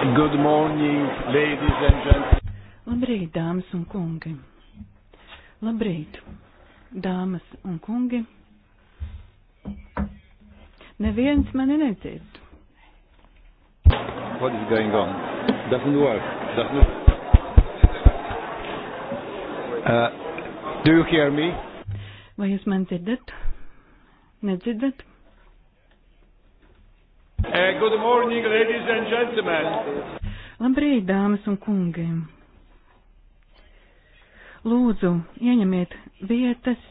Good morning, ladies and gentlemen. Labrīt, dāmas un kungi. Labrīt, dāmas un kungi. Neviens mani nedzird. What is going on? Doesn't work. Doesn't. Uh, do you hear me? Vai jūs mani dzirdat? Nedzirdat? Eh, good morning, ladies and gentlemen. Labrīt, dāmas un kungi. Lūdzu, ieņemiet vietas,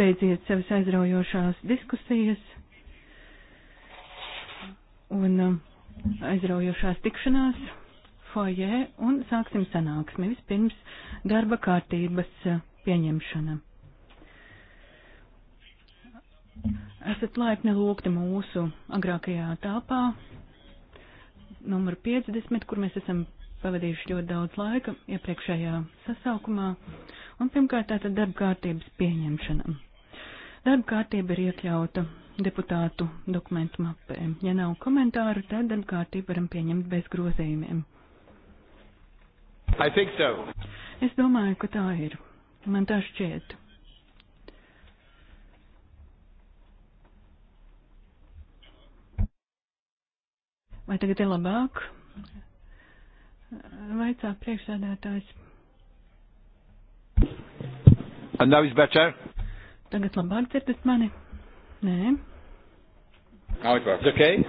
beidziet savas aizraujošās diskusijas un um, aizraujošās tikšanās foijē un sāksim sanāksmi vispirms darba kārtības uh, pieņemšana. Esat laipni lūgti mūsu agrākajā tāpā, numur 50, kur mēs esam pavadījuši ļoti daudz laika iepriekšējā sasaukumā, un pirmkārt tātad darba kārtības pieņemšana. Darba kārtība ir iekļauta deputātu dokumentu mapē. Ja nav komentāru, tad darba kārtību varam pieņemt bez grozījumiem. So. Es domāju, ka tā ir. Man tā šķiet. Vai tagad ir labāk? Vaicā priekšsēdētājs. And now is better? Tagad labāk dzirdat mani? Nē. Now it works. Okay.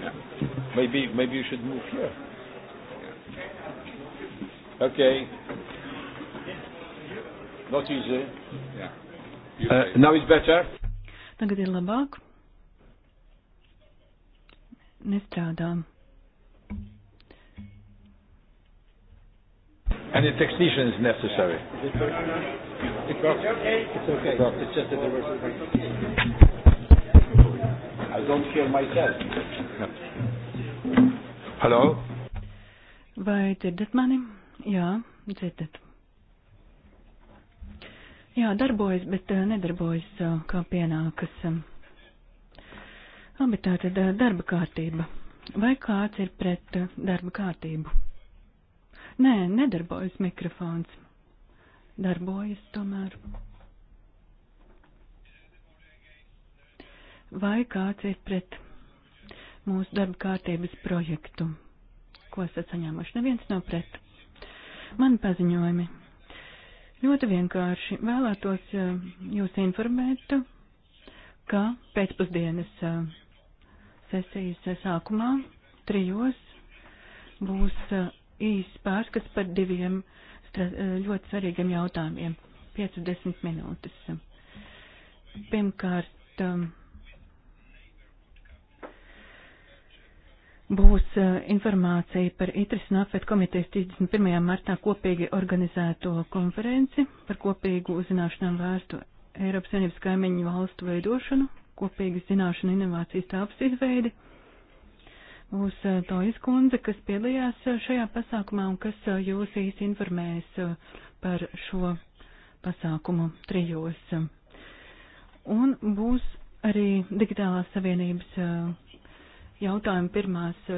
Maybe, maybe you should move here. Okay. Not easy. Yeah. Uh, uh now it's better. Tagad ir labāk. Nestrādām. Any technician is necessary. Is it working? It works. It's okay. It works. It's just that there was. I don't hear myself. No. Hello? Vai dzirdat mani? Jā, dzirdat. Jā, darbojas, bet eh, nedarbojas, eh, kā pienākas. Abi tātad eh, darba kārtība. Vai kāds ir pret darba kārtību? Nē, nedarbojas mikrofons. Darbojas tomēr. Vai kāds ir pret mūsu darba kārtības projektu, ko esat saņēmuši? Neviens nav pret. Man paziņojumi. Ļoti vienkārši vēlētos eh, jūs informēt, ka pēcpusdienas eh, sesijas eh, sākumā trijos būs īsts pārskats par diviem eh, ļoti svarīgiem jautājumiem. 50 minūtes. Pirmkārt, um, būs eh, informācija par ITRIS un AFET komitejas 31. martā kopīgi organizēto konferenci par kopīgu uzzināšanām vērstu Eiropas Savienības kaimiņu valstu veidošanu, kopīgas zināšanu inovācijas tāpas izveidi uz eh, Tojas kundze, kas piedalījās eh, šajā pasākumā un kas eh, jūs īsti informēs par šo pasākumu trijos. Un būs arī digitālās savienības jautājuma pirmās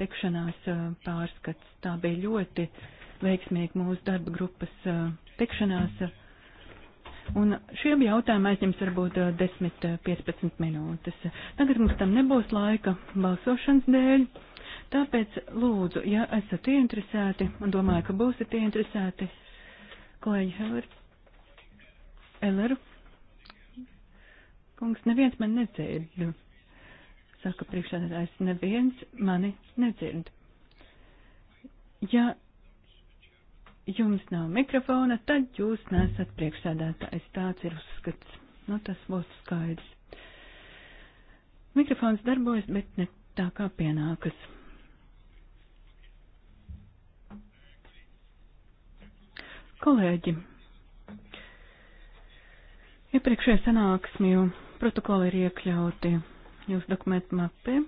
tikšanās pārskats. Tā bija ļoti veiksmīga mūsu darba grupas tikšanās. Mm Un šiem jautājumiem aizņems varbūt 10-15 eh, eh, minūtes. Tagad mums tam nebūs laika balsošanas dēļ. Tāpēc lūdzu, ja esat ieinteresēti, un domāju, ka būsiet ieinteresēti, kolēģi Heller, Elleru, kungs, neviens man nedzird. Saka priekšādātājs, neviens mani nedzird. Ja jums nav mikrofona, tad jūs nesat priekšsēdētājs. Tāds ir uzskats. Nu, tas būs skaidrs. Mikrofons darbojas, bet ne tā kā pienākas. Kolēģi, iepriekšējā sanāksmju protokoli ir iekļauti jūsu dokumentu mapē.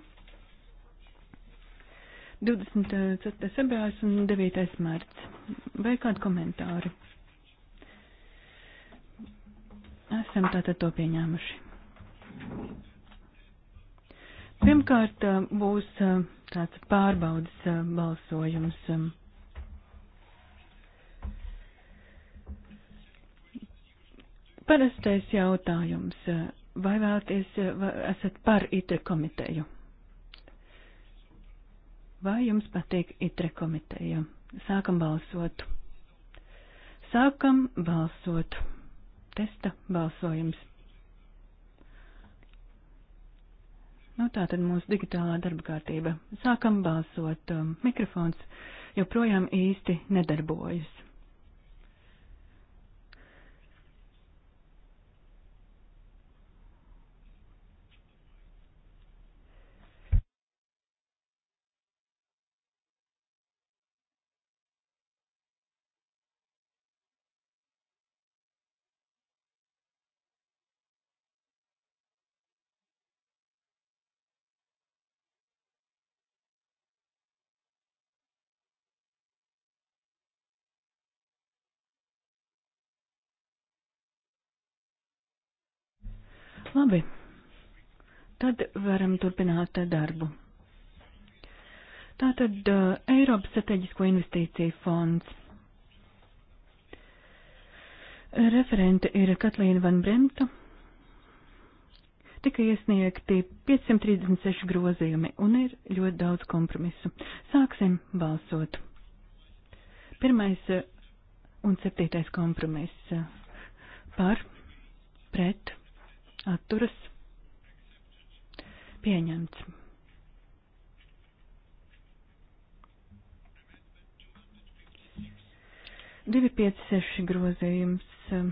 24. februārs eh, un 9. mārts. Vai kādi komentāri? Esam tātad to pieņēmuši. Pirmkārt eh, būs eh, tāds pārbaudas balsojums. Parastais jautājums. Vai vēlaties, vai esat par ITER komiteju? Vai jums patīk itre komiteja? Sākam balsot. Sākam balsot. Testa balsojums. Nu, tā tad mūsu digitālā darba kārtība. Sākam balsot. Mikrofons joprojām īsti nedarbojas. Labi. Tad varam turpināt darbu. Tātad uh, Eiropas strateģisko investīciju fonds. Referente ir Katlīna Van Bremta. Tika iesniegti 536 grozījumi un ir ļoti daudz kompromisu. Sāksim balsot. Pirmais uh, un septītais kompromiss par, pret, atturas pieņemts. Divi pieci seši grozījums um,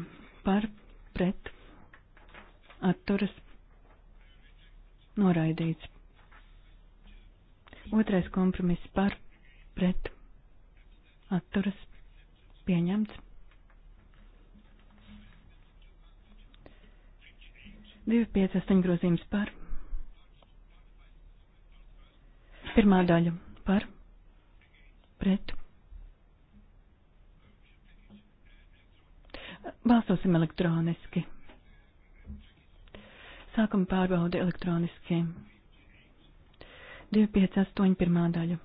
par pret atturas noraidīts. Otrais kompromiss par pret atturas pieņemts. 258 grozījums par. Pirmā daļa par. Pret. Balsosim elektroniski. Sākam pārbaudi elektroniski. 258 pirmā daļa.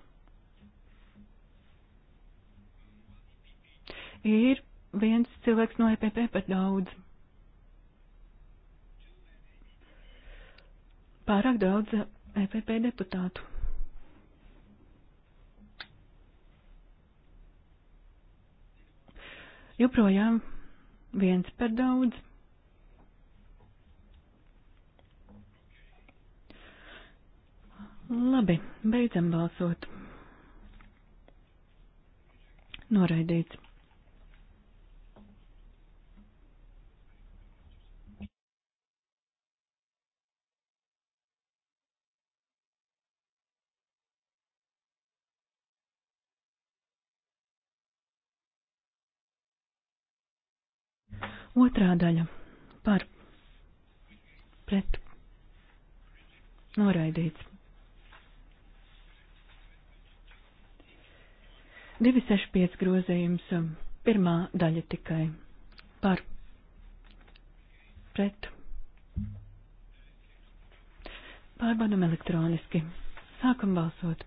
Ir viens cilvēks no EPP par daudz. pārāk daudz EPP deputātu. Joprojām viens par daudz. Labi, beidzam balsot. Noraidīts. Otrā daļa par pret noraidīts. 265 grozījums, pirmā daļa tikai par pret. Pārbaudam elektroniski. Sākam balsot.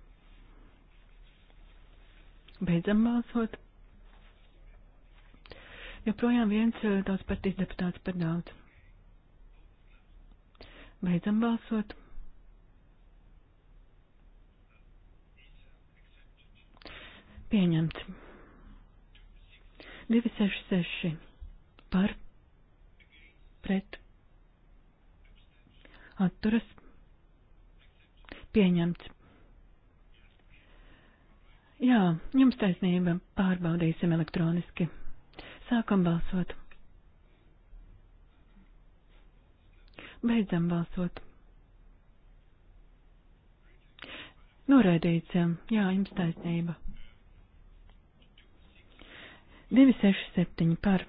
Beidzam balsot. Joprojām viens eh, tautas partijas deputāts par daudz. Beidzam balsot. Pieņemts. 266 par pret atturas pieņemts. Jā, jums taisnība, pārbaudīsim elektroniski. Sākam balsot. Beidzam balsot. Noraidīts, jā, jums taisnība. 267 par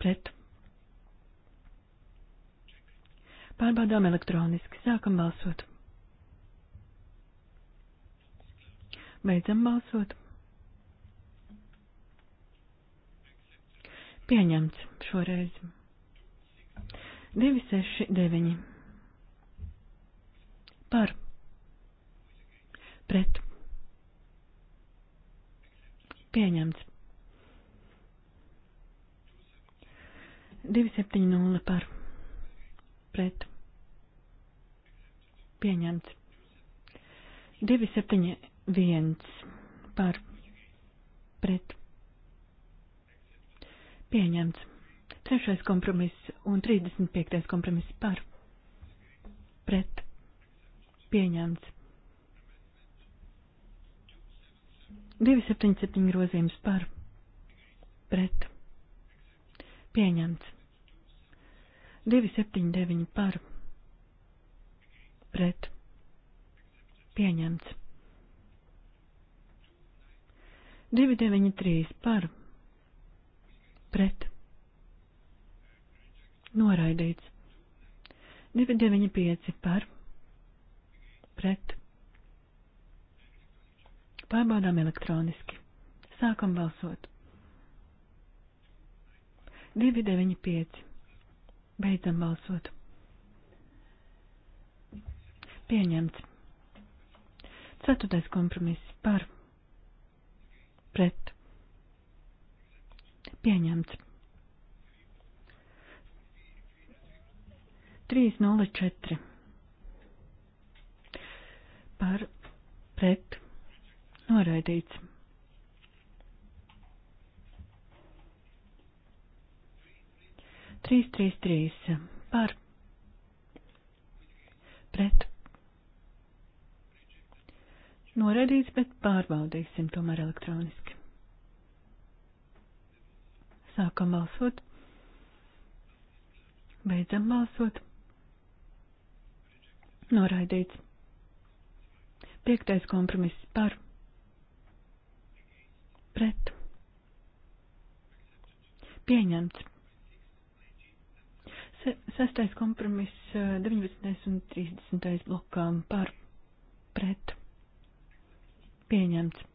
pret. Pārbaudām elektroniski, sākam balsot. Beidzam balsot. Pieņemts šoreiz. 269. Par. Pret. Pieņemts. 270 par. Pret. Pieņemts. 271 par. Pret Pieņemts. Trešais kompromiss un 35. kompromiss par. Pret. Pieņemts. 277 grozījums par. Pret. Pieņemts. 279 par. Pret. Pieņemts. 293 par pret. Noraidīts. 295 par pret. Pārbaudām elektroniski. Sākam balsot. 295. Beidzam balsot. Pieņemts. Ceturtais kompromiss par pret pieņemts. 304 par pret noraidīts. Trīs, trīs, trīs par pret noraidīts, bet pārbaudīsim tomēr elektroniski. Sākam balsot. Beidzam balsot. Noraidīts. Piektais kompromiss par. Pret. Pieņemts. Se, sestais kompromiss 19. Eh, un 30. blokām par. Pret. Pieņemts.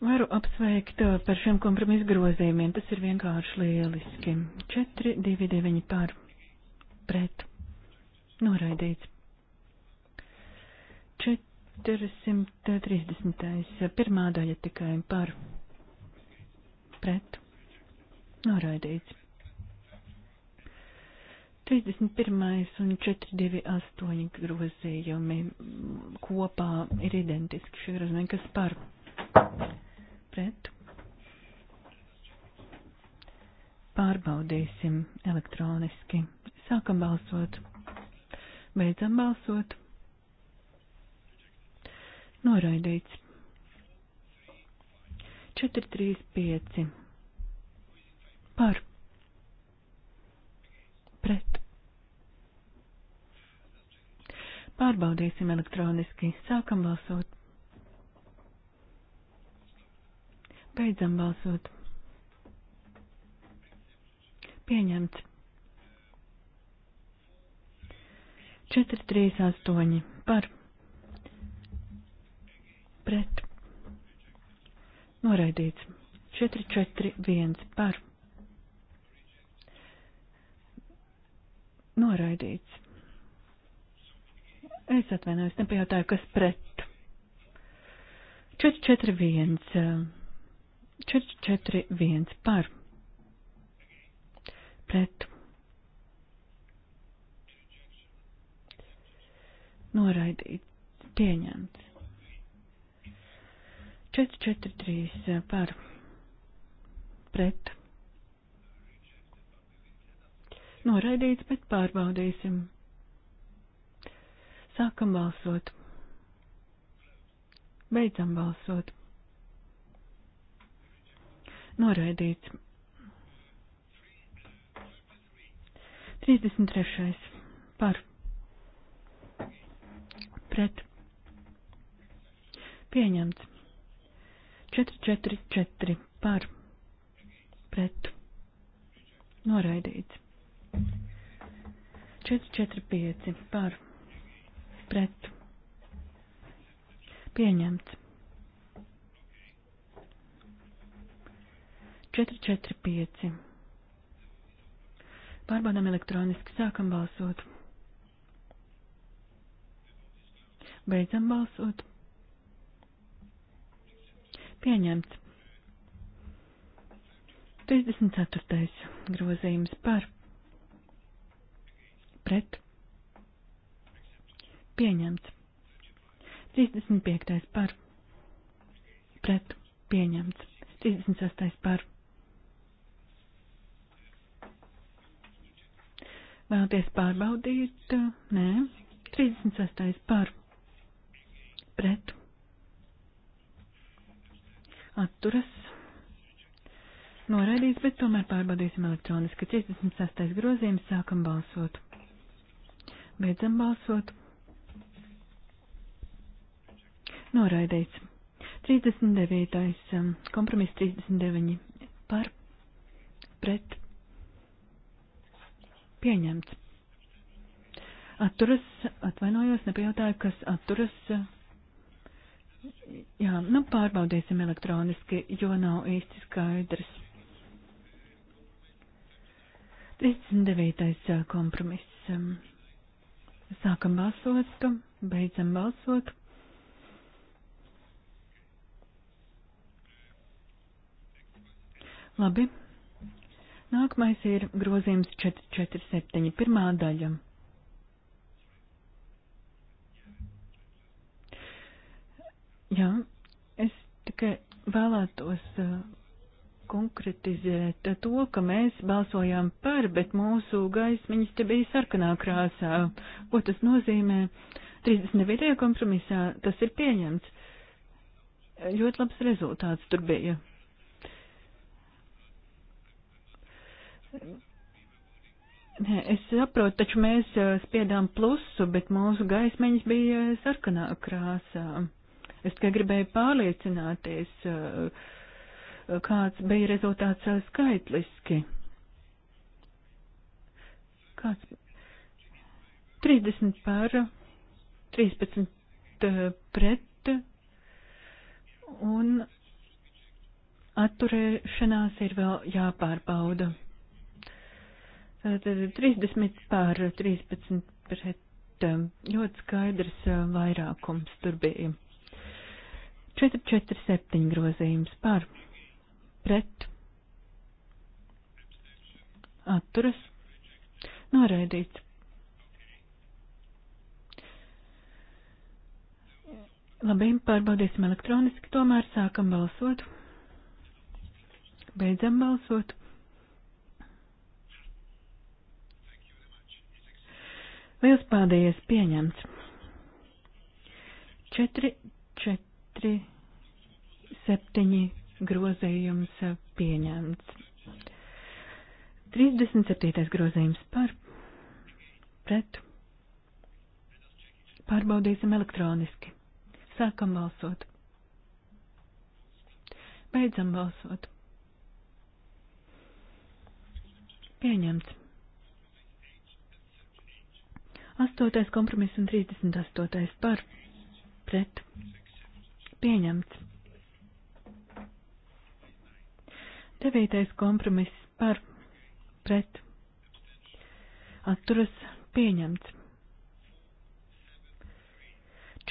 Varu apsveikt uh, par šiem kompromisu grozījumiem. Tas ir vienkārši lieliski. 4, 2, 9 par pret. Noraidīts. 430. Pirmā daļa tikai par pret. Noraidīts. 31. un 428 grozījumi kopā ir identiski šie grozījumi, kas par pret. Pārbaudīsim elektroniski. Sākam balsot. Beidzam balsot. Noraidīts. 4, 3, 5. Par. Pret. Pārbaudīsim elektroniski. Sākam balsot. Beidzam balsot. Pieņemts. 4, 3, 8 par pret. Noraidīts. 4, 4, 1 par. Noraidīts. Es atvainojos, nepajautāju, kas pret. 4, 4, 1. 441 par pret noraidīt pieņemts. 443 par pret noraidīts, bet pārbaudīsim. Sākam balsot. Beidzam balsot. Noraidīts. 33. par pret pieņemts. 444 par pret noraidīts. 445 par pret pieņemts. 445. Pārbaudām elektroniski, sākam balsot. Beidzam balsot. Pieņemts. 34. grozījums par pret pieņemts. 35. par pret pieņemts. 36. par pret Vēlaties pārbaudīt? Nē. 36. par. Pret. Atturas. Noraidīts, bet tomēr pārbaudīsim elektroniski. 36. grozījums sākam balsot. Beidzam balsot. Noraidīts. 39. Um, kompromiss 39. par. Pret Pieņemts. Atturas, atvainojos, nepajautāju, kas atturas. Jā, nu pārbaudīsim elektroniski, jo nav īsti skaidrs. 39. kompromiss. Sākam balsot, beidzam balsot. Labi, Nākamais ir grozījums 447. pirmā daļa. Jā, es tikai vēlētos uh, konkretizēt to, ka mēs balsojām par, bet mūsu gaismiņas te bija sarkanā krāsā. Ko tas nozīmē? 39. kompromisā tas ir pieņemts. Ļoti labs rezultāts tur bija. Nē, es saprotu, taču mēs eh, spiedām plusu, bet mūsu gaismiņas bija eh, sarkanā krāsā. Es tikai gribēju pārliecināties, eh, kāds bija rezultāts skaitliski. Kāds? 30 par, 13 pret un atturēšanās ir vēl jāpārbauda. Tad 30 pār 13 pret um, ļoti skaidrs uh, vairākums tur bija. 447 grozījums pār pret atturas noraidīts. Labi, pārbaudīsim elektroniski, tomēr sākam balsot. Beidzam balsot. Liels paldies, pieņemts. 4, 4, 7 grozījums eh, pieņemts. 37. grozījums par pret. Pārbaudīsim elektroniski. Sākam balsot. Beidzam balsot. Pieņemts. Astotais kompromiss un 38. par pret pieņemts. Devītais kompromiss par pret atturas pieņemts.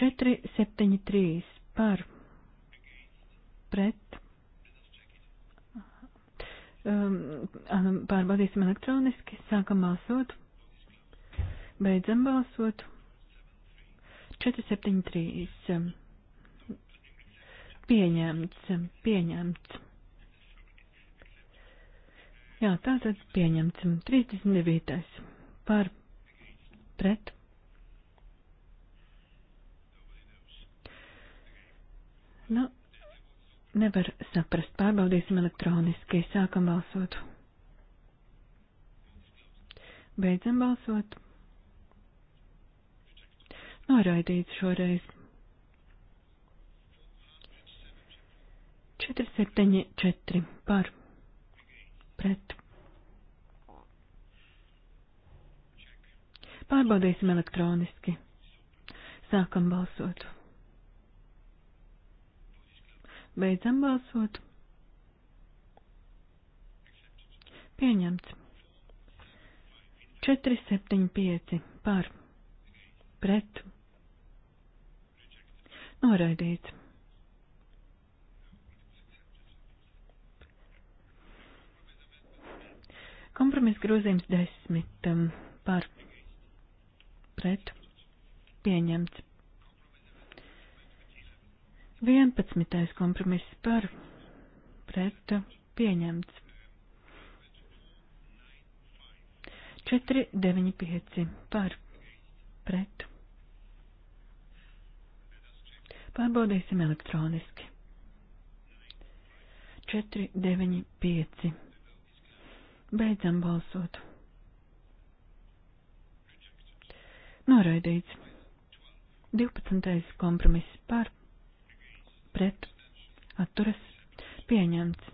473 par pret. Um, um, pārbaudīsim elektroniski, sākam balsot. Beidzam balsot. 473. Pieņemts, pieņemts. Jā, tātad pieņemts. 39. Par pret. Nu, nevar saprast. Pārbaudīsim elektroniski. Sākam balsot. Beidzam balsot. Noraidīts šoreiz. 474 par pret. Pārbaudīsim elektroniski. Sākam balsot. Beidzam balsot. Pieņemts. 475 par pret. Noraidīts. Kompromiss grozījums desmit um, par pret pieņemts. Vienpadsmitais kompromiss par pret pieņemts. 4, 9, 5 par pret Pārbaudīsim elektroniski. 4, 9, 5. Beidzam balsot. Noraidīts. 12. kompromiss par, pret, atturas, pieņemts.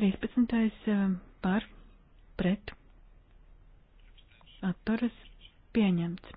13. Eh, par, pret, atturas, pieņemts.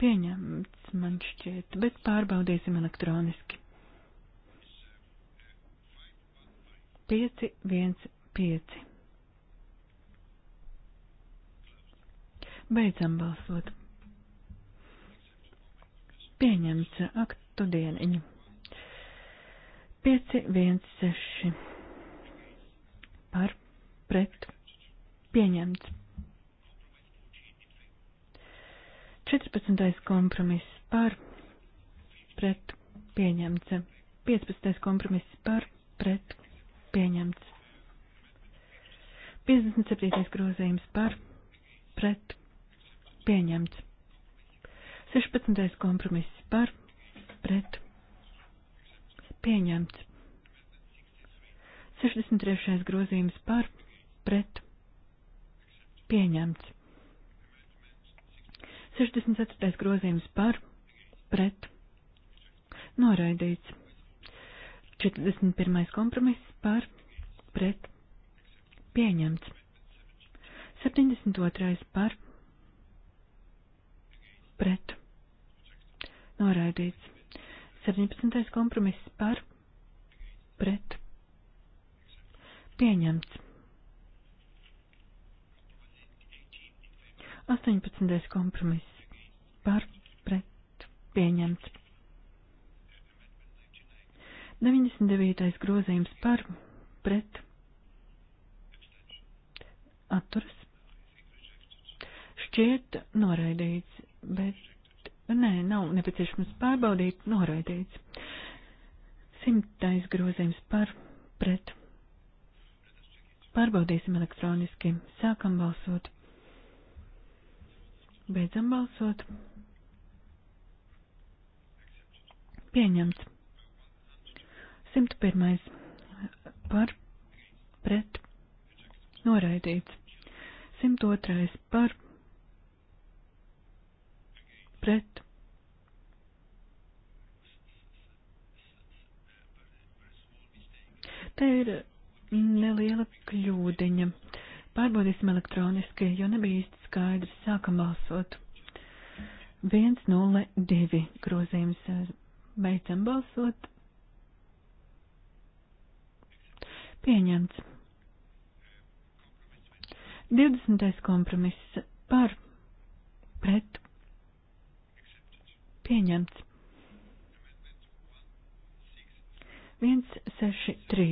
pieņemts, man šķiet, bet pārbaudīsim elektroniski. 5, 1, 5. Beidzam balsot. Pieņemts aktu dieniņu. 5, 1, 6. Par, pret, pieņemts. 14. kompromiss par pret pieņemts. 15. kompromiss par pret pieņemts. 57. grozījums par pret pieņemts. 16. kompromiss par pret pieņemts. 63. grozījums par pret pieņemts. 64. grozījums par pret noraidīts. 41. kompromiss par pret pieņemts. 72. par pret noraidīts. 17. kompromiss par pret pieņemts. 18. kompromiss par pret pieņemts. 99. grozījums par pret atturas. Šķiet noraidīts, bet nē, nav nepieciešams pārbaudīt, noraidīts. Simtais grozījums par pret. Pārbaudīsim elektroniski. Sākam balsot. Beidzam balsot. Pieņemts. 101. Par pret noraidīts. 102. Par pret. Te ir neliela kļūdiņa. Pārbaudīsim elektroniski, jo nebija īsti skaidrs. Sākam balsot. 102 grozījums Beidzam balsot. Pieņemts. 20. kompromiss par pret pieņemts. 163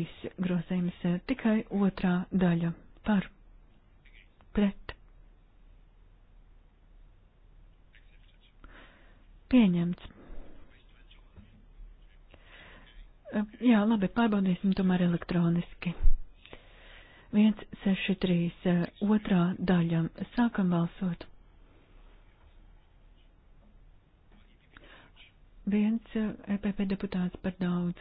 grozījums eh, tikai otrā daļa par pret. Pieņemts. Jā, labi, pārbaudīsim tomēr elektroniski. 163. Eh, otrā daļa. Sākam balsot. 1 EPP eh, e deputāts par daudz.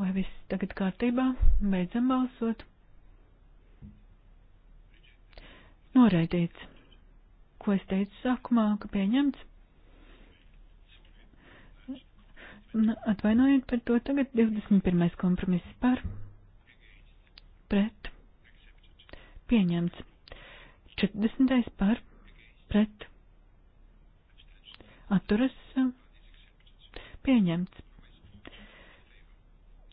Vai viss tagad kārtībā? Beidzam balsot. Noraidīts. Ko es teicu sākumā, ka pieņemts? Atvainojiet par to. Tagad 21. kompromiss par. Pret. Pieņemts. 40. par. Pret. Atturas. Pieņemts.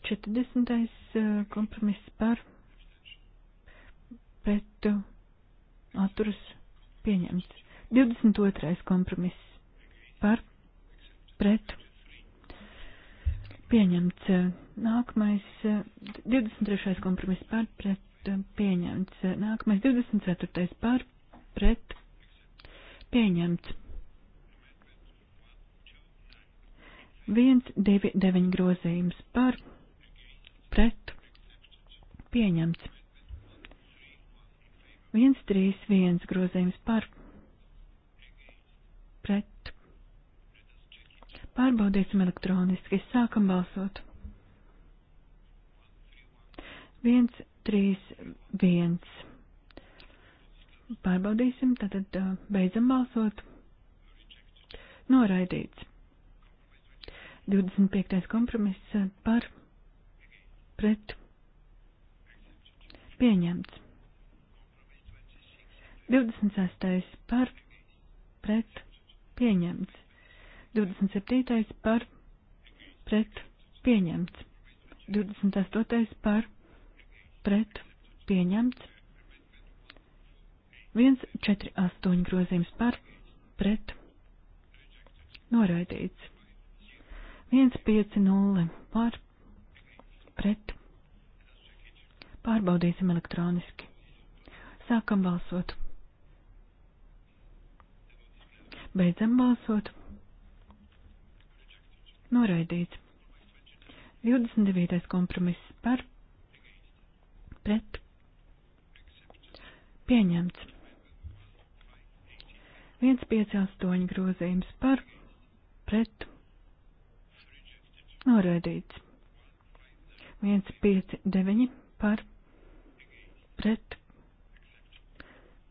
40. Eh, kompromiss par. Pret. Atturas. Pieņemts. 22. kompromiss par. Pret pieņemts. Nākamais 23. kompromiss par pret pieņemts. Nākamais 24. par pret pieņemts. 1, 2, 9 grozījums par pret pieņemts. 1, 3, 1 grozījums par pret Pārbaudīsim elektroniski. Sākam balsot. 1, 3, 1. Pārbaudīsim, tātad uh, beidzam balsot. Noraidīts. 25. kompromiss uh, par pret pieņemts. 26. par pret pieņemts. 27. par pret pieņemts. 28. par pret pieņemts. 148 grozījums par pret noraidīts. 150 par pret pārbaudīsim elektroniski. Sākam balsot. Beidzam balsot. Noraidīts. 29. kompromiss par pret pieņemts. 158 grozījums par pret noraidīts. 159 par pret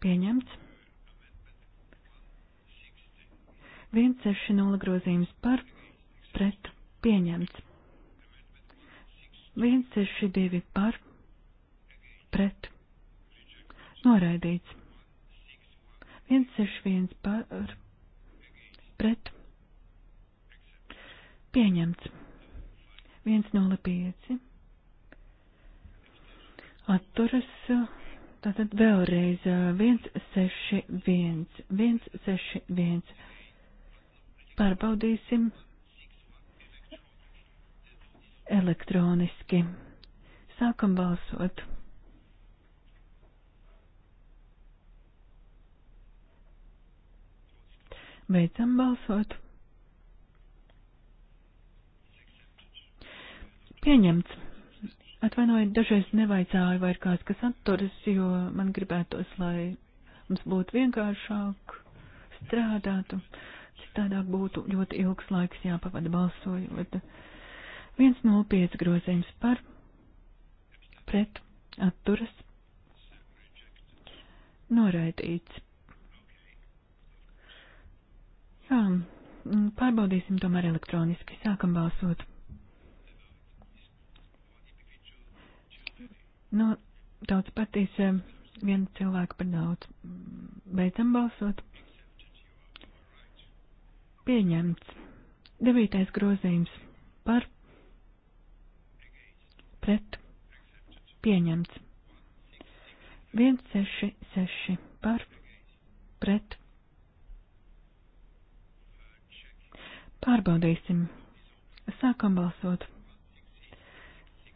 pieņemts. 160 grozījums par pret pret pieņemts. 162 par pret noraidīts. 161 par pret pieņemts. 105 atturas. Tātad vēlreiz 161, 161. Pārbaudīsim elektroniski. Sākam balsot. Beidzam balsot. Pieņemts. Atvainojiet, dažreiz nevajadzēja vai kāds, kas atturas, jo man gribētos, lai mums būtu vienkāršāk strādātu. Citādāk būtu ļoti ilgs laiks jāpavada balsojot. Ja 105 grozījums par pret atturas noraidīts. Jā, pārbaudīsim tomēr elektroniski. Sākam balsot. No nu, tautas partijas eh, viena cilvēka par daudz. Beidzam balsot. Pieņemts. Devītais grozījums par pret pret pieņemts. 166 par pret. Pārbaudīsim. Sākam balsot.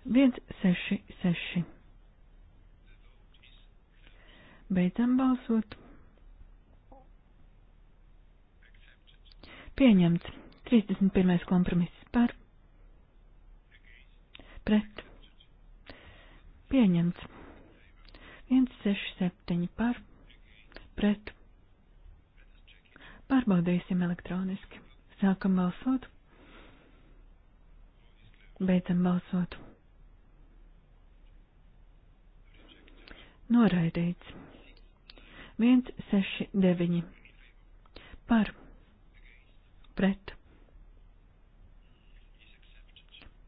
166. Beidzam balsot. Pieņemts. 31. kompromiss par. Pret Pieņemts. 167 par pret. Pārbaudīsim elektroniski. Sākam balsot. Beidzam balsot. Noraidīts. 169 par pret.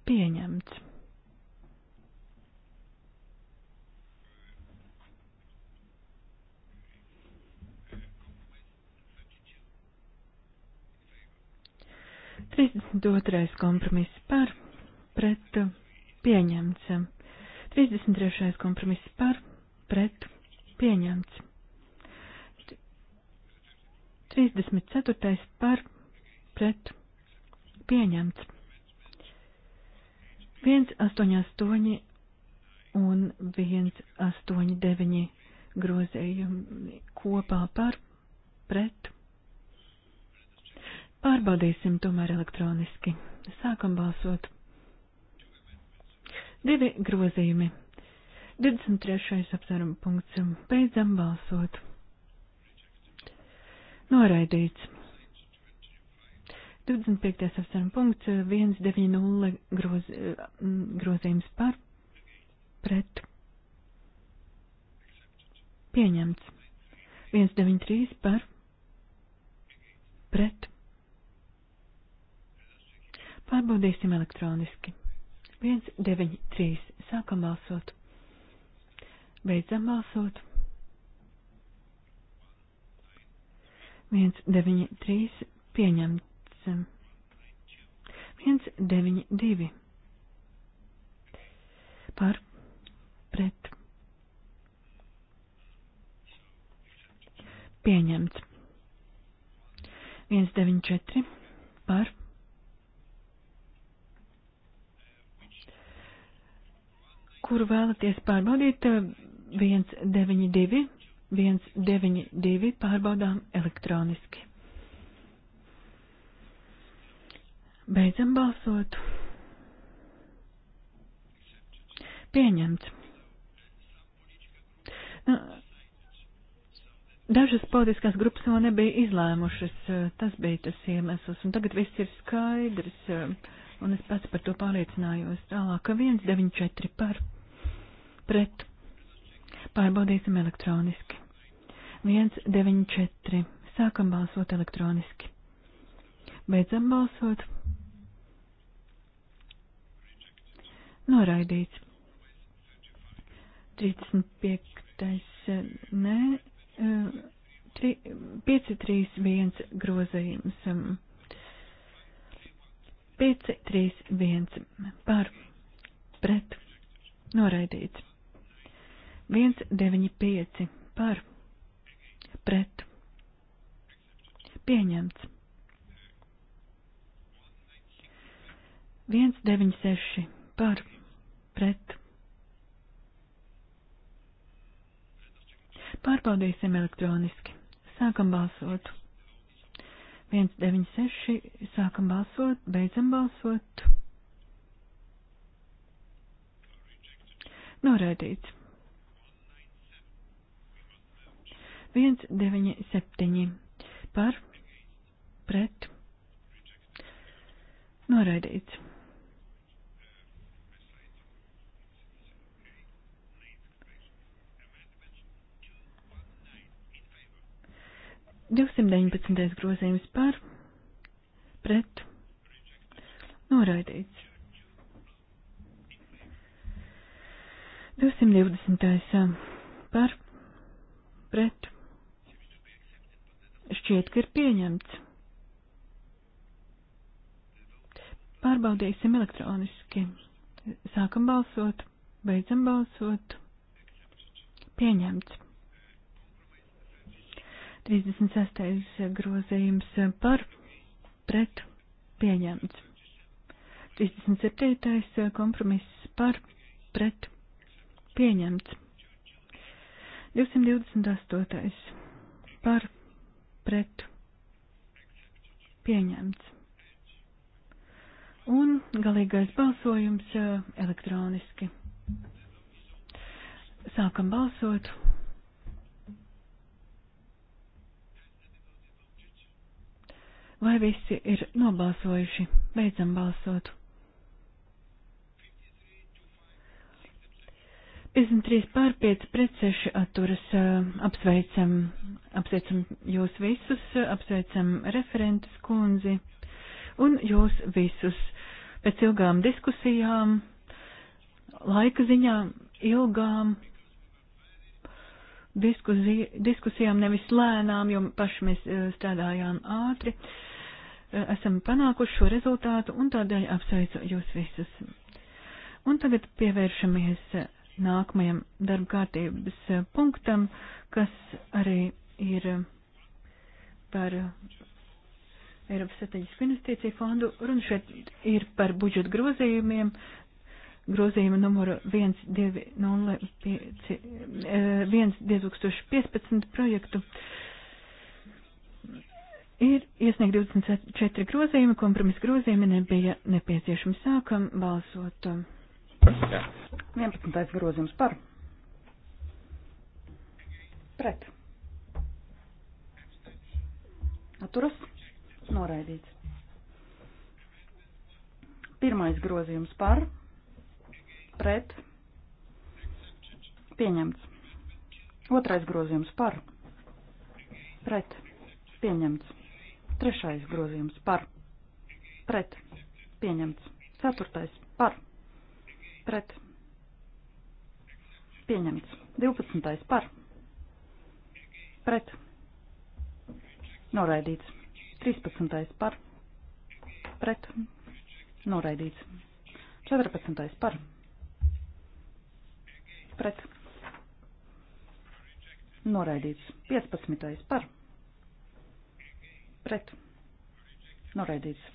Pieņemts. 32. kompromiss par pret pieņemts. 33. kompromiss par pret pieņemts. 34. par pret pieņemts. 188 un 189 grozējumi kopā par pret Pārbaudīsim tomēr elektroniski. Sākam balsot. Divi grozījumi. 23. apsvērumu punkts. Beidzam balsot. Noraidīts. 25. apsvērumu punkts. 190 groz, grozījums par. Pret. Pieņemts. 193 par. Pret Pārbaudīsim elektroniski. 1, 9, 3. Sākam balsot. Beidzam balsot. 1, 9, 3. Pieņemts. 1, 9, 2. Par pret. Pieņemts. 1, 9, 4. Par pret kuru vēlaties pārbaudīt, 192, eh, 192 pārbaudām elektroniski. Beidzam balsot. Pieņemts. Nu, dažas politiskās grupas vēl nebija izlēmušas, eh, tas bija tas iemesls, un tagad viss ir skaidrs, eh, un es pats par to pārliecinājos tālāk, ka 194 par pret. Pārbaudīsim elektroniski. 194. Sākam balsot elektroniski. Beidzam balsot. Noraidīts. 35. Nē. 531 eh, grozījums. 531 par pret noraidīts. 195 par pret pieņemts. 196 par pret. Pārbaudīsim elektroniski. Sākam balsot. 196 sākam balsot, beidzam balsot. Noraidīts. 197 par pret noraidīts. Divsimt deviņpadsmitais grozījums par pret noraidīts. 220. par pret Šķiet, ka ir pieņemts. Pārbaudīsim elektroniski. Sākam balsot, beidzam balsot. Pieņemts. 36. grozījums par pret pieņemts. 37. kompromiss par pret pieņemts. 228. par pret pieņemts. Un galīgais balsojums uh, elektroniski. Sākam balsot. Vai visi ir nobalsojuši? Beidzam balsot. 53 pār 5 pret 6 atturas apsveicam, apsveicam jūs visus, apsveicam referentes kundzi un jūs visus. Pēc ilgām diskusijām, laika ziņā ilgām diskuzi, diskusijām, nevis lēnām, jo paši mēs strādājām ātri, esam panākuši šo rezultātu un tādēļ apsveicu jūs visus. Un tagad pievēršamies nākamajam darba kārtības eh, punktam, kas arī ir eh, par eh, Eiropas strateģisku investīciju fondu. Runa šeit ir par budžeta grozījumiem. Grozījuma numuru 1.2015 projektu ir iesniegt 24 grozījumi, kompromisa grozījumi nebija nepieciešami. Sākam balsot. Um, Jā. 11. grozījums par. Pret. Atturas. Noraidīts. Pirmais grozījums par. Pret. Pieņemts. Otrais grozījums par. Pret. Pieņemts. Trešais grozījums par. Pret. Pieņemts. Ceturtais par pret pieņemts. 12. par pret noraidīts. 13. par pret noraidīts. 14. par pret noraidīts. 15. par pret noraidīts.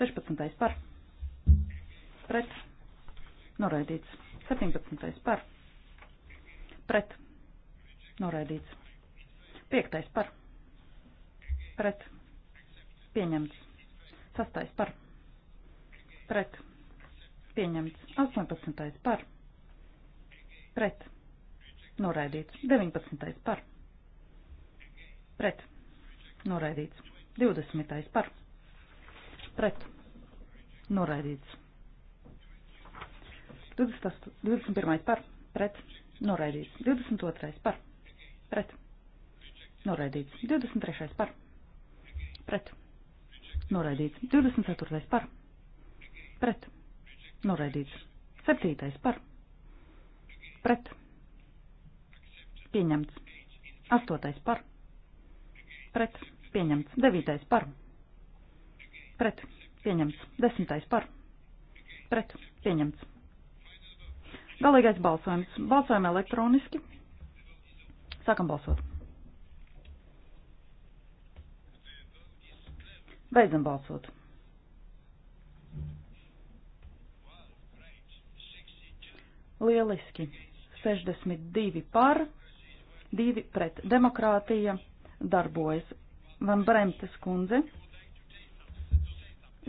16. par pret Noraidīts. 17. par. Pret. Noraidīts. 5. par. Pret. Pieņemts. 6. par. Pret. Pieņemts. 18. par. Pret. Noraidīts. 19. par. Pret. Noraidīts. 20. par. Pret. Noraidīts. 28, 21. par pret noraidīts. 22. par pret noraidīts. 23. par pret noraidīts. 24. par pret noraidīts. 7. par pret pieņemts. 8. par pret pieņemts. 9. par pret pieņemts. 10. par pret pieņemts. Galīgais balsojums. Balsojam elektroniski. Sākam balsot. Beidzam balsot. Lieliski. 62 par, 2 pret. Demokrātija darbojas. Van Bremtes kundze.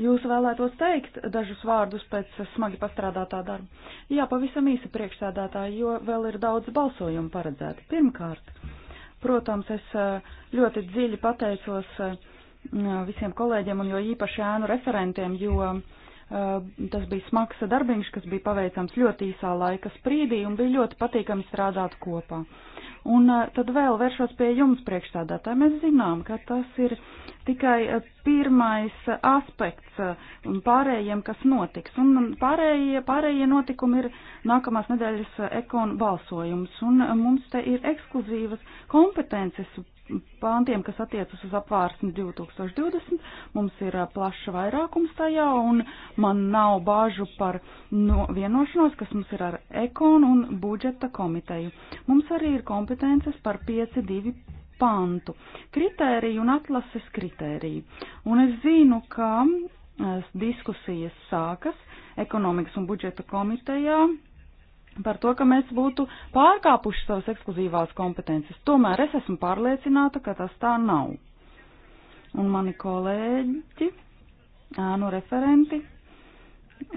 Jūs vēlētos teikt dažus vārdus pēc smagi pastrādātā darba? Jā, pavisam īsi priekšsēdētāji, jo vēl ir daudz balsojumu paredzēti. Pirmkārt, protams, es eh, ļoti dziļi pateicos eh, visiem kolēģiem un jo īpaši ēnu referentiem, jo Eh, tas bija smags darbiņš, kas bija paveicams ļoti īsā laika sprīdī un bija ļoti patīkami strādāt kopā. Un eh, tad vēl vēršos pie jums priekšstādātāji. Mēs zinām, ka tas ir tikai eh, pirmais aspekts pārējiem, kas notiks. Un pārējie, pārējie notikumi ir nākamās nedēļas ekonu balsojums. Un mums te ir ekskluzīvas kompetences pāntiem, kas attiecas uz apvārsni 2020. Mums ir plaša vairākums tajā, un man nav bāžu par no vienošanos, kas mums ir ar ekonu un budžeta komiteju. Mums arī ir kompetences par 5-2 pantu kritēriju un atlases kritēriju. Un es zinu, ka diskusijas sākas ekonomikas un budžeta komitejā par to, ka mēs būtu pārkāpuši savas ekskluzīvās kompetences. Tomēr es esmu pārliecināta, ka tas tā nav. Un mani kolēģi, ēnu referenti,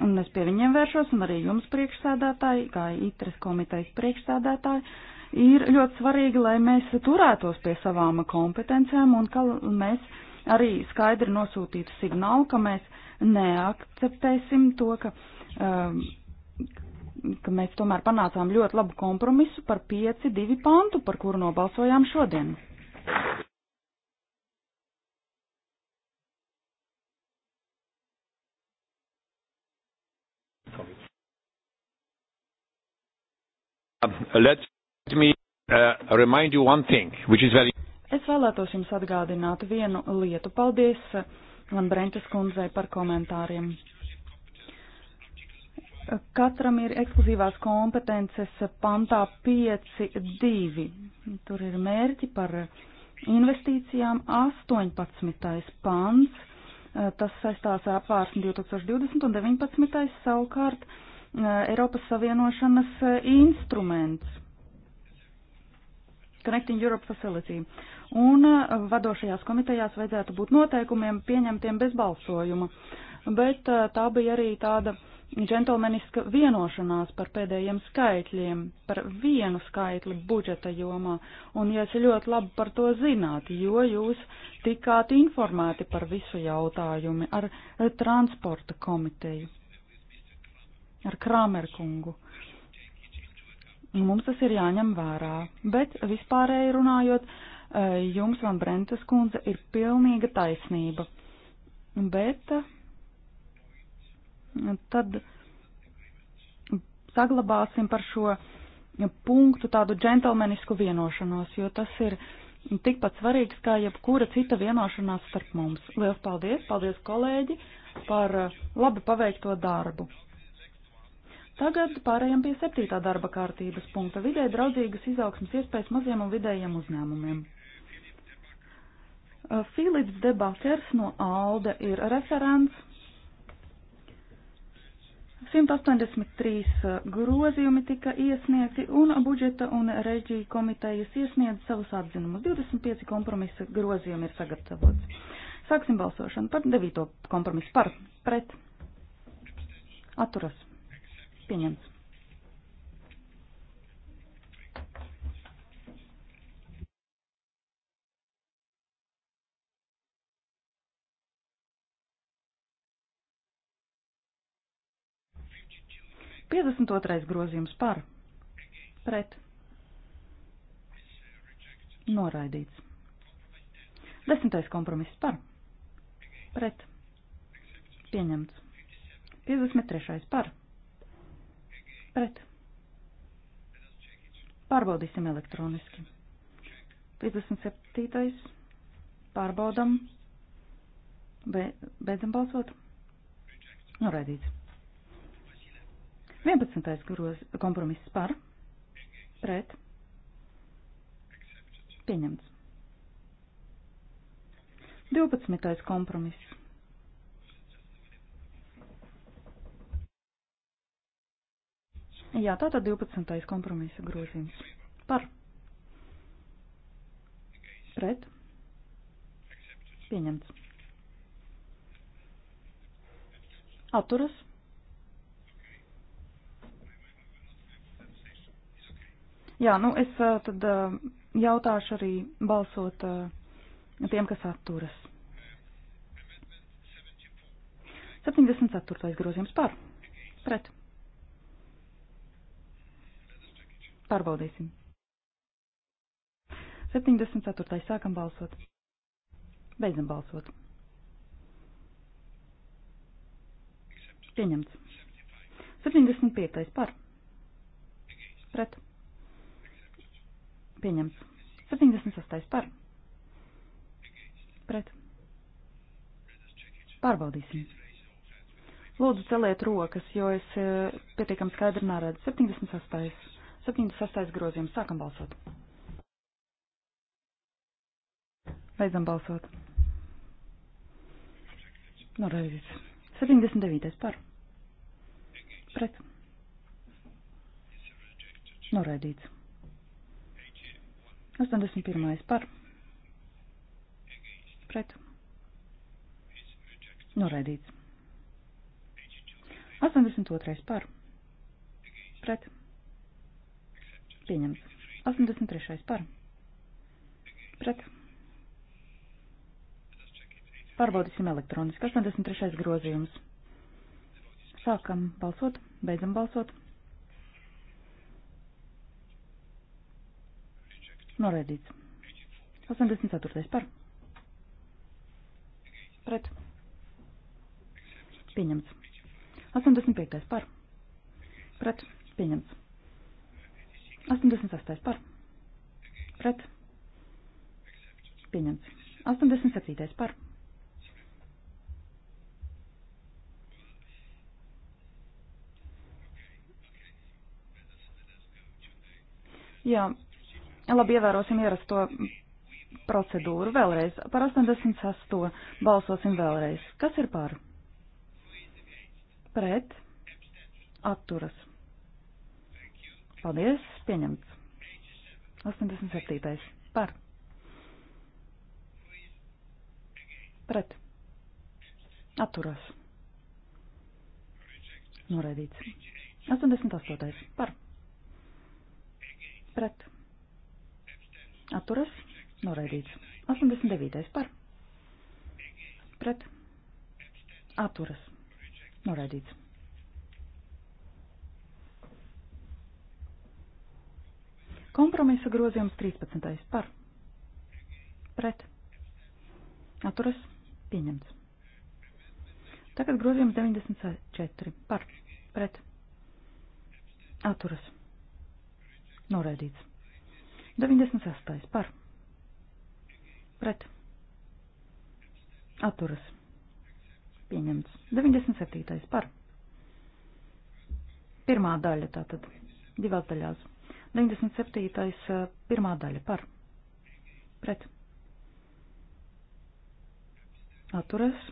un es pie viņiem vēršos, un arī jums priekšsēdētāji, kā ITRES komitejas priekšsēdētāji, ir ļoti svarīgi, lai mēs turētos pie savām kompetencēm un ka mēs arī skaidri nosūtītu signālu, ka mēs neakceptēsim to, ka. Um, ka mēs tomēr panācām ļoti labu kompromisu par 5-2 pantu, par kuru nobalsojām šodien. Um, let me uh, remind you one thing, which is very. Es vēlētos jums atgādināt vienu lietu. Paldies Lambrentes kundzei par komentāriem. Katram ir ekskluzīvās kompetences pantā 5.2. Tur ir mērķi par investīcijām 18. pants. Eh, tas saistās ar apvārsni 2020 un 19. savukārt eh, Eiropas Savienošanas eh, instruments. Connecting Europe Facility. Un vadošajās komitejās vajadzētu būt noteikumiem pieņemtiem bez balsojuma. Bet tā bija arī tāda džentlmeniska vienošanās par pēdējiem skaitļiem, par vienu skaitli budžeta jomā, un jūs ļoti labi par to zināt, jo jūs tikāt informēti par visu jautājumu ar eh, transporta komiteju, ar Kramerkungu. Nu, mums tas ir jāņem vērā, bet vispārēji runājot, eh, jums, Van Brentes kundze, ir pilnīga taisnība. Bet eh, tad saglabāsim par šo punktu tādu džentlmenisku vienošanos, jo tas ir tikpat svarīgs kā jebkura cita vienošanās starp mums. Lielas paldies, paldies kolēģi par labi paveikto darbu. Tagad pārējām pie septītā darba kārtības punkta - vidē draudzīgas izaugsmas iespējas maziem un vidējiem uzņēmumiem. Filips Debakers no ALDE ir referents 183 eh, grozījumi tika iesniegti un budžeta un reģiju komitejas iesniedz savus atzinumus. 25 kompromisa grozījumi ir sagatavots. Sāksim balsošanu par 9. kompromisu par pret. Atturas. Pieņemts. 52. grozījums par pret noraidīts. Desmitais kompromiss par pret pieņemts. 53. par pret pārbaudīsim elektroniski. 57. pārbaudam, be, beidzam balsot. Noraidīts. 11. Groz, kompromiss par, pret, pieņemts. 12. kompromiss. Jā, tātad 12. kompromisa grozījums. Par. Pret. Pieņemts. Atturas. Jā, nu es tad jautāšu arī balsot tiem, kas atturas. 74. grozījums par. Pret. Pārbaudīsim. 74. sākam balsot. Beidzam balsot. Pieņemts. 75. par. Pret. Pieņemts. 76. par. Pret. Pārbaudīsim. Lūdzu, celiet rokas, jo es eh, pietiekam skaidri neredzu. 76. 76. grozījums. Sākam balsot. Beidzam balsot. Noraidīts. 79. par. Pret. Noraidīts. 81. par pret noraidīts. 82. par pret pieņemts. 83. par pret pārbaudīsim elektroniski. 83. grozījums. Sākam balsot, beidzam balsot. Noraidīts. 84. par. Pret. Pieņemts. 85. par. Pret. Pieņemts. 86. par. Pret. Pieņemts. 87. par. Jā, Labi, ievērosim ierasto procedūru vēlreiz. Par 86. balsosim vēlreiz. Kas ir par? Pret. Atturas. Paldies. Pieņemts. 87. Par. Pret. Atturas. Noraidīts. 88. Par. Pret. Atturas. Noraidīts. 89. par. Pret. Atturas. Noraidīts. Kompromisa grozījums 13. par. Pret. Atturas. Pieņemts. Tagad grozījums 94. Par. Pret. Atturas. Noraidīts. 98. par. Pret. Atturas. Pieņemts. 97. par. Pirmā daļa tātad. Divās daļās. 97. Eh, pirmā daļa par. Pret. Atturas.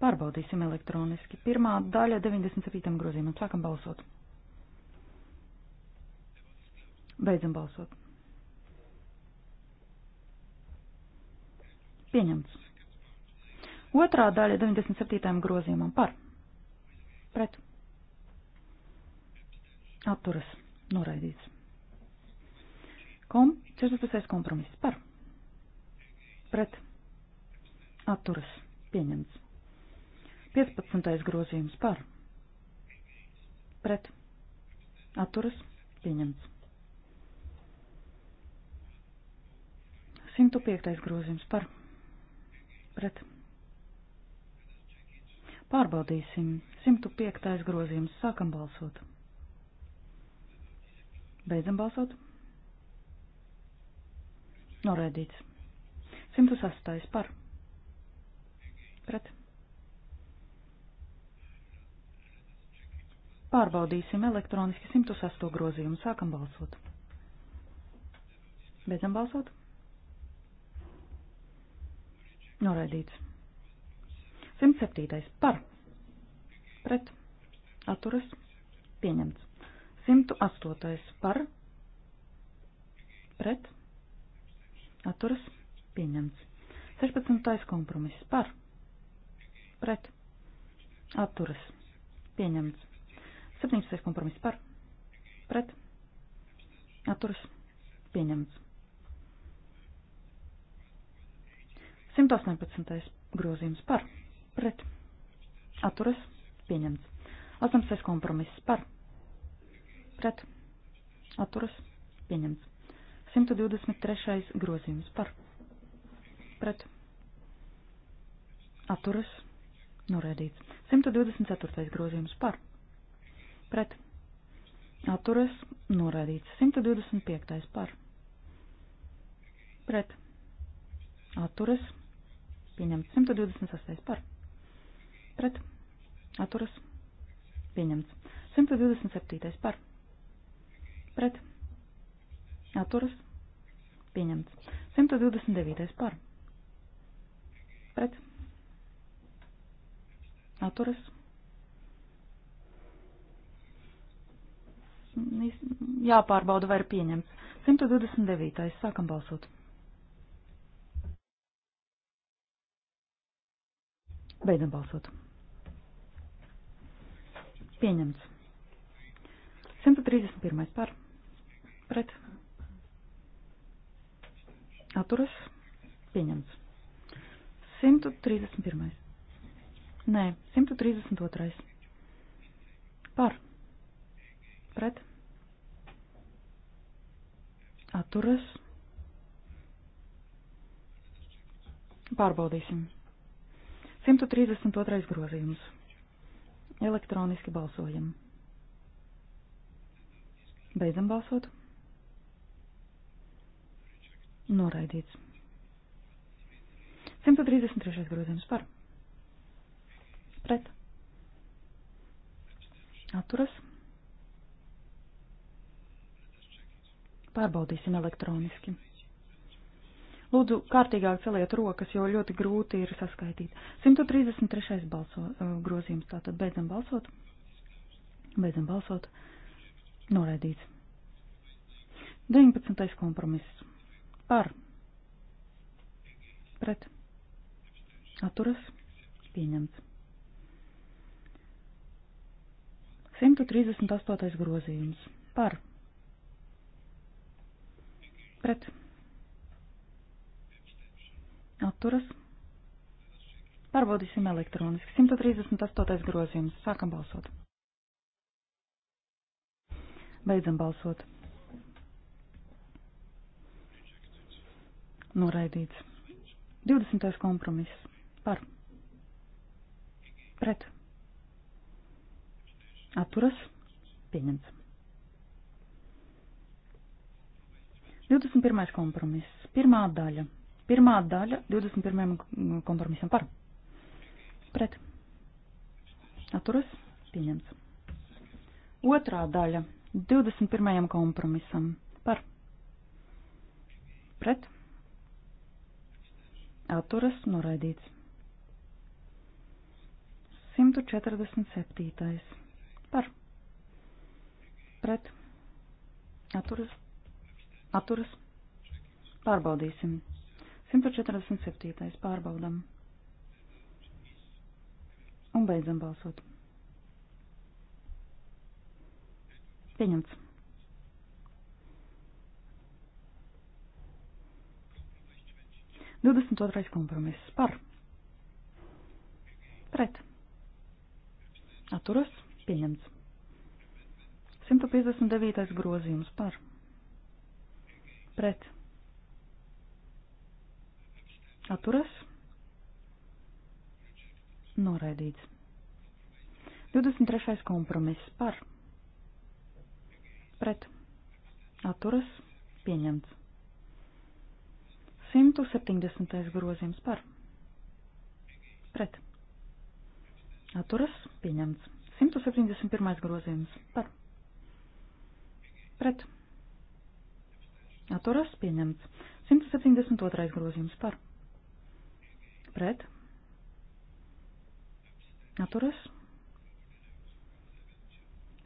Pārbaudīsim elektroniski. Pirmā daļa 97. grozījumam. Sākam balsot. Beidzam balsot. Pieņemts. Otrā daļa 97. grozījumam par. Pret. Atturas. Noraidīts. Kom 14. kompromiss par. Pret. Atturas. Pieņemts. 15. grozījums par. Pret. Atturas. Pieņemts. 105. grozījums par pret. Pārbaudīsim. 105. grozījums. Sākam balsot. Beidzam balsot. Noraidīts. 108. par. Pret. Pārbaudīsim elektroniski 108 grozījumu. Sākam balsot. Beidzam balsot. Noraidīts. 107. par. Pret. Atturas. Pieņemts. 108. par. Pret. Atturas. Pieņemts. 16. kompromiss par. Pret. Atturas. Pieņemts. 17. kompromiss par. Pret. Atturas. Pieņemts. 118. grozījums par, pret, atturas, pieņemts. 18. kompromiss par, pret, atturas, pieņemts. 123. grozījums par, pret, atturas, norēdīts. 124. grozījums par, pret, atturas, norēdīts. 125. par, pret, atturas, norēdīts atturas Pieņemts. 128 par. Pret. Atturas. Pieņemts. 127 par. Pret. Atturas. Pieņemts. 129 par. Pret. Atturas. Jāpārbauda, vai ir pieņemts. 129. Sākam balsot. Beidzam balsot. Pieņemts. 131. par. Pret. Atturas. Pieņemts. 131. Nē, 132. Par. Pret. Atturas. Pārbaudīsim. 132. grozījums. Elektroniski balsojam. Beidzam balsot. Noraidīts. 133. grozījums par. Pret. Atturas. Pārbaudīsim elektroniski. Lūdzu, kārtīgāk celiet rokas, jo ļoti grūti ir saskaitīt. 133. Balso, uh, grozījums, tātad beidzam balsot. Beidzam balsot. Noraidīts. 19. kompromiss. Par. Pret. Atturas. Pieņemts. 138. grozījums. Par. Pret atturas. Pārbaudīsim elektroniski. 138. grozījums. Sākam balsot. Beidzam balsot. Noraidīts. 20. kompromiss. Par. Pret. Atturas. Pieņemts. 21. kompromiss. Pirmā daļa. Pirmā daļa 21. kompromisam par. Pret. Atturas. Pieņemts. Otrā daļa 21. kompromisam par. Pret. Atturas noraidīts. 147. par. Pret. Atturas. Atturas. Pārbaudīsim. 147. pārbaudam. Un beidzam balsot. Pieņemts. Divdesmit otrais kompromiss par. Pret. Atturas. Pieņemts. 159. grozījums par. Pret atturas, noraidīts. 23. kompromiss par, pret, atturas, pieņemts. 170. grozījums par, pret, atturas, pieņemts. 171. grozījums par, pret, atturas, pieņemts. 172. grozījums par, pret pret atturas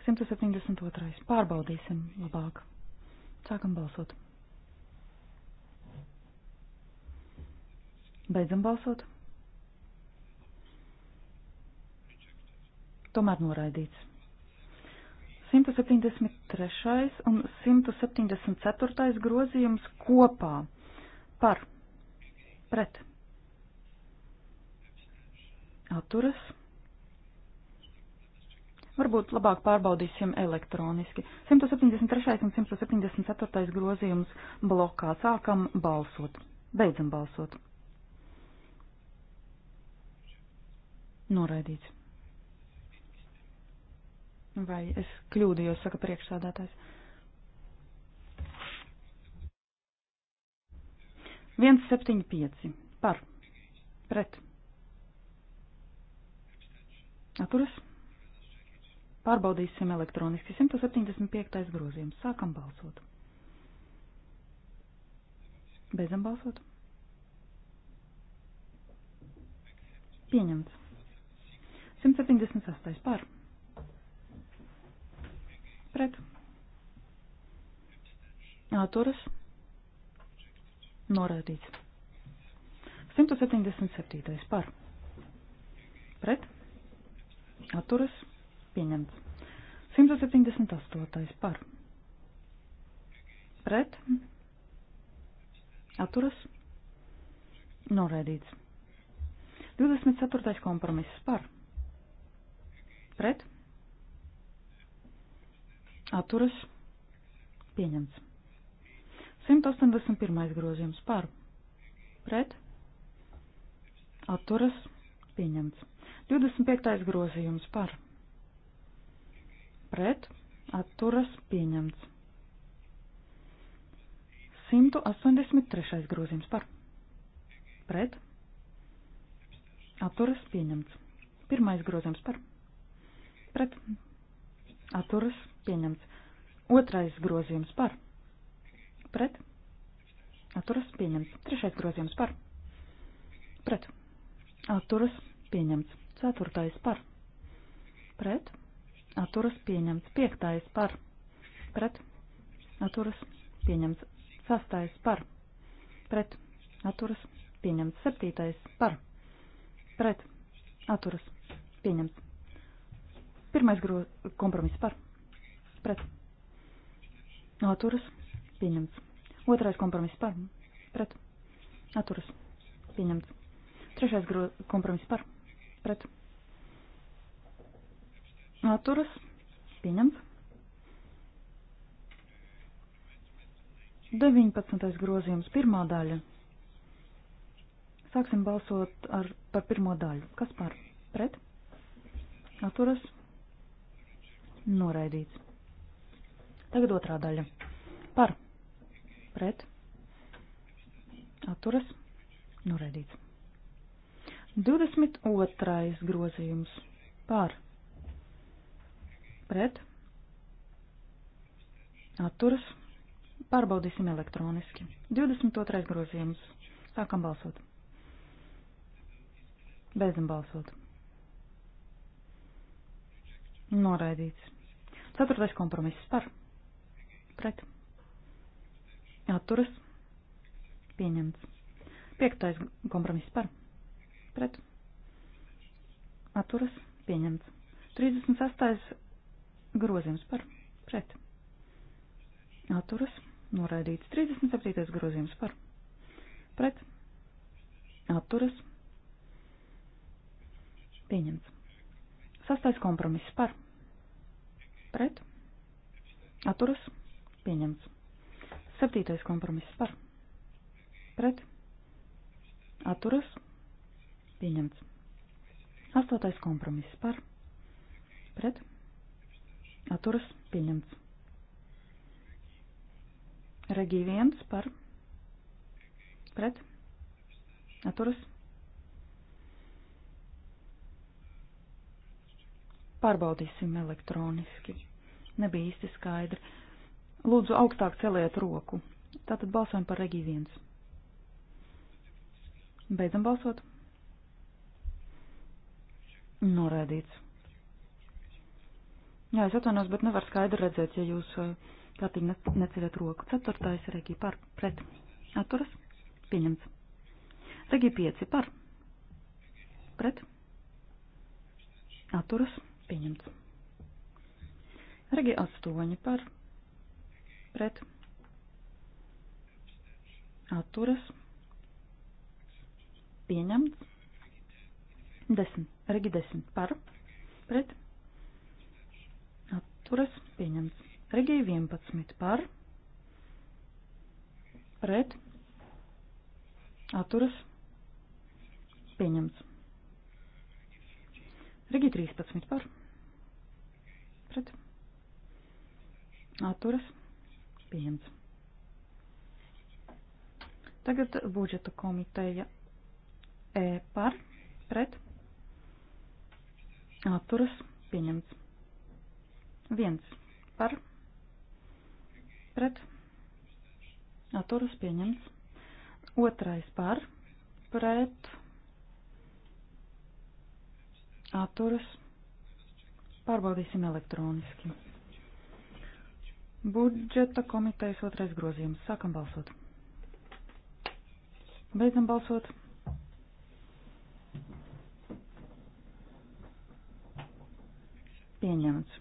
172. Pārbaudīsim labāk. Sākam balsot. Beidzam balsot. Tomēr noraidīts. 173. un 174. grozījums kopā par pret Atturas. Varbūt labāk pārbaudīsim elektroniski. 173. un 174. grozījums blokā. Sākam balsot. Beidzam balsot. Noraidīts. Vai es kļūdījos, saka priekšsādātājs. 175 par pret Atturas. Pārbaudīsim elektroniski. 175. grozījums. Sākam balsot. Beidzam balsot. Pieņemts. 178. par. Pret. Atturas. Norādīts. 177. par. Pret atturas pieņemts. 178. par pret atturas noraidīts. 24. kompromiss par pret atturas pieņemts. 181. grozījums par pret atturas pieņemts. 25. grozījums par pret atturas pieņemts. 183. grozījums par pret atturas pieņemts. Pirmais grozījums par pret atturas pieņemts. Otrais grozījums par pret atturas pieņemts. Trešais grozījums par pret atturas pieņemts. Ceturtais par. Pret. Atturas pieņemts. Piektais par. Pret. Atturas pieņemts. Sastais par. Pret. Atturas pieņemts. Septītais par. Pret. Atturas pieņemts. Pirmais gro... kompromiss par. Pret. Atturas pieņemts. Otrais kompromiss par. Pret. Atturas pieņemts. Trešais gro... kompromiss par pret atturas pieņemts. 19. grozījums, pirmā daļa. Sāksim balsot ar, par pirmo daļu. Kas par pret? Atturas. Noraidīts. Tagad otrā daļa. Par. Pret. Atturas. Noraidīts. 22. grozījums par pret atturas pārbaudīsim elektroniski. 22. grozījums. Sākam balsot. Beidzam balsot. Noraidīts. 4. kompromiss par pret atturas pieņemts. 5. kompromiss par pret pret atturas pieņemts. 36. grozījums par pret atturas noraidīts. 37. grozījums par pret atturas pieņemts. 6. kompromiss par pret atturas pieņemts. 7. kompromiss par pret atturas pieņemts. Pieņemts. Astotais kompromiss par. Pret. Atturas. Pieņemts. Regī viens par. Pret. Atturas. Pārbaudīsim elektroniski. Nebija īsti skaidri. Lūdzu, augstāk celiet roku. Tātad balsojam par Regī viens. Beidzam balsot. Norēdīts. Jā, es atvainojos, bet nevar skaidri redzēt, ja jūs eh, kārtīgi neceļat roku. Ceturtais regija par pret. Atturas. Pieņemts. Regija pieci par. Pret. Atturas. Pieņemts. Regija astoņi par. Pret. Atturas. Pieņemts. Desmit Regi 10 par, pret, atturas, pieņemts. Regi 11 par, pret, atturas, pieņemts. Regi 13 par, pret, atturas, pieņemts. Tagad budžeta komiteja E par, pret, atturas pieņemts. 1 par pret atturas pieņemts. 2 par pret atturas pārbaudīsim elektroniski. Budžeta komitejas otrais grozījums. Sākam balsot. Beidzam balsot. Pieņemts.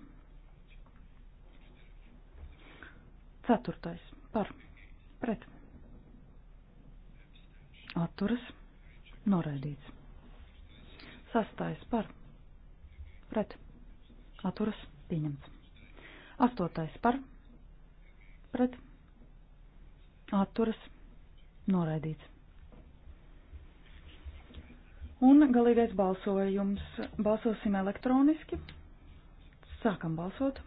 Ceturtais. Par. Pret. Atturas. Noraidīts. Sastais. Par. Pret. Atturas. Pieņemts. Astotais. Par. Pret. Atturas. Noraidīts. Un galīgais balsojums. Balsosim elektroniski. Sākam balsot.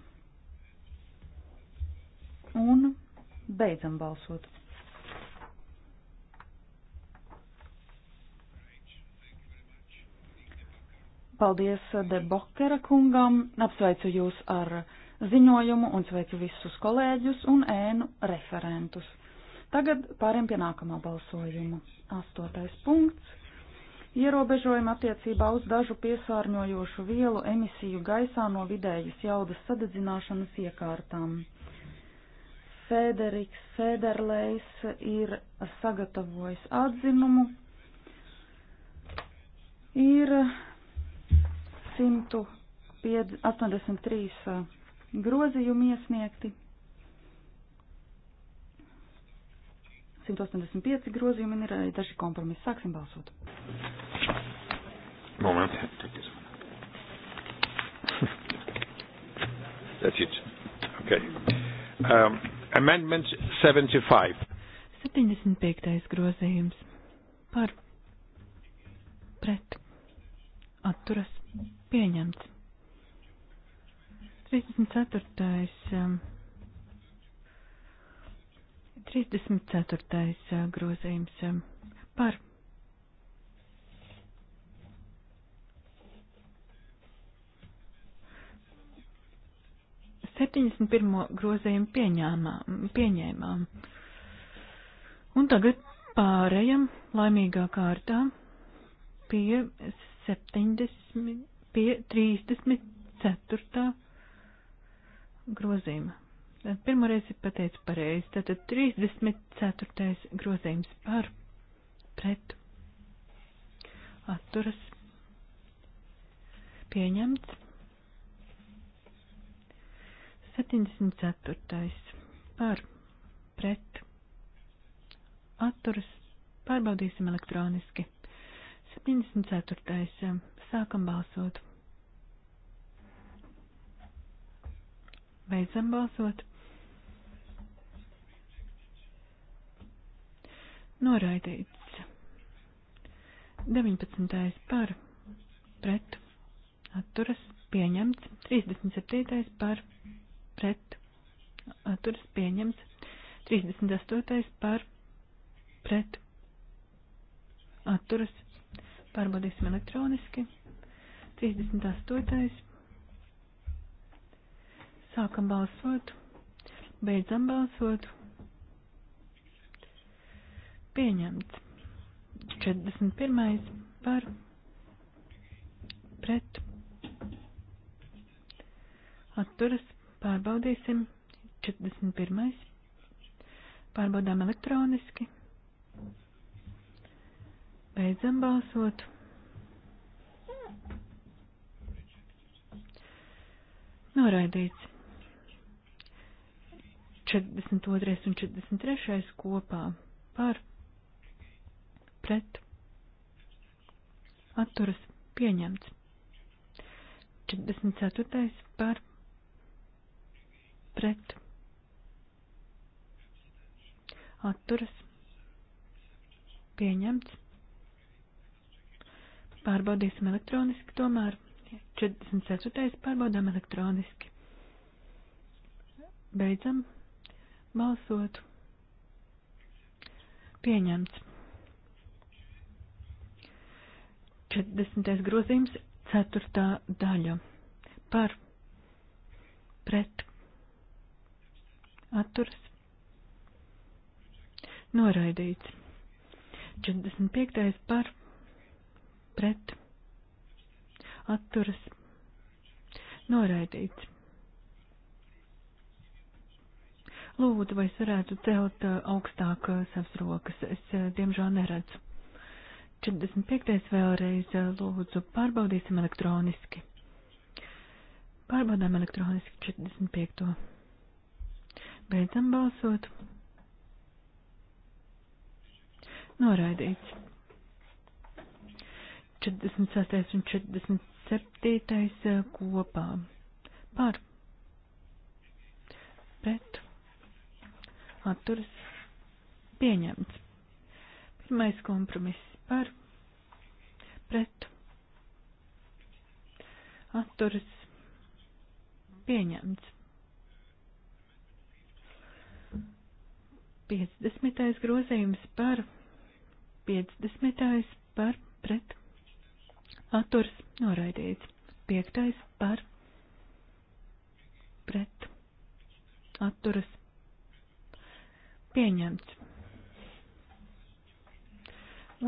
Un beidzam balsot. Paldies Debokera kungam, apsveicu jūs ar ziņojumu un sveicu visus kolēģus un ēnu referentus. Tagad pāriem pie nākamā balsojuma. Astotais punkts Ierobežojumi attiecībā uz dažu piesārņojošu vielu emisiju gaisā no vidējas jaudas sadedzināšanas iekārtām. Fēderiks Fēderlejs ir sagatavojis atzinumu. Ir 183 grozījumi iesniegti, 185 grozījumi ir eh, daži kompromisi. Sāksim balsot. Moment. That's it. Okay. Um, amendment 75. 75. grozījums par pret atturas pieņemts. 34. 34. Um, uh, grozījums um, par 71. grozījumu pieņēmām, pieņēmām. Un tagad pārējam laimīgā kārtā pie 70, pie 34. grozījuma. Pirmoreiz ir pateicis pareizi, tātad 34. grozījums par pret atturas pieņemts. 74. par pret atturas pārbaudīsim elektroniski. 74. sākam balsot. Beidzam balsot. Noraidīts. 19. par pret atturas pieņemts. 37. par pret pret atturas pieņemts. 38. par pret atturas pārbaudīsim elektroniski. 38. Sākam balsot, beidzam balsot. Pieņemts. 41. par pret atturas Pārbaudīsim. 41. Pārbaudām elektroniski. Beidzam balsot. Noraidīts. 42. un 43. kopā par pret atturas pieņemts. 44. par pret atturas pieņemts. Pārbaudīsim elektroniski tomēr. 44. pārbaudām elektroniski. Beidzam balsot. Pieņemts. 40. grozījums 4. daļa par pret atturas noraidīts. 45. par pret atturas noraidīts. Lūdzu, vai es varētu celt uh, augstāk uh, savas rokas? Es, uh, diemžēl, neredzu. 45. vēlreiz lūdzu, pārbaudīsim elektroniski. Pārbaudām elektroniski 45. Beidzam balsot. Noraidīts. 46. un 47. Eh, kopā. Par. Pret. Atturas. Pieņemts. Pirmais kompromiss par. Pret. Atturas. Pieņemts. 50. grozījums par 50. par pret atturs noraidīts. 5. par pret atturas pieņemts.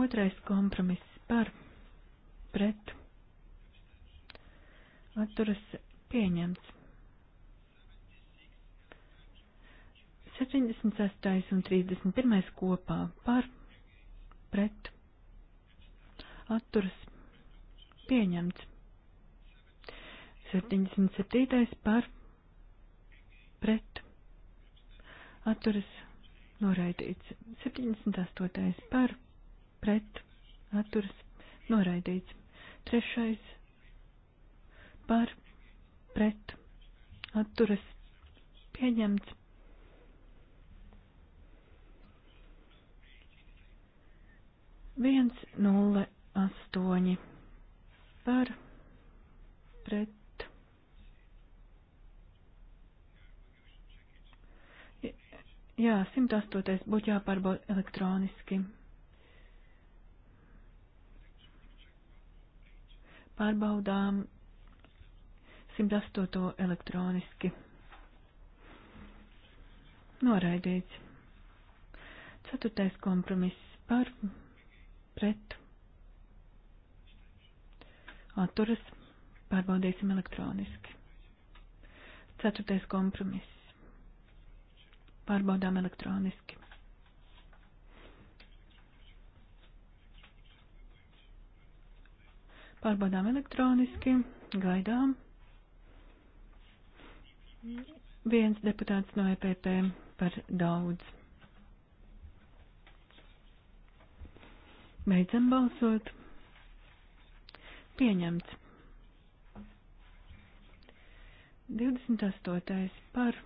Otrais kompromiss par pret atturas pieņemts. 76. un 31. kopā par pret atturas pieņemts. 77. par pret atturas noraidīts. 78. par pret atturas noraidīts. 3. par pret atturas pieņemts. 108 par pret. Jā, 108. būtu jāpārbauda elektroniski. Pārbaudām 108. elektroniski. Noraidīts. Ceturtais kompromiss par pret, atturas, pārbaudīsim elektroniski. Ceturtais kompromiss. Pārbaudām elektroniski. Pārbaudām elektroniski, gaidām. Viens deputāts no EPP par daudz. Beidzam balsot. Pieņemts. 28. par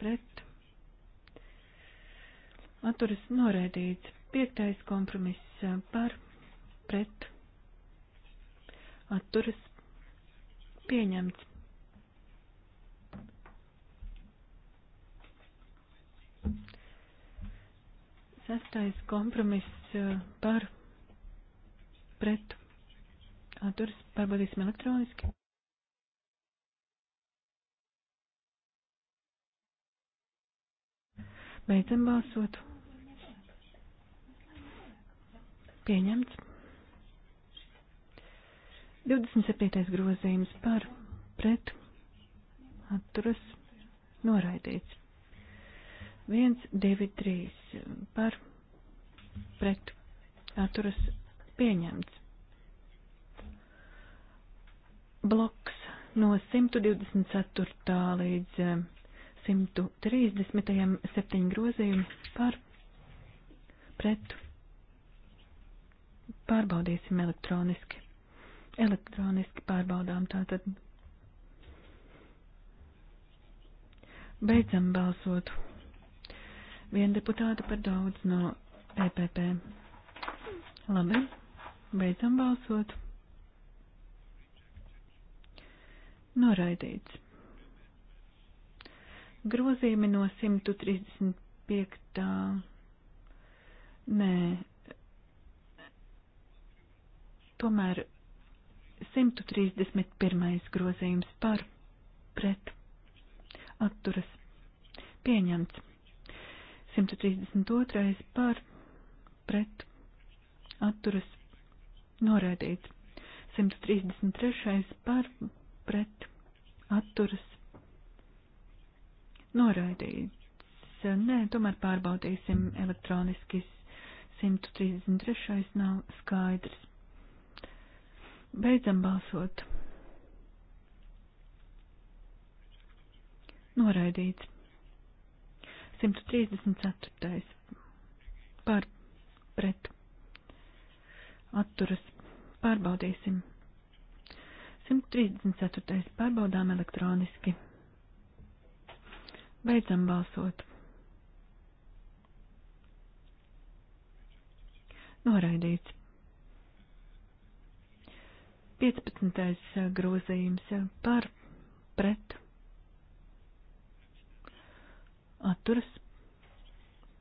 pret atturas noraidīts. 5. kompromiss par pret atturas pieņemts. Sastais kompromiss par pret atturas pārbaudīsim elektroniski. Beidzam balsot. Pieņemts. 27. grozījums par pret atturas noraidīts. 1, 2, 3 par pret pret atturas pieņemts. Bloks no 124. līdz 130. Eh, septiņu grozījumi par pret. Pārbaudīsim elektroniski. Elektroniski pārbaudām tātad. Beidzam balsot. Viena deputāta par daudz no EPP. Labi, beidzam balsot. Noraidīts. Grozījumi no 135. Nē, tomēr 131. grozījums par pret atturas pieņemts. 132. par pret pret atturas noraidīts. 133. par pret atturas noraidīts. Nē, tomēr pārbaudīsim elektroniski. 133. nav skaidrs. Beidzam balsot. Noraidīts. 134. par pret atturas pārbaudīsim. 134. pārbaudām elektroniski. Beidzam balsot. Noraidīts. 15. Eh, grozījums eh, par pret atturas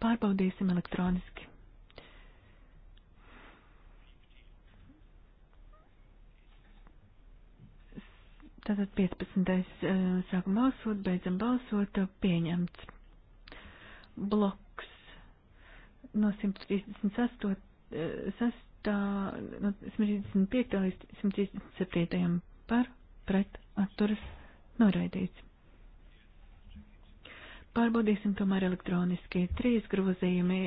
pārbaudīsim elektroniski. Tātad 15. Eh, sākam balsot, beidzam balsot, pieņemts. Bloks no 138. Sastā, eh, no 135. līdz 137. par pret atturas noraidīts. Pārbaudīsim tomēr elektroniski trīs grozījumi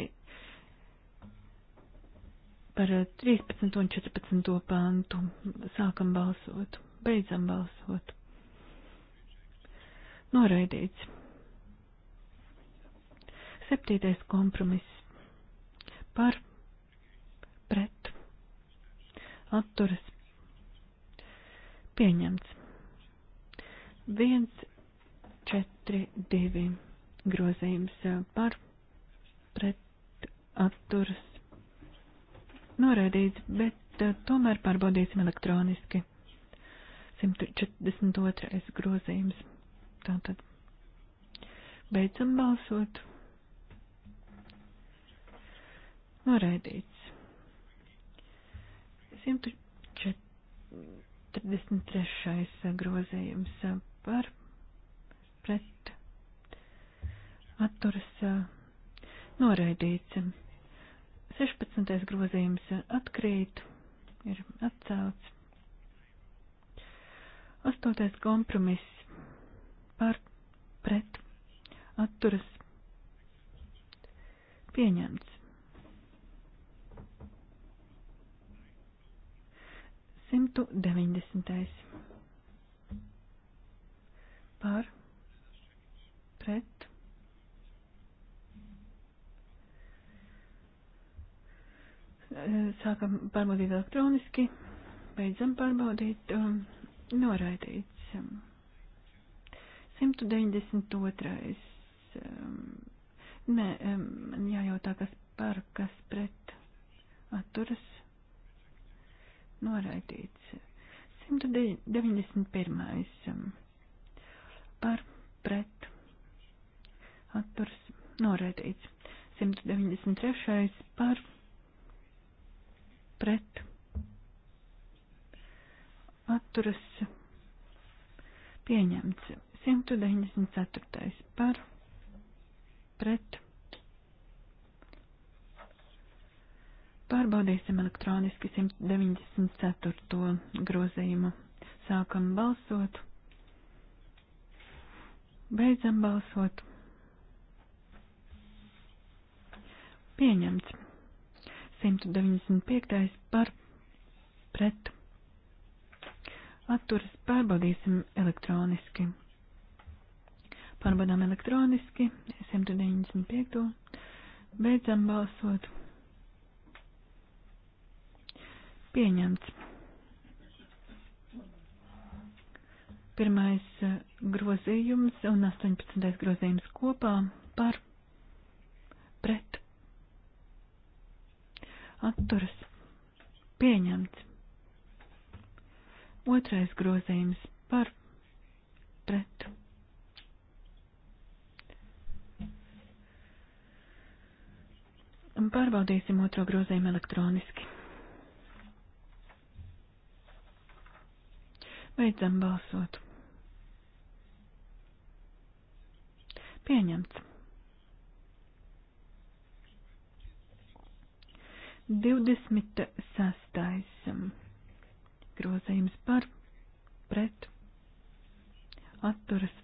par 13 un 14 pantu. Sākam balsot. Beidzam balsot. Noraidīts. Septītais kompromiss. Par, pret, atturas. Pieņemts. 1, 4, 2 grozījums par pret atturas. Noraidīts, bet eh, tomēr pārbaudīsim elektroniski. 142. grozījums. Tātad beidzam balsot. Noraidīts. 143. grozījums par pret atturas noraidīts. 16. grozījums atkrīt, ir atcelts. Astotais kompromiss par pret atturas pieņemts. Simtu deviņdesmitais par pret sākam pārbaudīt elektroniski, beidzam pārbaudīt. Um, Noraidīts. 192. Nē, man jājautā, kas par, kas pret atturas. Noraidīts. 191. Par, pret, atturas. Noraidīts. 193. par, pret, atturas pieņemts. 194. par pret. Pārbaudīsim elektroniski 194. grozījumu. Sākam balsot. Beidzam balsot. Pieņemts. 195. par pret atturas pārbaudīsim elektroniski. Pārbaudām elektroniski 195. Beidzam balsot. Pieņemts. Pirmais eh, grozījums un 18. grozījums kopā par pret atturas pieņemts. Otrais grozījums par pret. Pārbaudīsim otro grozījumu elektroniski. Beidzam balsot. Pieņemts. 26 grozījums par pret atturas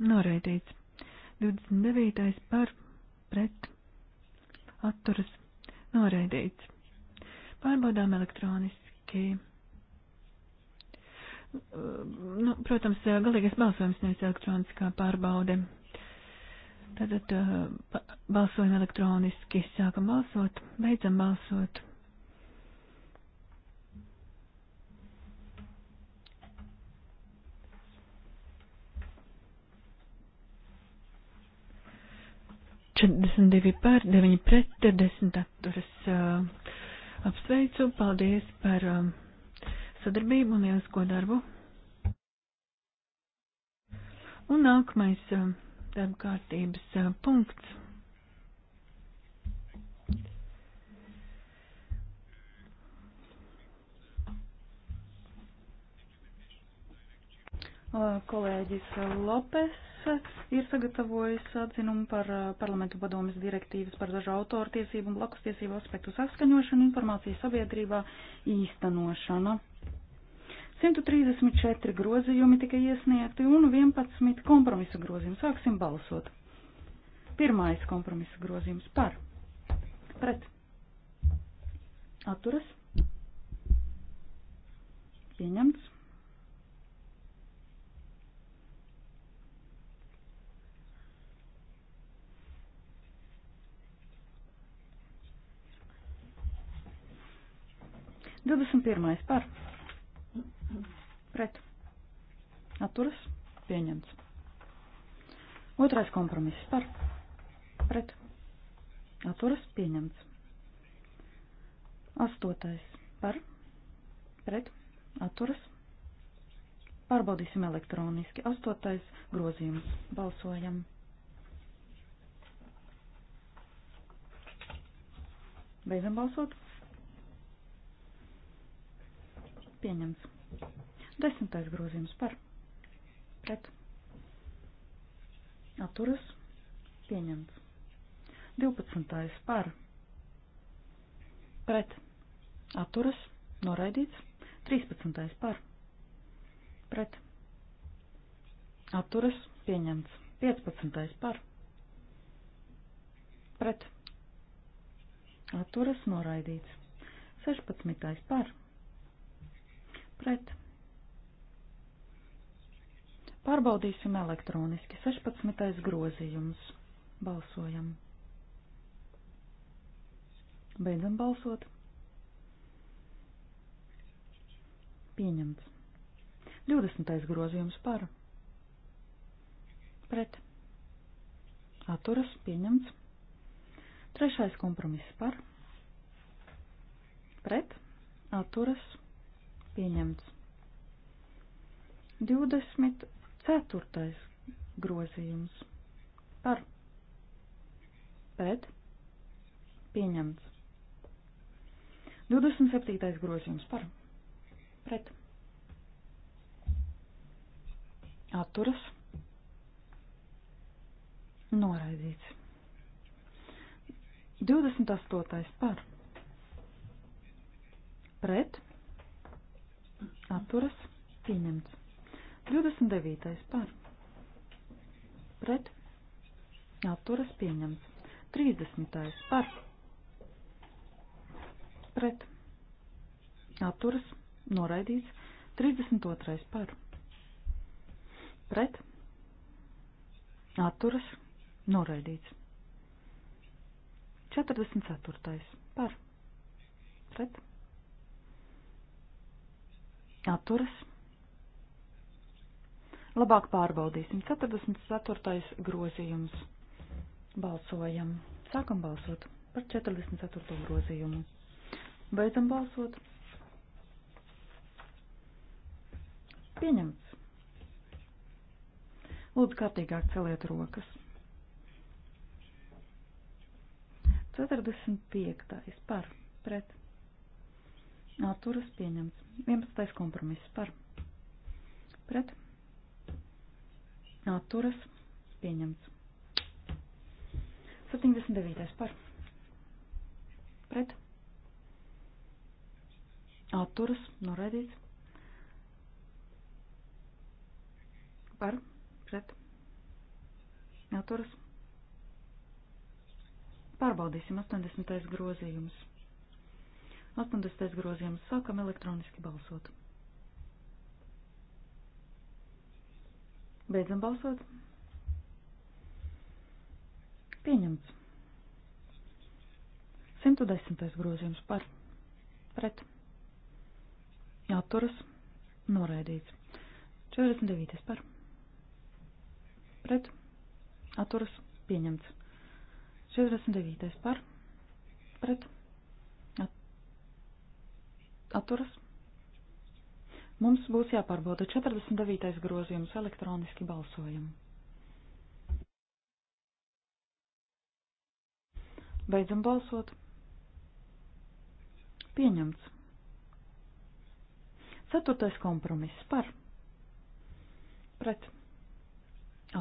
noraidīts. 29. par pret atturas noraidīts. Pārbaudām elektroniski. Nu, protams, galīgais balsojums nevis elektroniskā pārbaude. Tātad eh, balsojam elektroniski, sākam balsot, beidzam balsot. 22 par, 9 pret, 10 atturas. Apsveicu, paldies par sadarbību un lielisko darbu. Un nākamais darba kārtības punkts. Kolēģis Lopes ir sagatavojis atzinumu par eh, parlamentu padomjas direktīvas par dažu autoru tiesību un blakus tiesību aspektu saskaņošanu informācijas sabiedrībā īstenošana. 134 grozījumi tika iesniegti un 11 kompromisa grozījumi. Sāksim balsot. Pirmais kompromisa grozījums par. Pret. Atturas. Pieņemts. 21. par pret atturas pieņemts. Otrais kompromiss par pret atturas pieņemts. Astotais par pret atturas pārbaudīsim elektroniski. Astotais grozījums balsojam. Beidzam balsot. Pieņemts. Desmitais grozījums par. Pret. Atturas. Pieņemts. Divpadsmitais par. Pret. Atturas. Noraidīts. Trīspadsmitais par. Pret. Atturas. Pieņemts. Piecpadsmitais par. Pret. Atturas. Noraidīts. Sešpadsmitais par Pret. Pārbaudīsim elektroniski. 16. grozījums. Balsojam. Beidzam balsot. Pieņemts. 20. grozījums par. Pret. Atturas pieņemts. Trešais kompromiss par. Pret. Atturas Pieņemts. 24. grozījums. Par. Pret. Pieņemts. 27. grozījums par pret. Atturas. Noraidīts. 28. par pret atturas pieņemts. 29. par pret atturas pieņemts. 30. par pret atturas noraidīts. 32. par pret atturas noraidīts. 44. par pret atturas. Labāk pārbaudīsim. 44. grozījums. Balsojam. Sākam balsot par 44. grozījumu. Beidzam balsot. Pieņemts. Lūdzu, kārtīgāk celiet rokas. 45. par pret Atturas pieņemts. 11. kompromiss par. Pret. Atturas pieņemts. 79. par. Pret. Atturas noraidīts. Par. Pret. Atturas. Pārbaudīsim 80. grozījumus. 80. grozījums. Sākam elektroniski balsot. Beidzam balsot. Pieņemts. 110. grozījums par pret. Atturas. Noraidīts. 49. par pret. Atturas. Pieņemts. 49. par pret atturas. Mums būs jāpārbauda 49. grozījums elektroniski balsojumu. Beidzam balsot. Pieņemts. Ceturtais kompromiss par. Pret.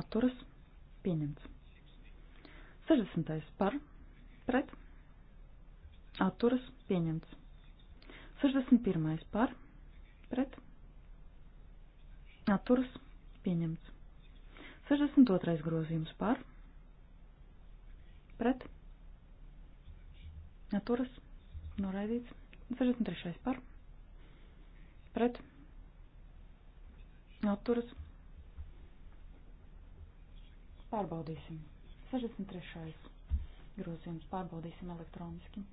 Atturas. Pieņemts. 60. par. Pret. Atturas. Pieņemts. 61. par pret atturas pieņemts. 62. grozījums par pret atturas noraidīts. 63. par pret atturas pārbaudīsim. 63. grozījums pārbaudīsim elektroniski.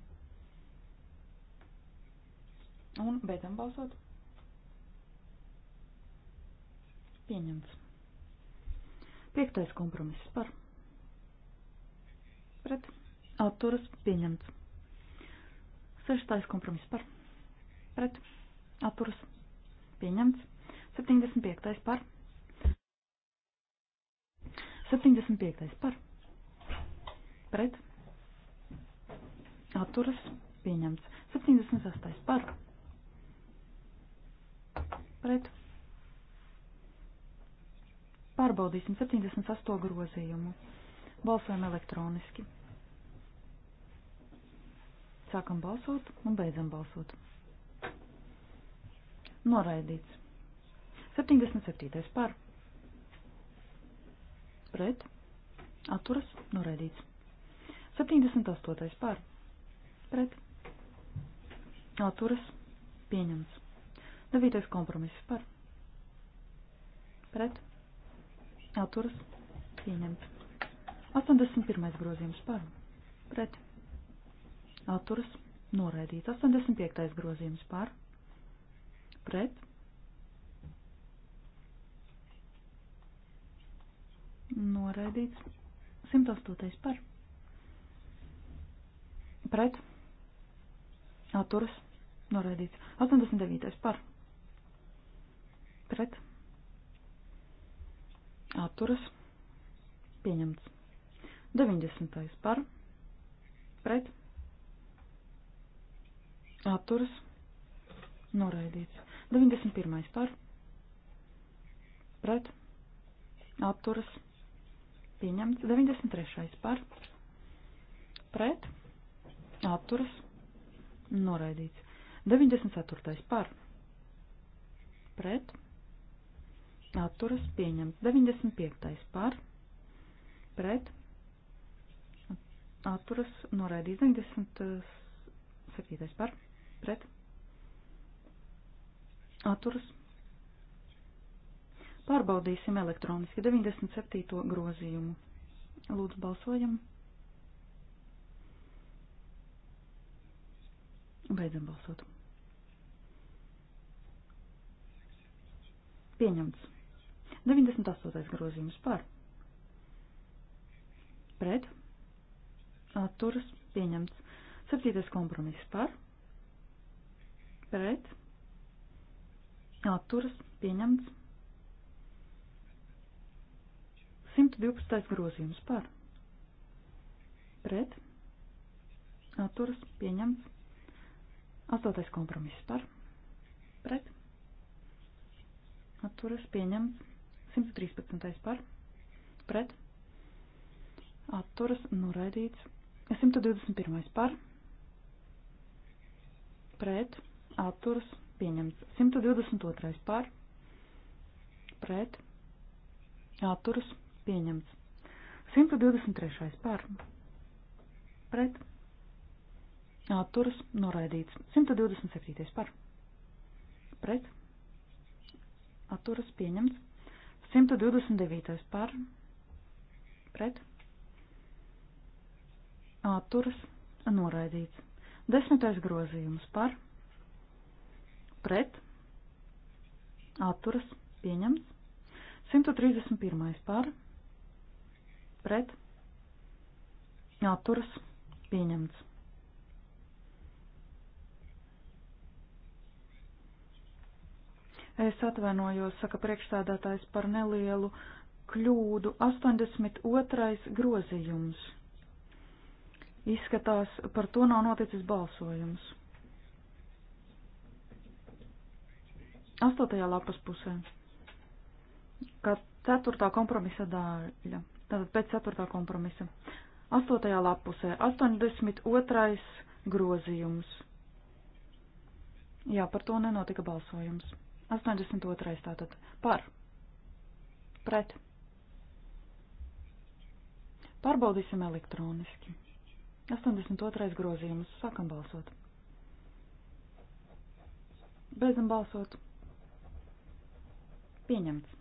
Un beidzam balsot. Pieņemts. Piektais kompromiss par. Pret. Atturas pieņemts. Seštais kompromiss par. Pret. Atturas pieņemts. 75. par. 75. par. Pret. Atturas pieņemts. 76. par pret. Pārbaudīsim 78 grozījumu. Balsojam elektroniski. Sākam balsot un beidzam balsot. Noraidīts. 77. par. Pret. Atturas. Noraidīts. 78. par. Pret. Atturas. Pieņemts. Devītais nu, kompromiss par. Pret. Atturas. Pieņemts. 81. grozījums par. Pret. Atturas. Noraidīts. 85. grozījums par. Pret. Noraidīts. 108. par. Pret. Atturas. Noraidīts. 89. par pret atturas pieņemts. 90. par pret atturas noraidīts. 91. par pret atturas pieņemts. 93. par pret atturas noraidīts. 94. par pret atturas atturas pieņemts. 95. par pret atturas noraidīts. 97. par pret atturas. Pārbaudīsim elektroniski 97. grozījumu. Lūdzu, balsojam. Beidzam balsot. Pieņemts. 98. grozījums par. Pret. Atturas pieņemts. 7. kompromiss par. Pret. Atturas pieņemts. 112. grozījums par. Pret. Atturas pieņemts. 8. kompromiss par. Pret. Atturas pieņemts. 113. par pret atturas noraidīts. 121. par pret atturas pieņemts. 122. par pret atturas pieņemts. 123. par pret atturas noraidīts. 127. par pret atturas pieņemts. 129. par pret atturas noraidīts. Desmitais grozījums par pret atturas pieņemts. 131. par pret atturas pieņemts. Es atvainojos, saka priekšstādātājs par nelielu kļūdu. 82. grozījums. Izskatās, par to nav noticis balsojums. 8. lapas pusē. Kā 4. kompromisa daļa. Tātad pēc 4. kompromisa. 8. lapusē 82. grozījums. Jā, par to nenotika balsojums. 82. tātad par. Pret. Pārbaudīsim elektroniski. 82. grozījums. Sākam balsot. Beidzam balsot. Pieņemts.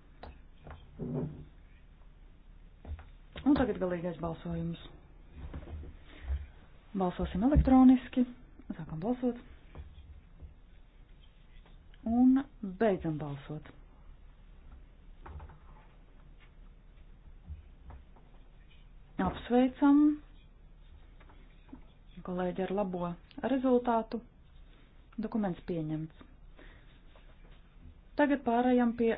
Un tagad galīgais balsojums. Balsosim elektroniski. Sākam balsot. Un beidzam balsot. Apsveicam kolēģi ar labo rezultātu. Dokuments pieņemts. Tagad pārējām pie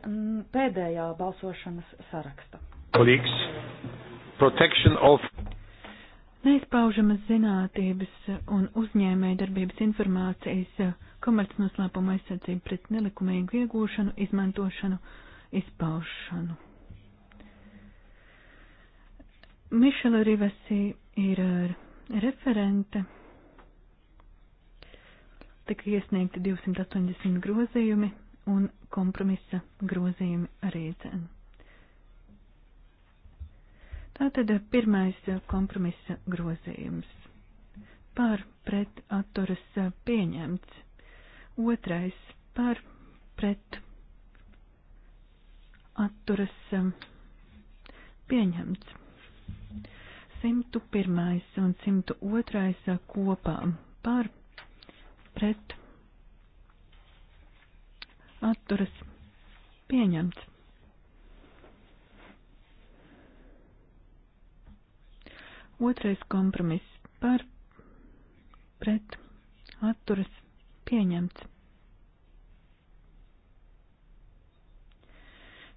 pēdējā balsošanas saraksta. Kolīgs, protection of. Neizpaužamas zinātības un uzņēmējdarbības informācijas komercnoslēpuma aizsardzību pret nelikumīgu iegūšanu, izmantošanu, izpaušanu. Mišela Rivasi ir eh, referente. Tika iesniegti 280 grozījumi un kompromisa grozījumi arī cen. Tātad pirmais kompromisa grozījums. Pār pret atturas pieņemts Otrais par pret atturas um, pieņemts. 101. un 102. Uh, kopā par pret atturas pieņemts. Otrais kompromiss par pret atturas pieņemts.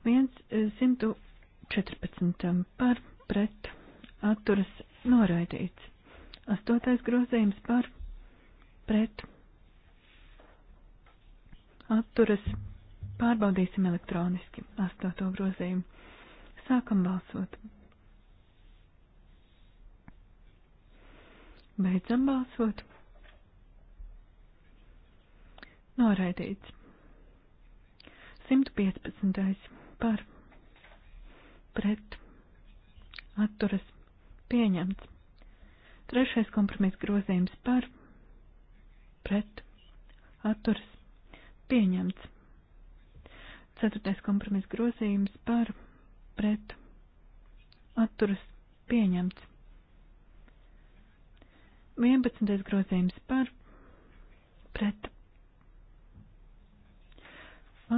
114 eh, par pret atturas noraidīts. Astotais grozījums par pret atturas pārbaudīsim elektroniski. Astoto grozījumu. Sākam balsot. Beidzam balsot. Noraidīts. 115. par pret atturas pieņemts. Trešais kompromiss grozījums par pret atturas pieņemts. Ceturtais kompromiss grozījums par pret atturas pieņemts. 11. grozījums par pret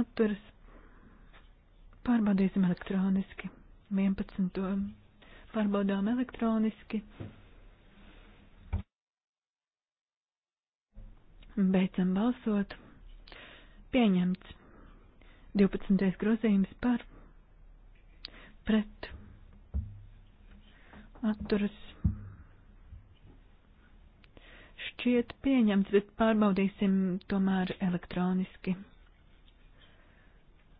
atturas. Pārbaudīsim elektroniski. 11. Pārbaudām elektroniski. Beidzam balsot. Pieņemts. 12. grozījums par pret atturas. Šķiet pieņemts, bet pārbaudīsim tomēr elektroniski.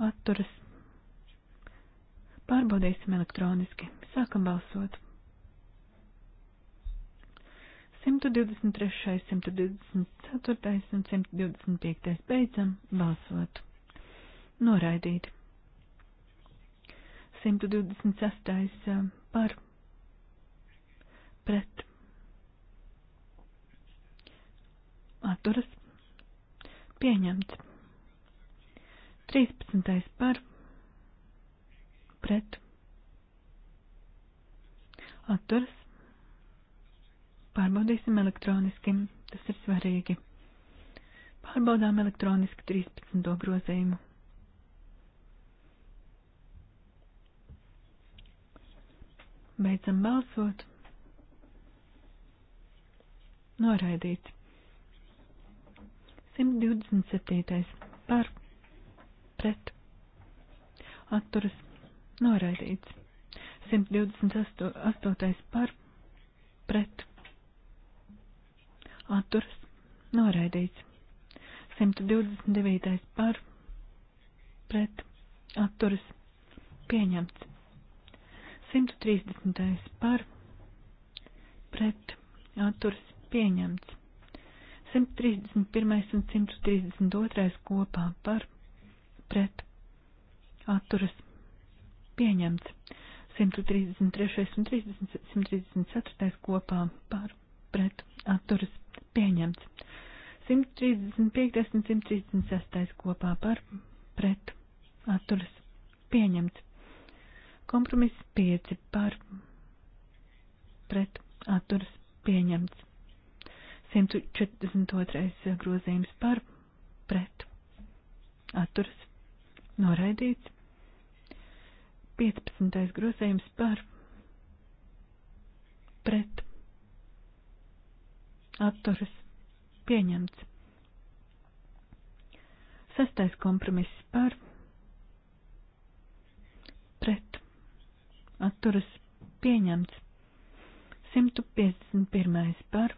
atturas. Pārbaudīsim elektroniski. Sākam balsot. 123, 124 un 125. Beidzam balsot. Noraidīt. 126. Eh, par. Pret. Atturas. Pieņemts. 13. par pret atturas. Pārbaudīsim elektroniski, tas ir svarīgi. Pārbaudām elektroniski 13. grozījumu. Beidzam balsot. Noraidīts. 127. par pret atturas noraidīts. 128. par pret atturas noraidīts. 129. par pret atturas pieņemts. 130. par pret atturas pieņemts. 131. un 132. kopā par pret atturas pieņemts. 133 un 30, 134 kopā par pret atturas pieņemts. 135 un 136 kopā par pret atturas pieņemts. Kompromiss 5 par pret atturas pieņemts. 142 grozījums par pret atturas Noraidīts. 15. grozējums par pret atturas pieņemts. Sastais kompromiss par pret atturas pieņemts. 151. par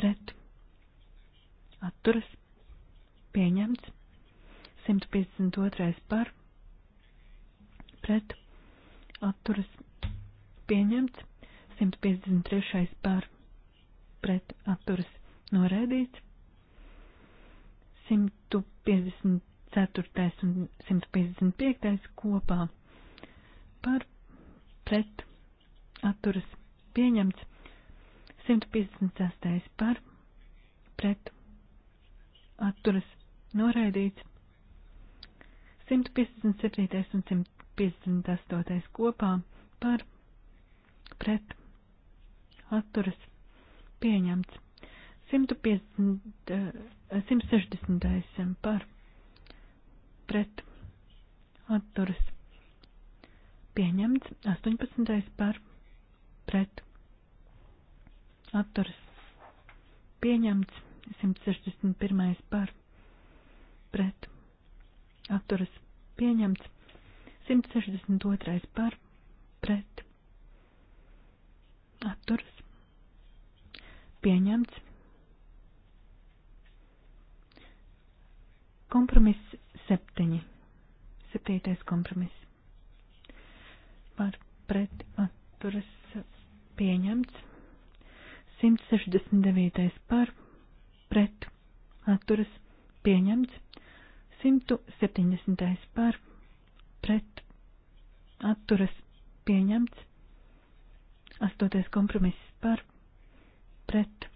pret atturas pieņemts. 152. par pret atturas pieņemts, 153. par pret atturas noraidīts, 154. un 155. kopā par pret atturas pieņemts, 156. par pret atturas noraidīts, 157. un 158. kopā par pret atturas pieņemts. 150, 160. Eh, par pret atturas pieņemts. 18. par pret atturas pieņemts. 161. par pret atturas pieņemts. 162. par pret atturas pieņemts. Kompromiss 7. 7. kompromiss par pret atturas pieņemts. 169. par pret atturas pieņemts. 170. par pret atturas pieņemts. 8. kompromiss par pret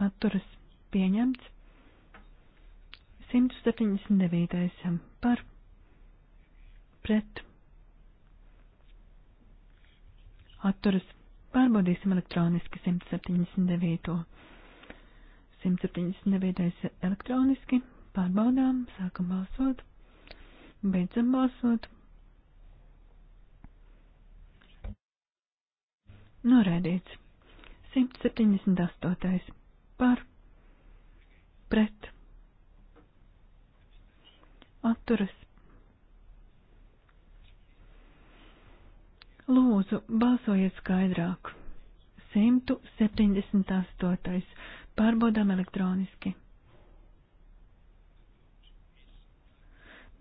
atturas pieņemts. 179. par pret atturas pārbaudīsim elektroniski 179. 179. elektroniski Pārbaudām, sākam balsot, beidzam balsot. Norēdīts. 178. Par. Pret. Atturas. Lūdzu, balsojiet skaidrāk. 178. Pārbaudām elektroniski.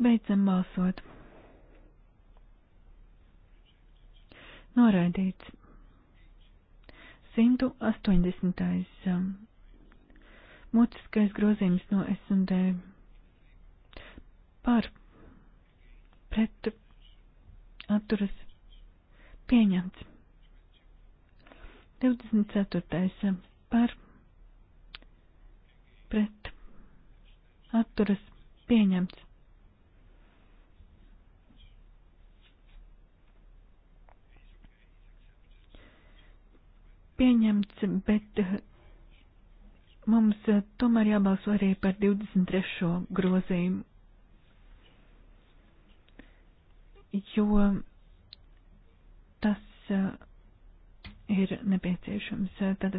Beidzam balsot. Noraidīts. 180. Um, mutiskais grozījums no S&D. Par. Pret. Atturas. Pieņemts. 24. Um, par. Pret. Atturas. Pieņemts. pieņemts, bet eh, mums eh, tomēr jābalso arī par 23. grozījumu, jo tas eh, ir nepieciešams. Tad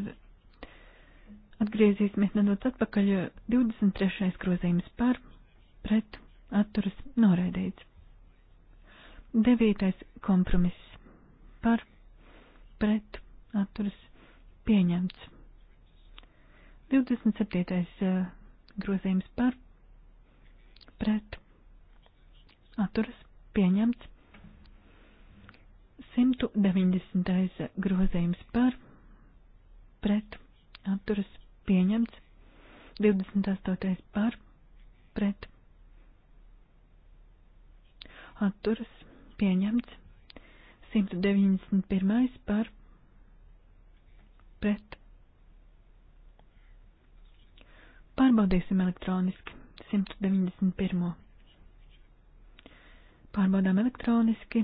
atgriezīsimies nedaudz atpakaļ. 23. grozījums par pret atturas noraidīts. 9. kompromiss par pret atturas pieņemts. 27. Eh, grozījums par pret atturas pieņemts. 190. Eh, grozījums par pret atturas pieņemts. 28. par pret atturas pieņemts. 191. par pret pret. Pārbaudīsim elektroniski 191. Pārbaudām elektroniski.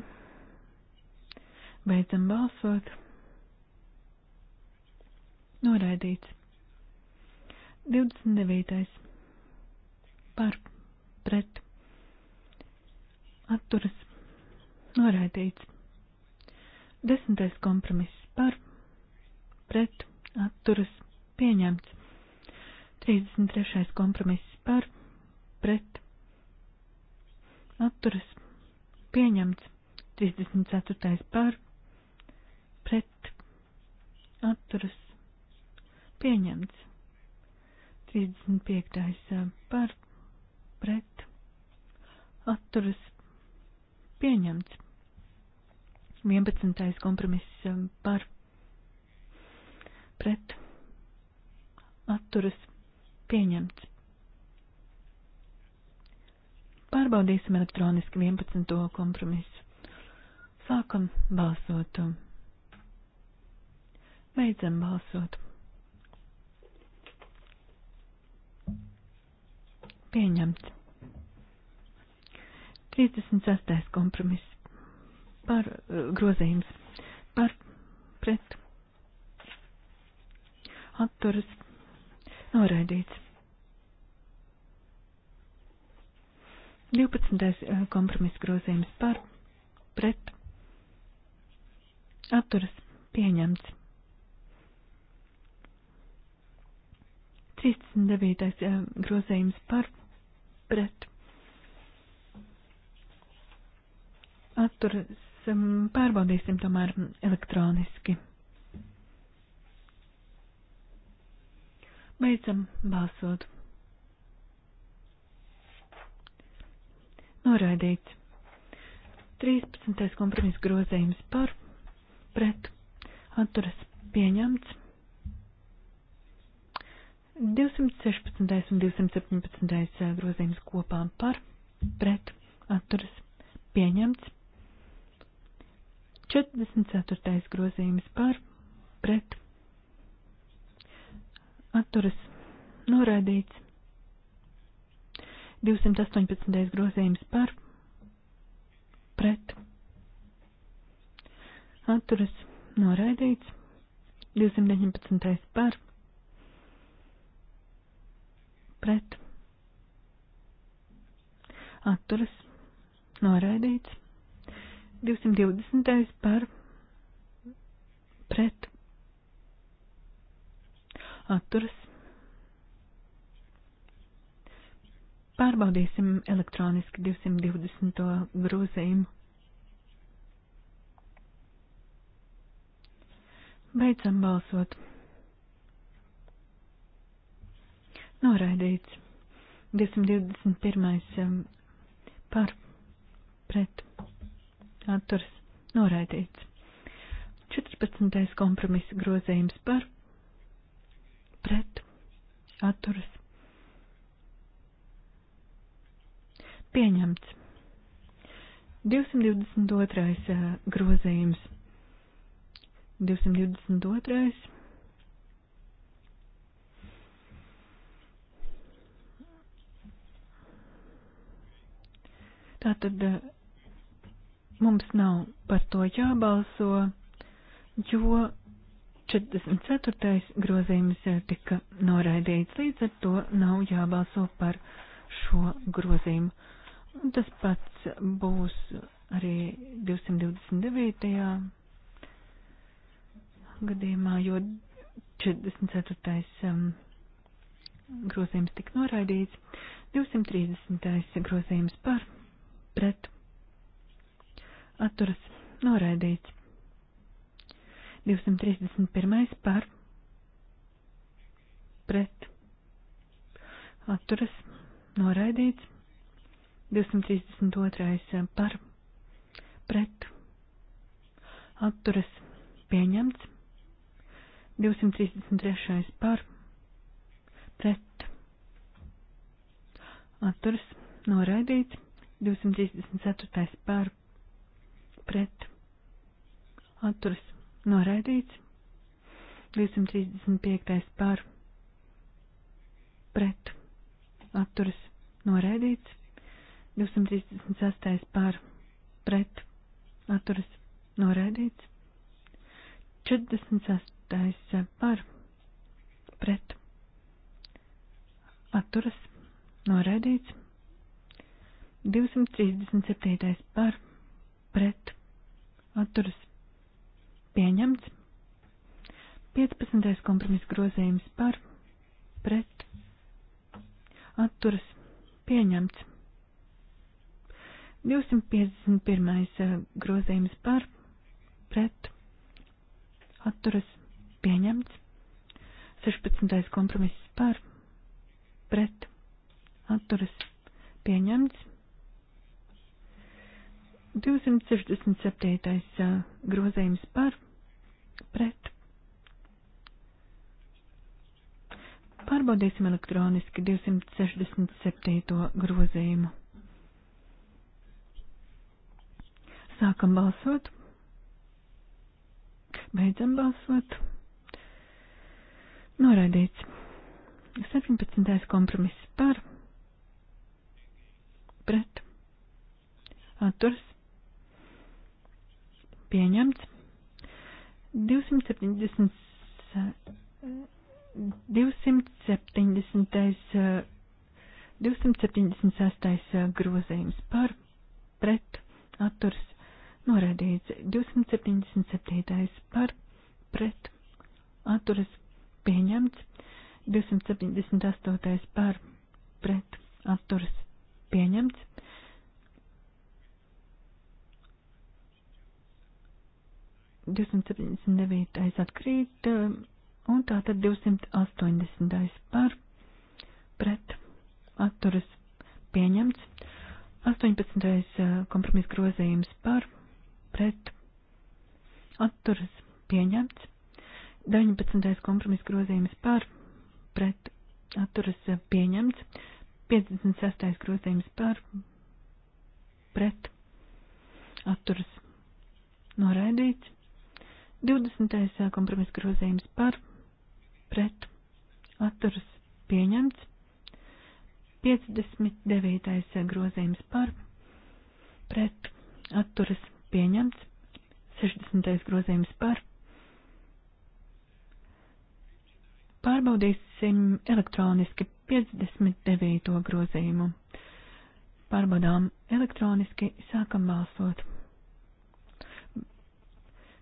Beidzam balsot. Noraidīts. 29. Par pret. Atturas. Noraidīts. Desmitais kompromiss par pret atturas pieņemts. 33. kompromiss par pret atturas pieņemts. 34. par pret atturas pieņemts. 35. Uh, par pret atturas pieņemts. 11. kompromiss uh, par pret pret atturas pieņemts. Pārbaudīsim elektroniski 11. kompromisu. Sākam balsot. Beidzam balsot. Pieņemts. 36. kompromiss par eh, grozījums par pret atturas noraidīts. 12. Eh, kompromisa grozījums par pret atturas pieņemts. 39. Eh, grozījums par pret atturas mm, pārbaudīsim tomēr elektroniski. Beidzam balsot. Noraidīts. 13. kompromiss grozējums par, pret, atturas pieņemts. 216. un 217. Eh, grozījums kopā par, pret, atturas pieņemts. 44. grozījums par, pret, atturas noraidīts. 218. grozījums par pret atturas noraidīts. 219. par pret atturas noraidīts. 220. par pret atturas. Pārbaudīsim elektroniski 220. grozījumu. Beidzam balsot. Noraidīts. 221. Um, par pret atturs noraidīts. 14. kompromisa grozījums par pret atturas pieņemts. 222. Eh, grozījums. 222. Tātad eh, mums nav par to jābalso, jo 44. grozījums eh, tika noraidīts, līdz ar to nav jābalso par šo grozījumu. Tas pats būs arī 229. gadījumā, jo 44. Ehm, grozījums tika noraidīts, 230. grozījums par pret atturas noraidīts. 231. par pret atturas noraidīts. 232. par pret atturas pieņemts. 233. par pret atturas noraidīts. 234. par pret atturas Noraidīts. 235. par. Pret. Atturas. Noraidīts. 236. par. Pret. Atturas. Noraidīts. 46. par. Pret. Atturas. Noraidīts. 237. par. Pret. Atturas Pieņemts. 15. kompromisa grozījums par pret atturas pieņemts. 251. Eh, grozījums par pret atturas pieņemts. 16. kompromiss par pret atturas pieņemts. 267. grozējums par pret. Pārbaudīsim elektroniski 267. grozējumu. Sākam balsot. Beidzam balsot. Noraidīts. 17. kompromiss par pret. Atturs pieņemts. 270. 270. 276. grozījums par pret atturs noraidīts. 277. par pret atturs pieņemts. 278. par pret atturs pieņemts. 279. atkrīt, eh, un tātad 280. par pret atturas pieņemts, 18. Eh, kompromis grozījums par pret atturas pieņemts, 19. kompromis grozījums par pret atturas eh, pieņemts, 56. grozījums par pret atturas noraidīts, 20. kompromisa grozījums par pret atturas pieņemts. 59. grozījums par pret atturas pieņemts. 60. grozījums par. Pārbaudīsim elektroniski 59. grozījumu. Pārbaudām elektroniski, sākam balsot.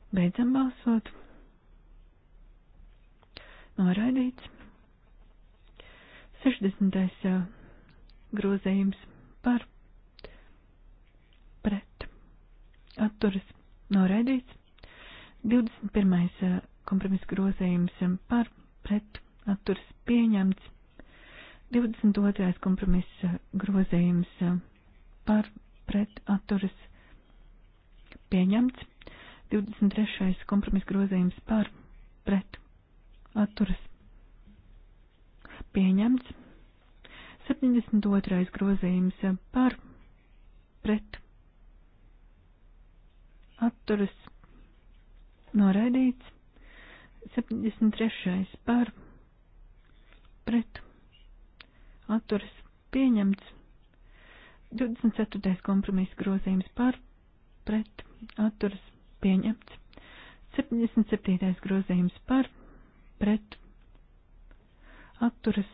Beidzam balsot. Noraidīts. 60. grozējums par pret atturas noraidīts. 21. kompromisa grozējums par pret atturas pieņemts. 22. kompromisa grozējums par pret atturas pieņemts. 23. kompromis grozījums par pret atturas pieņemts. 72. grozījums par pret atturas noraidīts. 73. par pret atturas pieņemts. 24. kompromis grozījums par pret atturas pieņemts pieņemts. 77. grozījums par pret atturas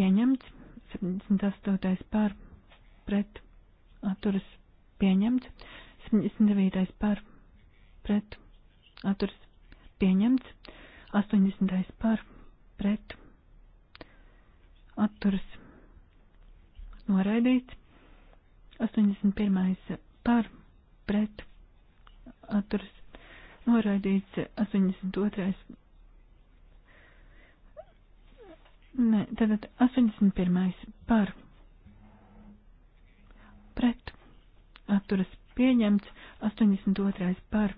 pieņemts. 78. par pret atturas pieņemts. 79. par pret atturas pieņemts. 80. par pret atturas noraidīts. 81. par pret atturas atturas noraidīts 82. Nē, tātad 81. par pret atturas pieņemts 82. par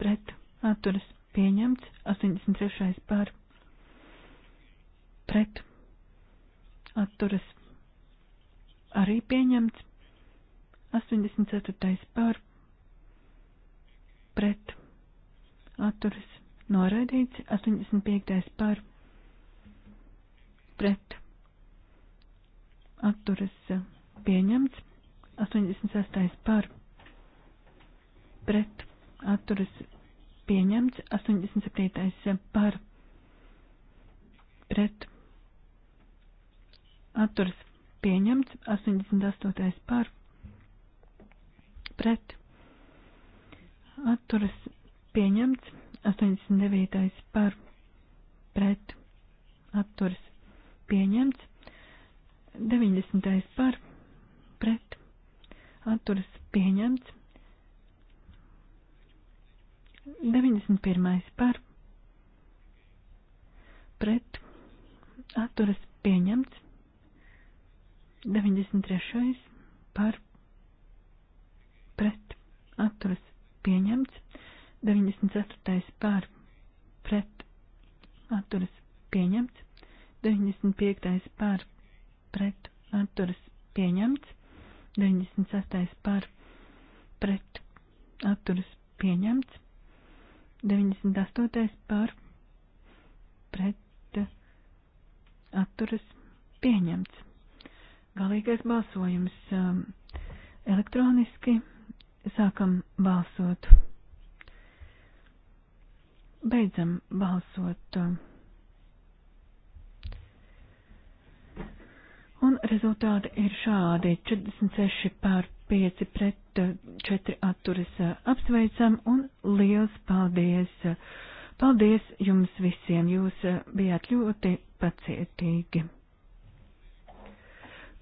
pret atturas pieņemts 83. par pret atturas arī pieņemts 84. par pret atturas noraidīts, 85. par pret atturas pieņemts, 86. par pret atturas pieņemts, 87. par pret atturas pieņemts, 88. par pret atturas pieņemts, 89. par pret atturas pieņemts, 90. par pret atturas pieņemts, 91. par pret atturas pieņemts, 93. par pret atturas pieņemts, 94. par pret atturas pieņemts, 95. par pret atturas pieņemts, 96. par pret atturas pieņemts, 98. par pret atturas pieņemts. Galīgais balsojums um, elektroniski. Sākam balsot. Beidzam balsot. Un rezultāti ir šādi. 46 pār 5 pret 4 atturas apsveicam un liels paldies. Paldies jums visiem. Jūs bijāt ļoti pacietīgi.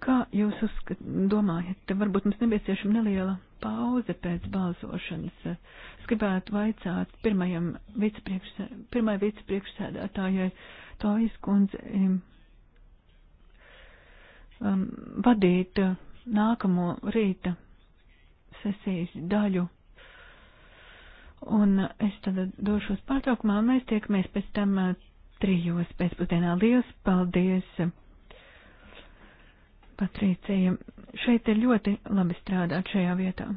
Kā jūs uzskat, domājat, varbūt mums nepieciešama neliela pauze pēc balsošanas. Es gribētu vaicāt pirmajam vicepriekšsē, pirmai vicepriekšsēdētājai Tojas kundzei um, vadīt nākamo rīta sesijas daļu. Un es tad došos pārtraukumā, un mēs tiekamies pēc tam uh, trijos pēcpusdienā. Lielas paldies! Patricija, šeit ir ļoti labi strādāt šajā vietā.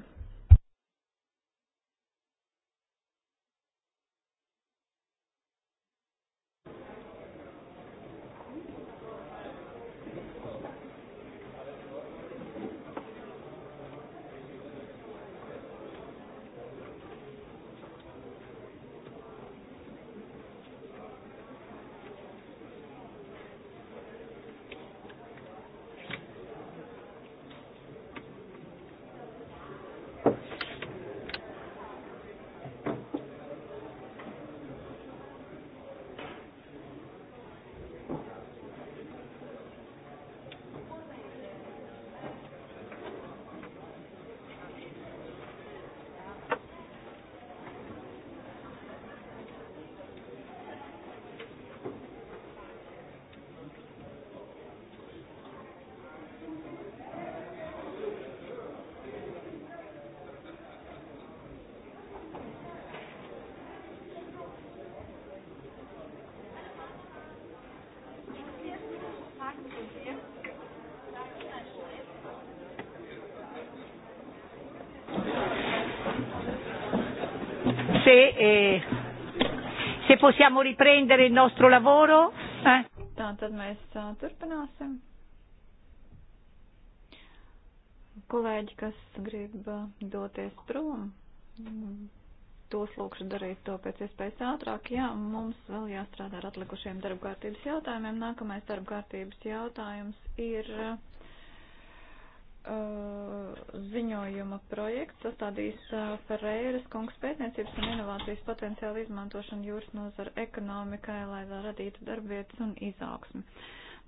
possiamo riprendere il nostro lavoro. Eh? Tātad mēs uh, turpināsim. Kolēģi, kas grib uh, doties prom, tos lūkšu darīt to pēc iespējas ātrāk. Jā, mums vēl jāstrādā ar atlikušiem darbkārtības jautājumiem. Nākamais darbkārtības jautājums ir. Uh, Uh, ziņojuma projekts sastādīs uh, Ferreiras kungs pētniecības un inovācijas potenciālu izmantošanu jūras nozara ekonomikai, lai radītu darbvietas un izaugsmi.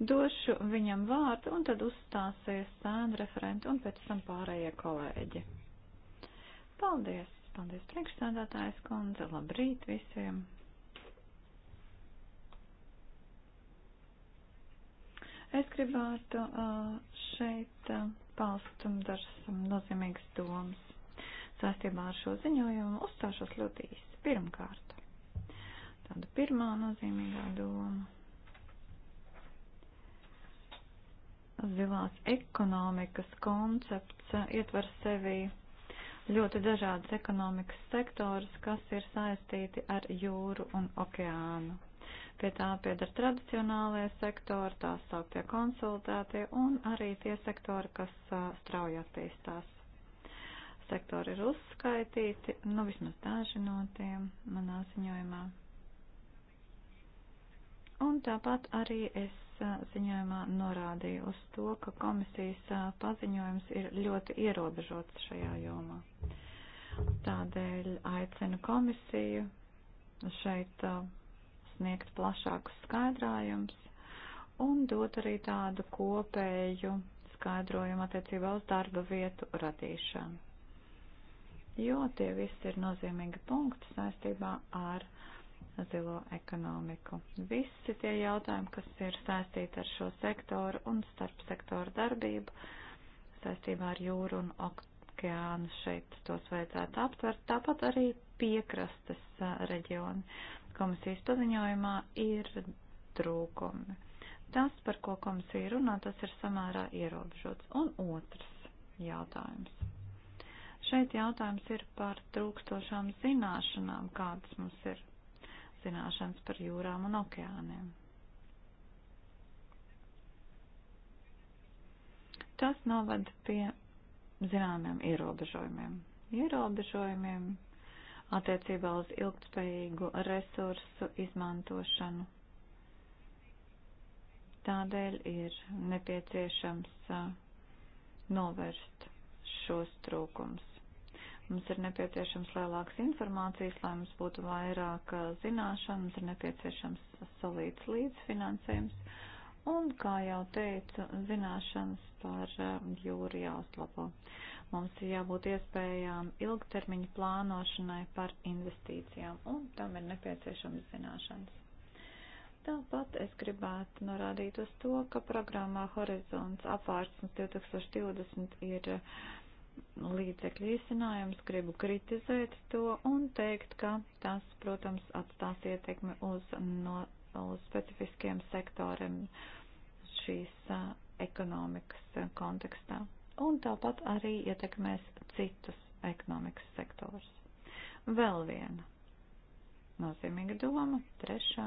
Došu viņam vārdu un tad uzstāsies sēna referenti un pēc tam pārējie kolēģi. Paldies! Paldies priekšsēdētājs kundze! Labrīt visiem! Es gribētu uh, šeit atbalstu un dažas nozīmīgas domas. Sāstībā ar šo ziņojumu uzstāšos ļoti īsti. Pirmkārt, tāda pirmā nozīmīgā doma. Zilās ekonomikas koncepts ietver sevī ļoti dažādas ekonomikas sektoras, kas ir saistīti ar jūru un okeānu Pie tā piedar tradicionālie sektori, tās sauktie konsultētie un arī tie sektori, kas strauji attīstās. Sektori ir uzskaitīti, nu vismaz daži no tiem manā ziņojumā. Un tāpat arī es ziņojumā norādīju uz to, ka komisijas paziņojums ir ļoti ierobežots šajā jomā. Tādēļ aicinu komisiju šeit sniegt plašākus skaidrājums un dot arī tādu kopēju skaidrojumu attiecībā uz darba vietu radīšanu. Jo tie visi ir nozīmīgi punkti saistībā ar zilo ekonomiku. Visi tie jautājumi, kas ir saistīti ar šo sektoru un starp sektoru darbību, saistībā ar jūru un okeānu šeit tos vajadzētu aptvert, tāpat arī piekrastes reģioni komisijas paziņojumā ir trūkumi. Tas, par ko komisija runā, tas ir samērā ierobežots. Un otrs jautājums. Šeit jautājums ir par trūkstošām zināšanām, kādas mums ir zināšanas par jūrām un okeāniem. Tas novada pie zināmiem ierobežojumiem. Ierobežojumiem attiecībā uz ilgtspējīgu resursu izmantošanu. Tādēļ ir nepieciešams novērst šos trūkums. Mums ir nepieciešams lielāks informācijas, lai mums būtu vairāk zināšanu, mums ir nepieciešams solīts līdzfinansējums un, kā jau teicu, zināšanas par jūru jāuzlabo. Mums ir jābūt iespējām ilgtermiņa plānošanai par investīcijām, un tam ir nepieciešams zināšanas. Tāpat es gribētu norādīt uz to, ka programmā Horizons apvārsnes 2020 ir nu, līdzekļu risinājums, gribu kritizēt to un teikt, ka tas, protams, atstās ietekmi uz, no, uz specifiskiem sektoriem šīs ekonomikas kontekstā un tāpat arī ietekmēs citus ekonomikas sektors. Vēl viena nozīmīga doma, trešā.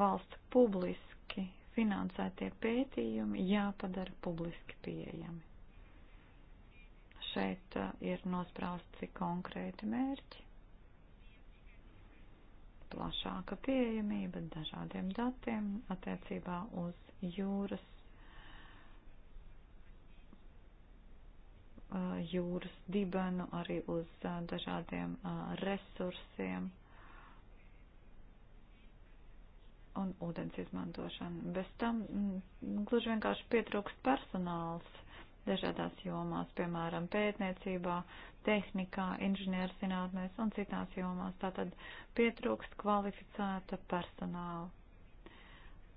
Valsts publiski finansētie pētījumi jāpadara publiski pieejami. Šeit uh, ir nosprausti konkrēti mērķi plašāka pieejamība dažādiem datiem attiecībā uz jūras jūras dibenu, arī uz dažādiem resursiem un ūdens izmantošanu. Bez tam mm, nu, gluži vienkārši pietrūkst personāls dažādās jomās, piemēram, pētniecībā, tehnikā, inženierzinātnēs un citās jomās. Tātad pietrūkst kvalificēta personāla.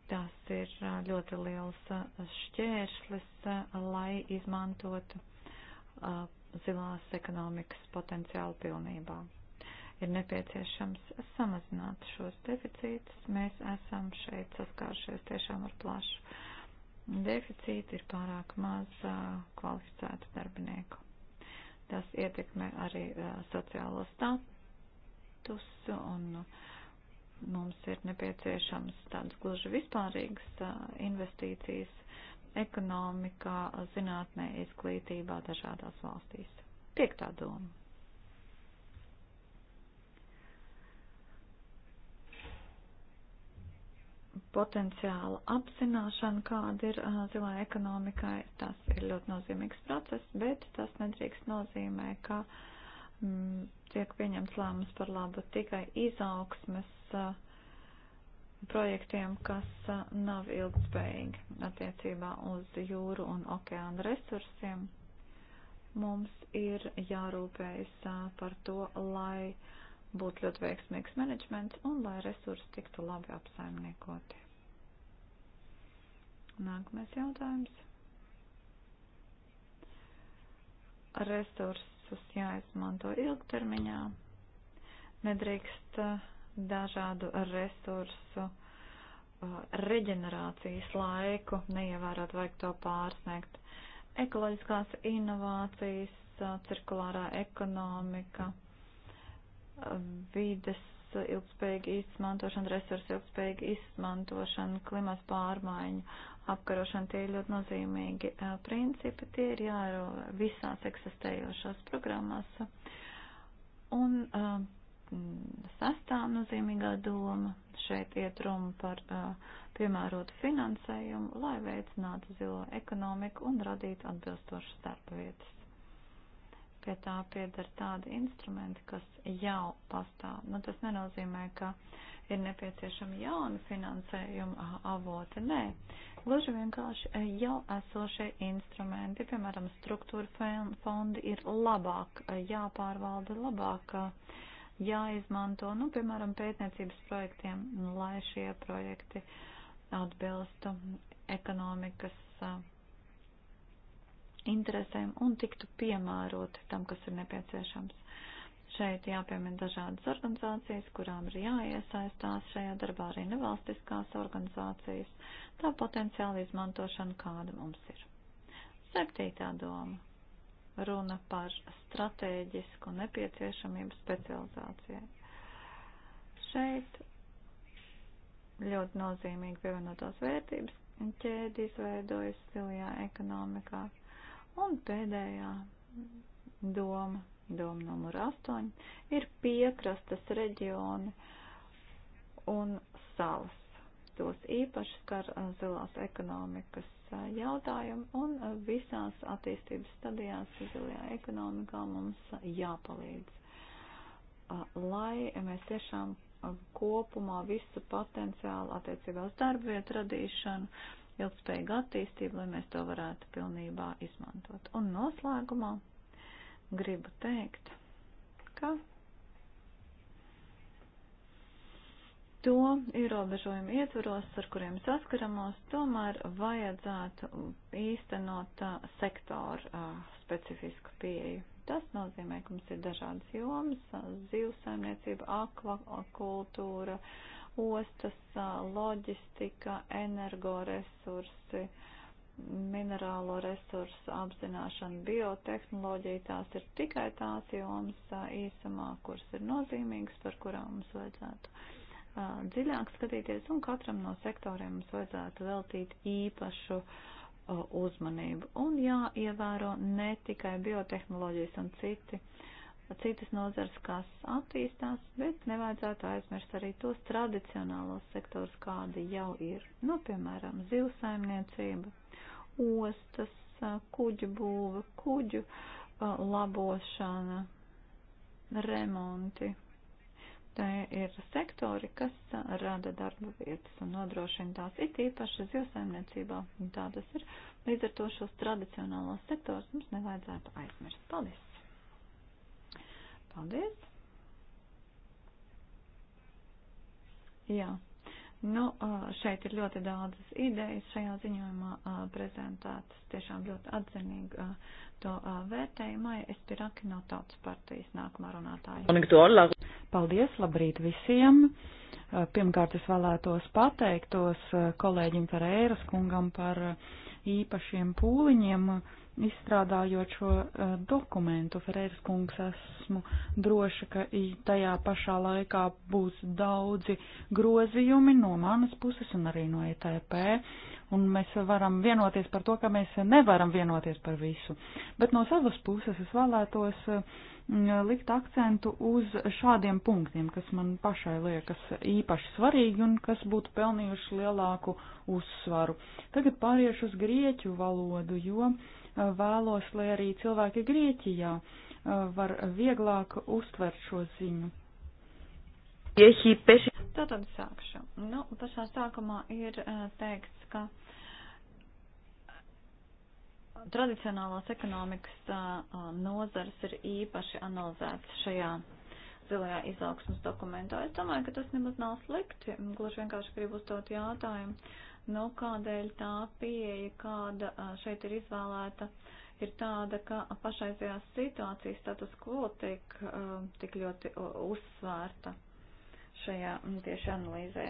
Tas ir ļoti liels šķēršlis, lai izmantotu zilās ekonomikas potenciālu pilnībā. Ir nepieciešams samazināt šos deficītus. Mēs esam šeit saskāršies tiešām ar plašu deficītu, ir pārāk maz kvalificētu darbinieku. Tas ietekmē arī sociālo statusu un mums ir nepieciešams tādas gluži vispārīgas investīcijas ekonomikā, zinātnē, izglītībā dažādās valstīs. Piektā doma. Potenciāla apzināšana, kāda ir zilā ekonomikai, tas ir ļoti nozīmīgs process, bet tas nedrīkst nozīmē, ka m, mm, tiek pieņemts lēmums par labu tikai izaugsmes uh, projektiem, kas nav ilgspējīgi attiecībā uz jūru un okeāna resursiem. Mums ir jārūpējas par to, lai būtu ļoti veiksmīgs menedžments un lai resursi tiktu labi apsaimniekoti. Nākamais jautājums. Resursus jāizmanto ilgtermiņā. Nedrīkst uh, dažādu resursu uh, reģenerācijas laiku neievērot, vajag to pārsniegt. Ekoloģiskās inovācijas, uh, cirkulārā ekonomika, uh, vides ilgspējīga izmantošana, resursu ilgspējīga izmantošana, klimats pārmaiņu, apkarošana, tie ir ļoti nozīmīgi principi, tie ir jāro visās eksistējošās programmās. Un uh, Mm, sastā nozīmīgā doma. Šeit iet runa par uh, piemērotu finansējumu, lai veicinātu zilo ekonomiku un radītu atbilstošas darba vietas. Pie tā piedara tādi instrumenti, kas jau pastāv. Nu, tas nenozīmē, ka ir nepieciešama jauna finansējuma avota. Nē, gluži vienkārši e, jau esošie instrumenti, piemēram, struktūra fondi, ir labāk e, jāpārvalda, labāk e, jāizmanto, nu, piemēram, pētniecības projektiem, lai šie projekti atbilstu ekonomikas interesēm un tiktu piemēroti tam, kas ir nepieciešams. Šeit jāpiemina dažādas organizācijas, kurām ir jāiesaistās šajā darbā arī nevalstiskās organizācijas, tā potenciāla izmantošana, kāda mums ir. Septītā doma runa par stratēģisku nepieciešamību specializācijai. Šeit ļoti nozīmīgi pievienotās vērtības ķēdi izveidojas zilajā ekonomikā. Un pēdējā doma, doma numur 8, ir piekrastas reģioni un salas. Tos īpaši skar zilās ekonomikas jautājumi, un e, visās attīstības stadijās zilajā ekonomikā mums jāpalīdz, e, lai mēs tiešām e, kopumā visu potenciālu attiecībā uz darbvietu radīšanu, ilgspējīgu attīstību, lai mēs to varētu pilnībā izmantot. Un noslēgumā gribu teikt, ka to ierobežojumu ietvaros, ar kuriem saskaramos, tomēr vajadzētu īstenot sektoru specifisku pieeju. Tas nozīmē, ka mums ir dažādas jomas - zivsaimniecība, akvakultūra, ostas, loģistika, energoresursi, minerālo resursu apzināšana, biotehnoloģija. Tās ir tikai tās jomas īsumā, kuras ir nozīmīgas, par kurām mums vajadzētu dziļāk skatīties, un katram no sektoriem mums vajadzētu veltīt īpašu uzmanību. Un jāievēro ne tikai biotehnoloģijas un citi, citas nozars, kas attīstās, bet nevajadzētu aizmirst arī tos tradicionālos sektors, kādi jau ir. Nu, piemēram, zivsaimniecība, ostas, kuģu būva, kuģu labošana, remonti Tie ir sektori, kas rada darba vietas un nodrošina tās it īpaši zivsaimniecībā. Tā tas ir. Līdz ar to šos tradicionālos sektors mums nevajadzētu aizmirst. Paldies! Paldies! Jā. Yeah. Nu, šeit ir ļoti daudzas idejas šajā ziņojumā prezentētas. Tiešām ļoti atzinīgi to vērtējumai. Es piraki no tautas partijas nākamā runātāja. Paldies, labrīt visiem! Pirmkārt, es vēlētos pateiktos kolēģim Ferēras kungam par īpašiem pūliņiem Izstrādājot šo uh, dokumentu, Ferēras kungs, esmu droša, ka tajā pašā laikā būs daudzi grozījumi no manas puses un arī no ETP, un mēs varam vienoties par to, ka mēs nevaram vienoties par visu. Bet no savas puses es vēlētos uh, likt akcentu uz šādiem punktiem, kas man pašai liekas īpaši svarīgi un kas būtu pelnījuši lielāku uzsvaru. Tagad pāriešu uz grieķu valodu, jo. Uh, vēlos, lai arī cilvēki Grieķijā uh, var vieglāk uztvert šo ziņu. Tātad sākšu. Nu, pašā sākumā ir uh, teikts, ka tradicionālās ekonomikas uh, nozars ir īpaši analizēts šajā zilajā izaugsmas dokumentā. Es domāju, ka tas nemaz nav slikti. Gluži vienkārši gribu uzdot jautājumu Nu, kādēļ tā pieeja, kāda šeit ir izvēlēta, ir tāda, ka pašaizajās situācijas status quo tiek tik ļoti uzsvērta šajā tieši analīzē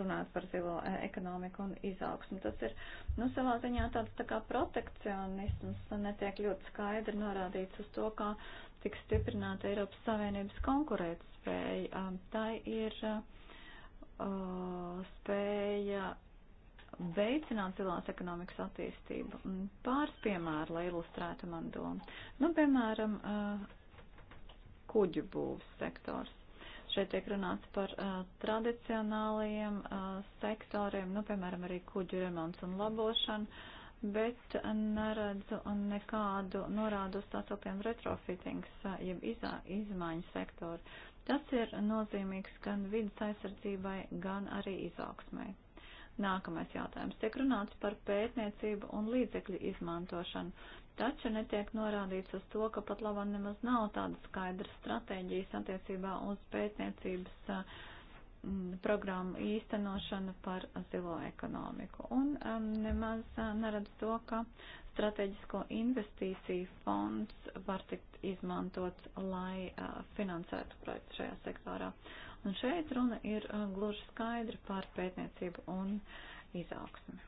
runāt par zilo e, ekonomiku un izaugsmu. Tas ir, nu, savā ziņā tāds tā kā protekcionisms netiek ļoti skaidri norādīts uz to, kā tiks stiprināta Eiropas Savienības konkurētspēja. Tai ir uh, uh, spēja veicināt zilās ekonomikas attīstību. Pāris piemēri, lai ilustrētu man domu. Nu, piemēram, uh, kuģu būvs sektors. Šeit tiek runāts par uh, tradicionālajiem uh, sektoriem, nu, piemēram, arī kuģu remonts un labošana, bet neredzu nekādu norādu uz tā sauktiem retrofitings, uh, jeb izā, izmaiņu sektoru. Tas ir nozīmīgs gan vidas aizsardzībai, gan arī izaugsmai. Nākamais jautājums. Tiek runāts par pētniecību un līdzekļu izmantošanu, taču netiek norādīts uz to, ka pat labam nemaz nav tādas skaidras stratēģijas attiecībā uz pētniecības uh, programmu īstenošanu par zilo ekonomiku. Un um, nemaz uh, neredz to, ka strateģisko investīciju fonds var tikt izmantots, lai uh, finansētu projektu šajā sektorā. Un šeit runa ir uh, gluži skaidra par pētniecību un izaugsmi.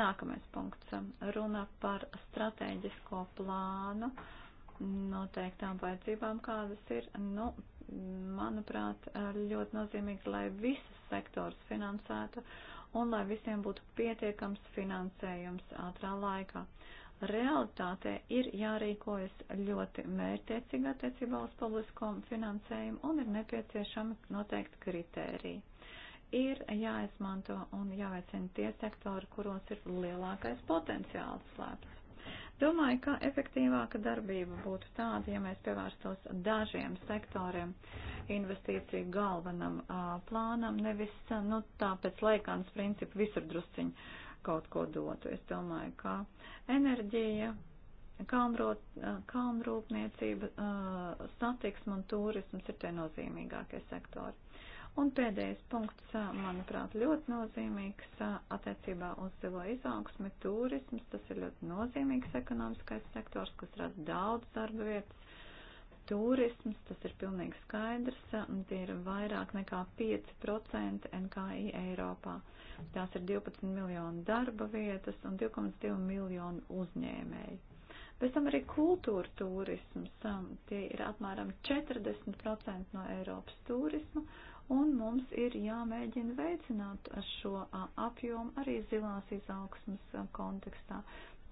Nākamais punkts - runa par strateģisko plānu noteiktām vajadzībām, kādas ir. Nu, manuprāt, ļoti nozīmīgi, lai visas sektors finansētu un lai visiem būtu pietiekams finansējums ātrā laikā. Uh, realitātē ir jārīkojas ļoti mērķtiecīgi attiecībā uz publisko finansējumu un ir nepieciešami noteikti kritēriji. Ir jāizmanto un jāveicina tie sektori, kuros ir lielākais potenciāls slēpts. Domāju, ka efektīvāka darbība būtu tāda, ja mēs pievērstos dažiem sektoriem investīciju galvenam uh, plānam, nevis uh, nu, tāpēc laikāns principu visur drusciņu. Uh, kaut ko dotu. Es domāju, ka enerģija, kalnrūpniecība, satiksme un turisms ir tie nozīmīgākie sektori. Un pēdējais punkts, manuprāt, ļoti nozīmīgs attiecībā uz zilo izaugsmi - turisms. Tas ir ļoti nozīmīgs ekonomiskais sektors, kas rada daudz darba vietas turisms, tas ir pilnīgi skaidrs, un tie ir vairāk nekā 5% NKI Eiropā. Tās ir 12 miljonu darba vietas un 2,2 miljonu uzņēmēji. Pēc tam arī kultūra turisms, um, tie ir apmēram 40% no Eiropas turisma, un mums ir jāmēģina veicināt šo apjomu arī zilās izaugsmas kontekstā.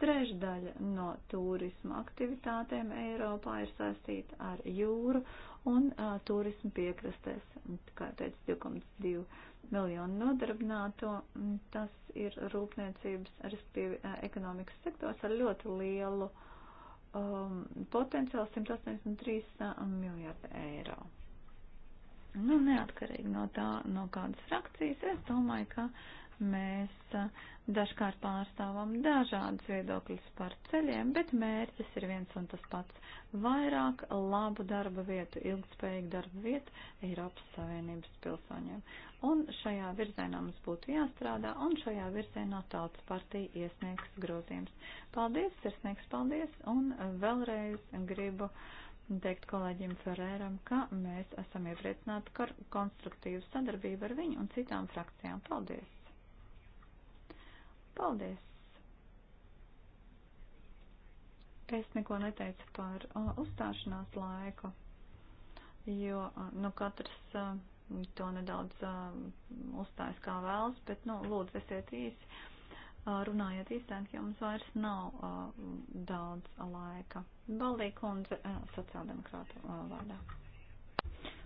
Trešdaļa no turisma aktivitātēm Eiropā ir saistīta ar jūru un uh, turismu piekrastēs. Kā teica 2,2 miljonu nodarbināto, tas ir rūpniecības, respektīvi ekonomikas sektors ar ļoti lielu um, potenciālu 183 miljardu eiro. Nu, neatkarīgi no tā, no kādas frakcijas, es domāju, ka mēs. Uh, Dažkārt pārstāvam dažādas viedokļas par ceļiem, bet mērķis ir viens un tas pats - vairāk labu darba vietu, ilgspējīgu darba vietu Eiropas Savienības pilsoņiem. Un šajā virzienā mums būtu jāstrādā, un šajā virzienā tautas partija iesniegs grozījums. Paldies, sirsnīgs paldies, un vēlreiz gribu teikt kolēģim Ferēram, ka mēs esam iepriecināti par konstruktīvu sadarbību ar viņu un citām frakcijām. Paldies! Paldies! Es neko neteicu par uh, uzstāšanās laiku, jo uh, nu katrs uh, to nedaudz uh, uzstājas kā vēlas, bet nu, lūdzu esiet īsi, uh, runājiet īstāk, jo mums vairs nav uh, daudz laika. Baldī kundze uh, sociāldemokrāta uh, vārdā.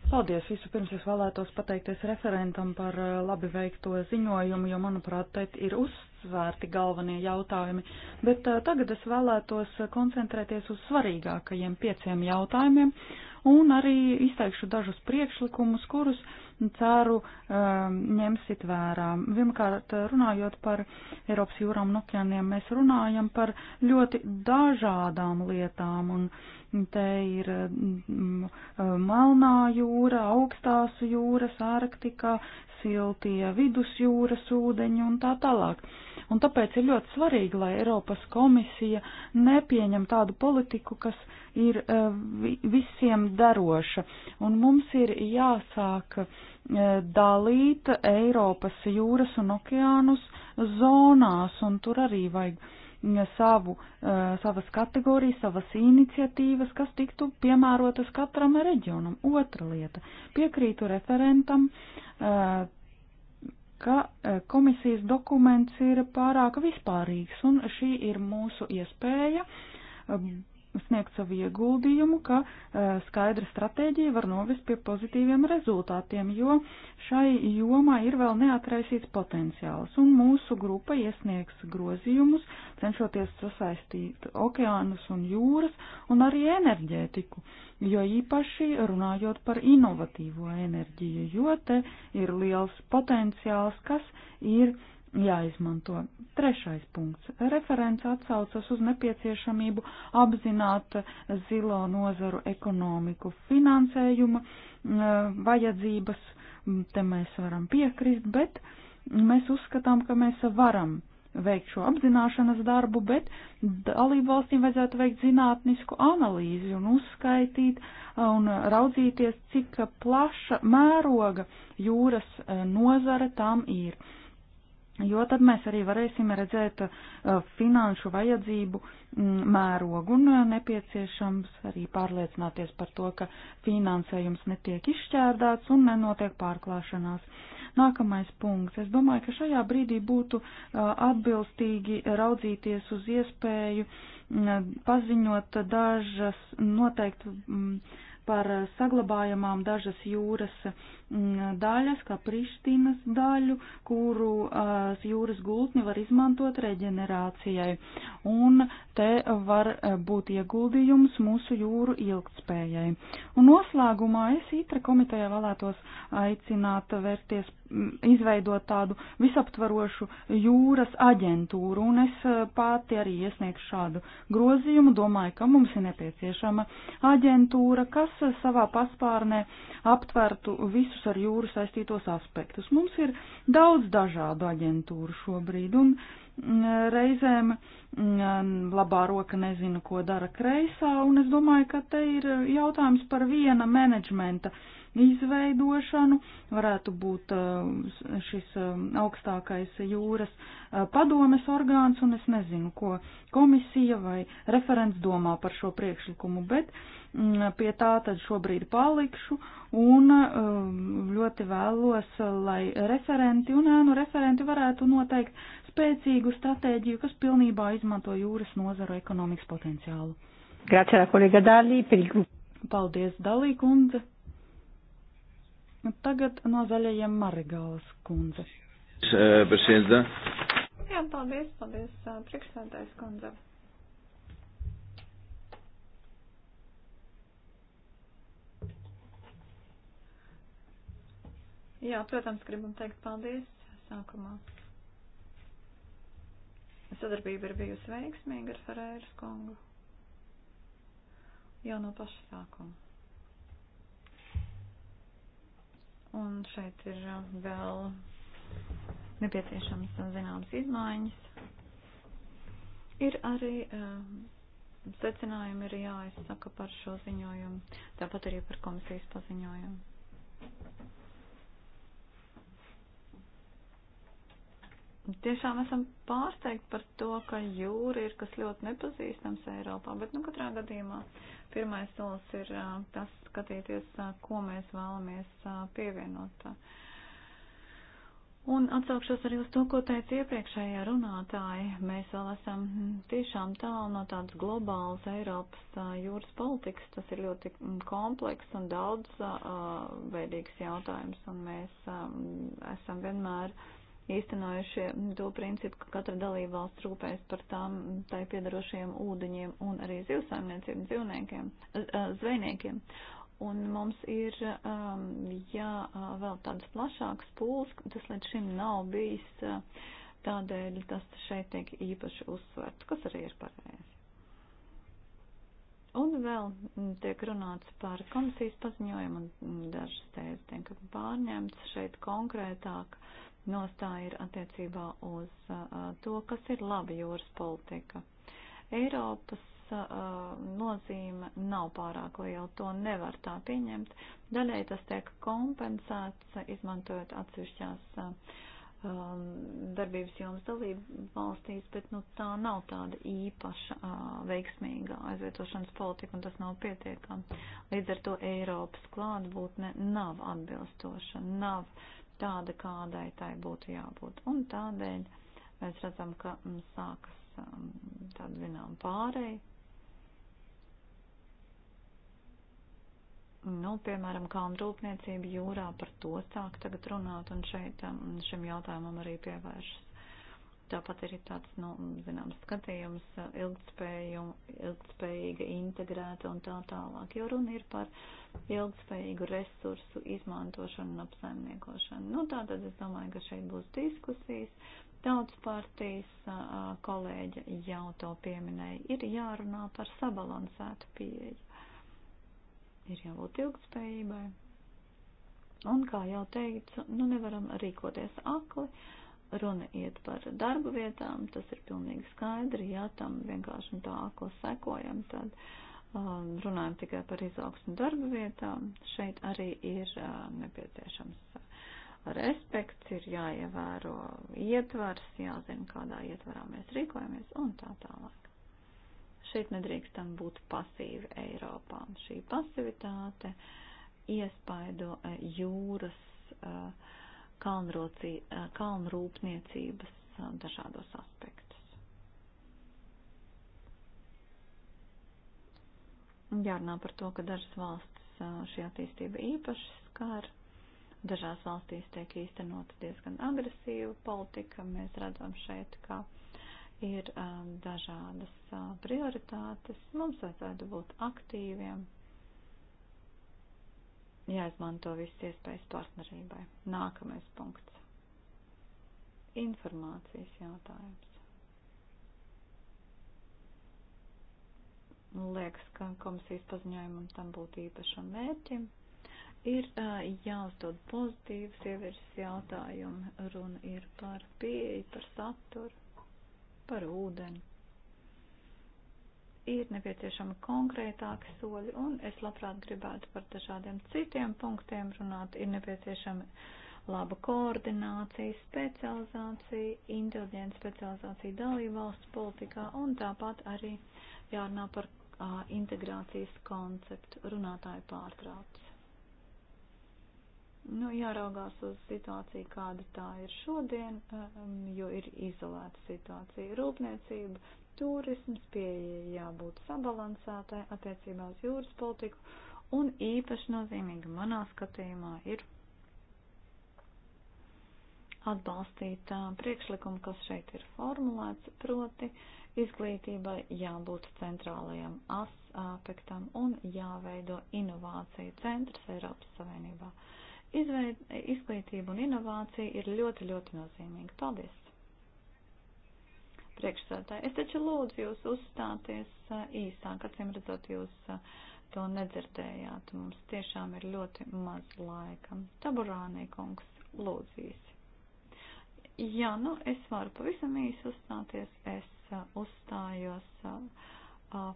Paldies! Vispirms es vēlētos pateikties referentam par eh, labi veikto ziņojumu, jo, manuprāt, te ir uzsvērti galvenie jautājumi. Bet eh, tagad es vēlētos eh, koncentrēties uz svarīgākajiem pieciem jautājumiem un arī izteikšu dažus priekšlikumus, kurus uh, ceru um, ņemsit vērā. Pirmkārt, runājot par Eiropas jūrām un okeāniem, mēs runājam par ļoti dažādām lietām, un te ir mm, Melnā jūra, augstās jūras, Arktika, siltie vidusjūras ūdeņi un tā tālāk. Un tāpēc ir ļoti svarīgi, lai Eiropas komisija nepieņem tādu politiku, kas ir uh, visiem daroša. Un mums ir jāsāk E, dalīt Eiropas jūras un okeānus zonās, un tur arī vajag e, savu, e, savas kategorijas, savas iniciatīvas, kas tiktu piemērotas katram reģionam. Otra lieta - piekrītu referentam, ka komisijas dokuments ir pārāk vispārīgs, un šī ir mūsu iespēja sniegt savu ieguldījumu, ka e, skaidra stratēģija var novest pie pozitīviem rezultātiem, jo šai jomā ir vēl neatraisīts potenciāls, un mūsu grupa iesniegs grozījumus, cenšoties sasaistīt okeānus un jūras un arī enerģētiku, jo īpaši runājot par inovatīvo enerģiju, jo te ir liels potenciāls, kas ir jāizmanto. Trešais punkts. Referents atsaucas uz nepieciešamību apzināt zilo nozaru ekonomiku finansējuma vajadzības. Te mēs varam piekrist, bet mēs uzskatām, ka mēs varam veikt šo apzināšanas darbu, bet dalību valstīm vajadzētu veikt zinātnisku analīzi un uzskaitīt un raudzīties, cik plaša mēroga jūras e, nozare tam ir jo tad mēs arī varēsim redzēt uh, finanšu vajadzību mm, mērogu un uh, nepieciešams arī pārliecināties par to, ka finansējums netiek izšķērdāts un nenotiek pārklāšanās. Nākamais punkts. Es domāju, ka šajā brīdī būtu uh, atbilstīgi raudzīties uz iespēju mm, paziņot dažas noteikti mm, par saglabājamām dažas jūras Mm, daļas, kā Prištinas daļu, kuru jūras gultni var izmantot reģenerācijai. Un te var būt ieguldījums mūsu jūru ilgtspējai. Un noslēgumā es ITRA komitejā vēlētos aicināt vērsties, mm, izveidot tādu visaptvarošu jūras aģentūru, un es pati arī iesniegšu šādu grozījumu. Domāju, ka mums ir nepieciešama aģentūra, kas savā paspārnē aptvertu visu visus ar jūru saistītos aspektus. Mums ir daudz dažādu aģentūru šobrīd, un mm, reizēm mm, labā roka nezina, ko dara kreisā, un es domāju, ka te ir jautājums par viena menedžmenta uh, izveidošanu, varētu būt eh, šis eh, augstākais jūras eh, padomes orgāns, un es nezinu, ko komisija vai referents domā par šo priekšlikumu, bet mm, pie tā tad šobrīd palikšu un ļoti vēlos, lai referenti un ēnu referenti varētu noteikt spēcīgu stratēģiju, kas pilnībā izmanto jūras nozaru ekonomikas potenciālu. Grazie, kolēģa Dālī. Paldies, Dālī kundze. Nu, tagad no zaļajiem Marigālas kundze. Eh, Presidenta. Jā, paldies, paldies, eh, priekšsēdājs kundze. Jā, protams, gribam teikt paldies sākumā. Sadarbība ir bijusi veiksmīga ar Ferēras kungu jau no paša sākuma. Un šeit ir uh, vēl nepieciešams uh, zināmas izmaiņas. Ir arī uh, secinājumi ir jāizsaka par šo ziņojumu, tāpat arī par komisijas paziņojumu. Tiešām esam pārsteigti par to, ka jūra ir kas ļoti nepazīstams Eiropā, bet nu katrā gadījumā uh, Pirmais solis ir tas skatīties, ko mēs vēlamies pievienot. Un atsaukšos arī uz to, ko teica iepriekšējā runātāja. Mēs vēl esam tiešām tālu no tādas globālas Eiropas jūras politikas. Tas ir ļoti kompleks un daudz veidīgs jautājums, un mēs esam vienmēr īstenojušie to principu, ka katra dalība valsts rūpēs par tām tai piedarošajiem ūdeņiem un arī zivsaimniecību dzīvniekiem, zvejniekiem. Un mums ir um, jā, vēl tāds plašāks pūls, tas līdz šim nav bijis, tādēļ tas šeit tiek īpaši uzsverts, kas arī ir pareizi. Un vēl tiek runāts par komisijas paziņojumu un dažas tēzes tiek pārņemtas šeit konkrētāk. Uh, nostāja ir attiecībā uz to, kas ir laba jūras politika. Eiropas nozīme nav pārāk liela, to nevar tā pieņemt. Daļai tas tiek kompensēts, izmantojot atsevišķās darbības jomas dalību valstīs, bet nu, tā nav tāda īpaša veiksmīga aizvietošanas politika un tas nav pietiekami. Līdz ar to Eiropas klātbūtne nav atbilstoša, nav uh, tāda, kādai tai būtu jābūt. Un tādēļ mēs redzam, ka mm, sākas mm, tāda zinām pārēja. Nu, piemēram, kalnrūpniecība jūrā par to sāk tagad runāt un šeit mm, šim jautājumam arī pievēršas. Tāpat ir tāds, nu, zināms, skatījums, ilgspējīga, integrēta un tā tālāk. Jo runa ir par ilgspējīgu resursu izmantošanu un apsaimniekošanu. Nu, tātad es domāju, ka šeit būs diskusijas. Tautas partijas kolēģa jau to pieminēja. Ir jārunā par sabalansētu pieeju. Ir jābūt ilgspējībai. Un, kā jau teicu, nu nevaram rīkoties akli runa iet par darba vietām, tas ir pilnīgi skaidri, ja tam vienkārši tā, ko sekojam, tad um, runājam tikai par izaugsmu darba vietām. Šeit arī ir uh, nepieciešams uh, respekts, ir jāievēro ietvars, jāzina, kādā ietvarā mēs rīkojamies un tā tālāk. Šeit nedrīkstam būt pasīvi Eiropā. Šī pasivitāte iespaido uh, jūras uh, Eh, kalnrūpniecības eh, dažādos aspektus. Jārunā par to, ka dažas valstis eh, šī attīstība īpaši skar, dažās valstīs tiek īstenota diezgan agresīva politika. Mēs redzam šeit, ka ir dažādas prioritātes. Mums vajadzētu būt aktīviem, jāizmanto visas iespējas partnerībai. Nākamais punkts. Informācijas jautājums. Liekas, ka komisijas paziņojumam tam būtu īpašam mērķim. Ir jāuzdod pozitīvas ievirs jautājumi. Runa ir par pieeju, par saturu, par ūdeni ir nepieciešama konkrētāki soļi, un es labprāt gribētu par dažādiem citiem punktiem runāt. Ir nepieciešama laba koordinācija, specializācija, inteliģenta specializācija dalībvalsts politikā, un tāpat arī jārunā par a, integrācijas konceptu. Runātāji pārtrauc. Nu, jāraugās uz situāciju, kāda tā ir šodien, um, jo ir izolēta situācija. Rūpniecība, turisms, pieeja jābūt sabalansētai attiecībā uz jūras politiku, un īpaši nozīmīgi manā skatījumā ir atbalstīt priekšlikumu, kas šeit ir formulēts, proti izglītībai jābūt centrālajam aspektam un jāveido inovāciju centrs Eiropas Savienībā. Izveid, izglītība un inovācija ir ļoti, ļoti nozīmīga. Paldies! priekšsēdētāji. Es taču lūdzu jūs uzstāties uh, īsāk, acīm redzot, jūs uh, to nedzirdējāt. Mums tiešām ir ļoti maz laika. Taburānī kungs lūdzīs. Jā, nu es varu pavisam īsi uzstāties. Es uh, uzstājos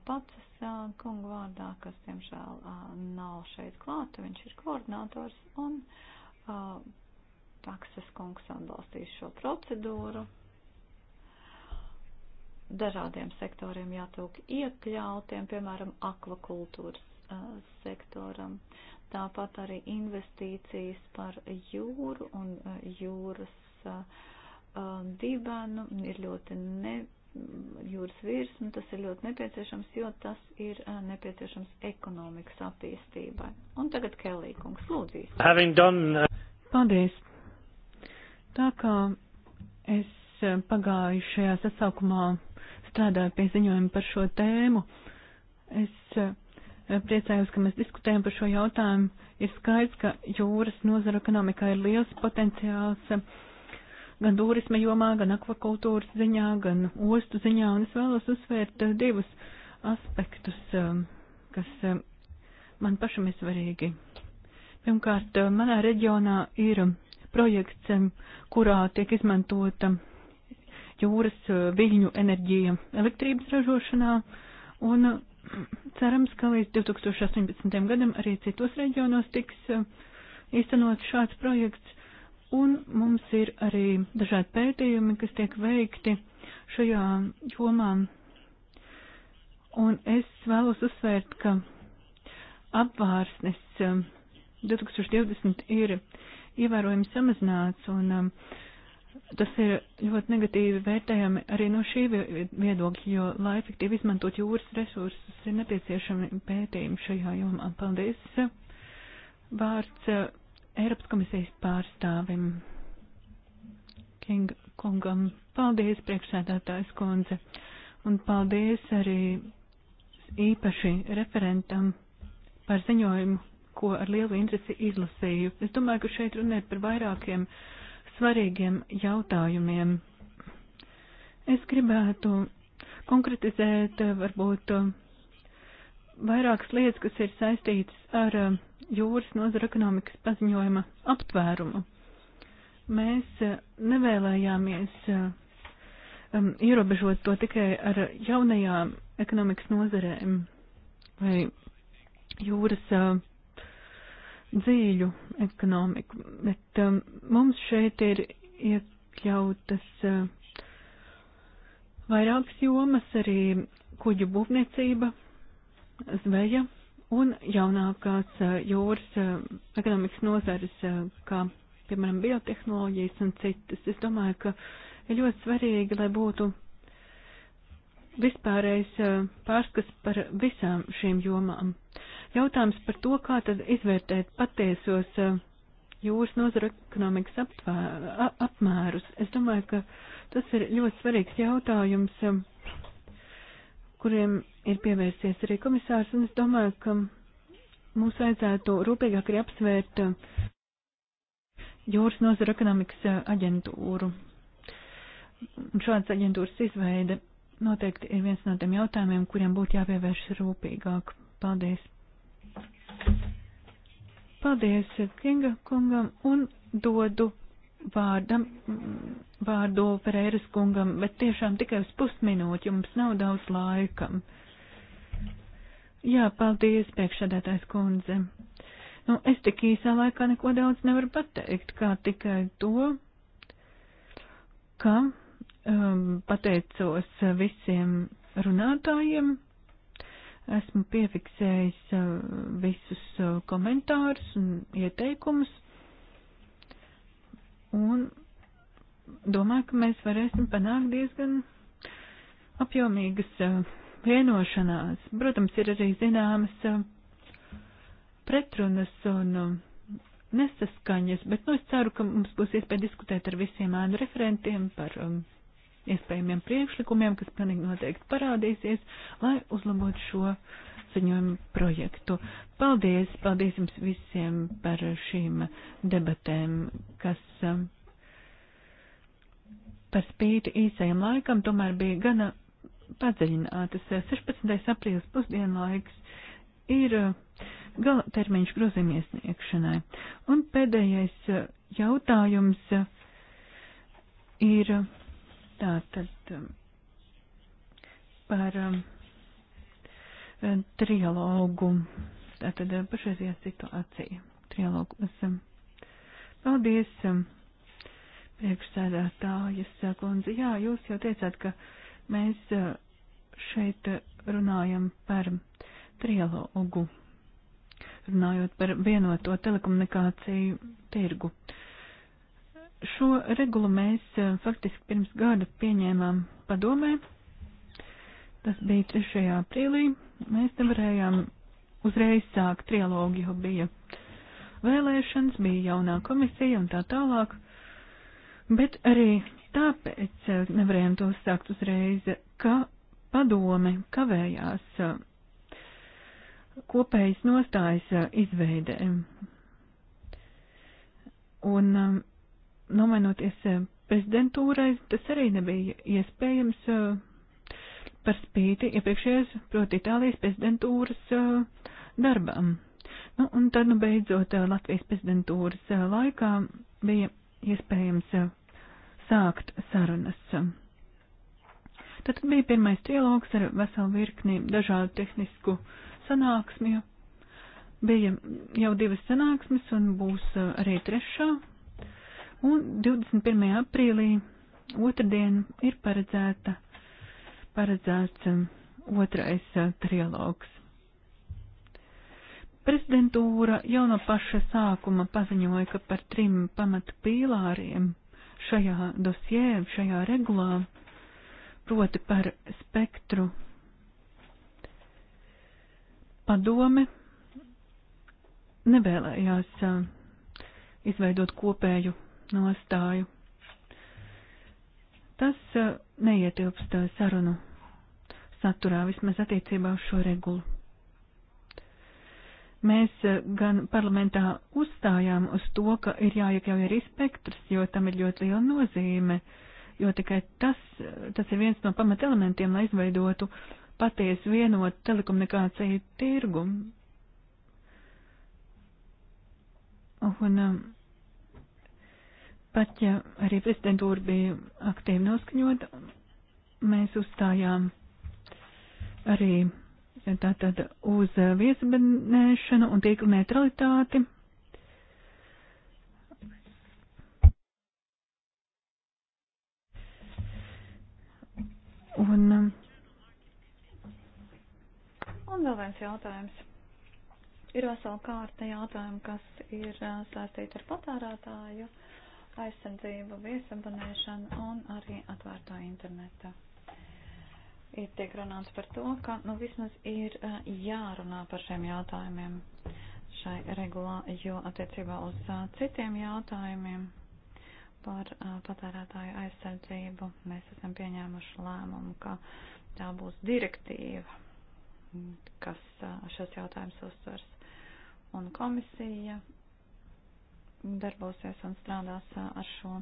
pats kungu vārdā, kas tiemžēl nav šeit klāta. Viņš ir koordinators un taksas kungs atbalstīs šo procedūru. Mm dažādiem sektoriem jātūk iekļautiem, piemēram, akvakultūras sektoram. Tāpat arī investīcijas par jūru un jūras dibenu ir ļoti ne, jūras virsmu, tas ir ļoti nepieciešams, jo tas ir nepieciešams ekonomikas attīstībai. Un tagad Kelīkungs lūdzīs. Done... Paldies. Tā kā es pagājušajā sasaukumā strādāju pie ziņojuma par šo tēmu. Es eh, priecājos, ka mēs diskutējam par šo jautājumu. Ir skaidrs, ka jūras nozara ekonomikā ir liels potenciāls eh, gan turisma jomā, gan akvakultūras ziņā, gan ostu ziņā, un es vēlos uzsvērt eh, divus aspektus, kas man pašam ir svarīgi. Pirmkārt, manā reģionā ir projekts, kurā tiek izmantota jūras viļņu enerģija elektrības ražošanā. Un cerams, ka līdz 2018. gadam arī citos reģionos tiks īstenot šāds projekts. Un mums ir arī dažādi pētījumi, kas tiek veikti šajā jomā. Un es vēlos uzsvērt, ka apvārsnes 2020 ir ievērojami samazināts un Tas ir ļoti negatīvi vērtējami arī no šī viedokļa, jo, lai efektīvi izmantot jūras resursus, ir nepieciešami pētījumi šajā jomā. Paldies! Vārds eh, Eiropas komisijas pārstāvim Kinga kungam. Paldies, priekšsēdētājs kundze! Un paldies arī īpaši referentam par ziņojumu, ko ar lielu interesi izlasīju. Es domāju, ka šeit runiet par vairākiem. Uh, svarīgiem jautājumiem. Es gribētu konkretizēt eh, varbūt eh, vairākas lietas, kas ir saistītas ar eh, jūras nozara ekonomikas paziņojuma aptvērumu. Mēs nevēlējāmies um, ierobežot to tikai ar jaunajām ekonomikas nozerēm vai jūras uh, dzīļu ekonomiku, bet um, mums šeit ir iekļautas uh, vairākas jomas, arī kuģu būvniecība, zveja un jaunākās uh, jūras uh, ekonomikas nozares, uh, kā piemēram biotehnoloģijas un citas. Es domāju, ka ir ļoti svarīgi, lai būtu vispārējais uh, pārskats par visām šīm jomām. Uh, Jautājums par to, kā tad izvērtēt patiesos eh, jūras nozara ekonomikas aptvē, apmērus. Es domāju, ka tas ir ļoti svarīgs jautājums, eh, kuriem ir pievērsies arī komisārs, un es domāju, ka mums vajadzētu rūpīgāk arī apsvērt eh, jūras nozara ekonomikas aģentūru. Un šāds aģentūras izveide noteikti ir viens no tiem jautājumiem, kuriem būtu jāpievērš rūpīgāk. Paldies! Paldies Kinga kungam un dodu vārdam, vārdu Ferēras kungam, bet tiešām tikai uz pusminūti, jums nav daudz laikam. Jā, paldies, priekšsēdētājs kundze. Nu, es tik īsā laikā neko daudz nevaru pateikt, kā tikai to, ka um, pateicos visiem runātājiem Esmu piefiksējis uh, visus uh, komentārus un ieteikumus. Un domāju, ka mēs varēsim panākt diezgan apjomīgas uh, vienošanās. Protams, ir arī zināmas pretrunas un nesaskaņas, bet nu, es ceru, ka mums būs iespēja diskutēt ar visiem ēnu referentiem par um, iespējamiem priekšlikumiem, kas pilnīgi noteikti parādīsies, lai uzlabotu šo ziņojumu projektu. Paldies, paldies jums visiem par šīm debatēm, kas um, par spīti īsajam laikam tomēr bija gana padziļinātas. 16. aprīlis pusdienlaiks ir uh, gala termiņš grozījuma iesniegšanai. Un pēdējais uh, jautājums uh, ir Tātad um, par um, um, trialogu, tātad pašreizajā situācija, trialogu esam. Paldies, priekšsēdētājas uh, kundze. Jā, jūs jau teicāt, ka mēs uh, šeit uh, runājam par trialogu, runājot par vienoto telekomunikāciju tirgu. Uh, Šo regulu mēs eh, faktiski pirms gada pieņēmām padomē. Tas bija 3. aprīlī. Mēs nevarējām uzreiz sākt trialogu, jo bija vēlēšanas, bija jaunā komisija un tā tālāk. Bet arī tāpēc eh, nevarējām to sākt uzreiz, ka padome kavējās eh, kopējas nostājas izveidē. Un nomainoties eh, prezidentūrai, tas arī nebija iespējams eh, par spīti iepriekšējās, proti Itālijas prezidentūras eh, darbam. Nu, un tad, nu, beidzot, Latvijas prezidentūras laikā bija iespējams sākt sarunas. Tad bija pirmais trialogs ar veselu virkni dažādu tehnisku sanāksmju. Bija jau divas sanāksmes un būs arī trešā Un 21. aprīlī otrdien ir paredzēta, paredzēts um, otrais uh, trialogs. Prezidentūra jau no paša sākuma paziņoja, ka par trim pamatu pīlāriem šajā dosjē, šajā regulā, proti par spektru padome nevēlējās uh, izveidot kopēju nostāju. Tas uh, neietilpst uh, sarunu saturā, vismaz attiecībā uz šo regulu. Mēs uh, gan parlamentā uzstājām uz to, ka ir jāiekļauj arī spektrs, jo tam ir ļoti liela nozīme, jo tikai tas, tas ir viens no pamatelementiem, lai izveidotu patiesi vienotu telekomunikāciju tirgu. Un, um, Pat ja arī prezidentūra bija aktīvi noskaņota, mēs uzstājām arī tātad uz viesabinēšanu un tīkla neutralitāti. Un, un vēl viens jautājums. Ir vesela kārta jautājumu, kas ir saistīta ar patērētāju. Uh, aizsardzību, viesabonēšanu un arī atvērtā internetā. Ir tiek runāts par to, ka nu, vismaz ir eh, jārunā par šiem jautājumiem šai regulā, jo attiecībā uz eh, citiem jautājumiem par eh, patērētāju aizsardzību mēs esam pieņēmuši lēmumu, ka tā būs direktīva, kas šos jautājumus uztvers. Un komisija darbosies un strādās ar šo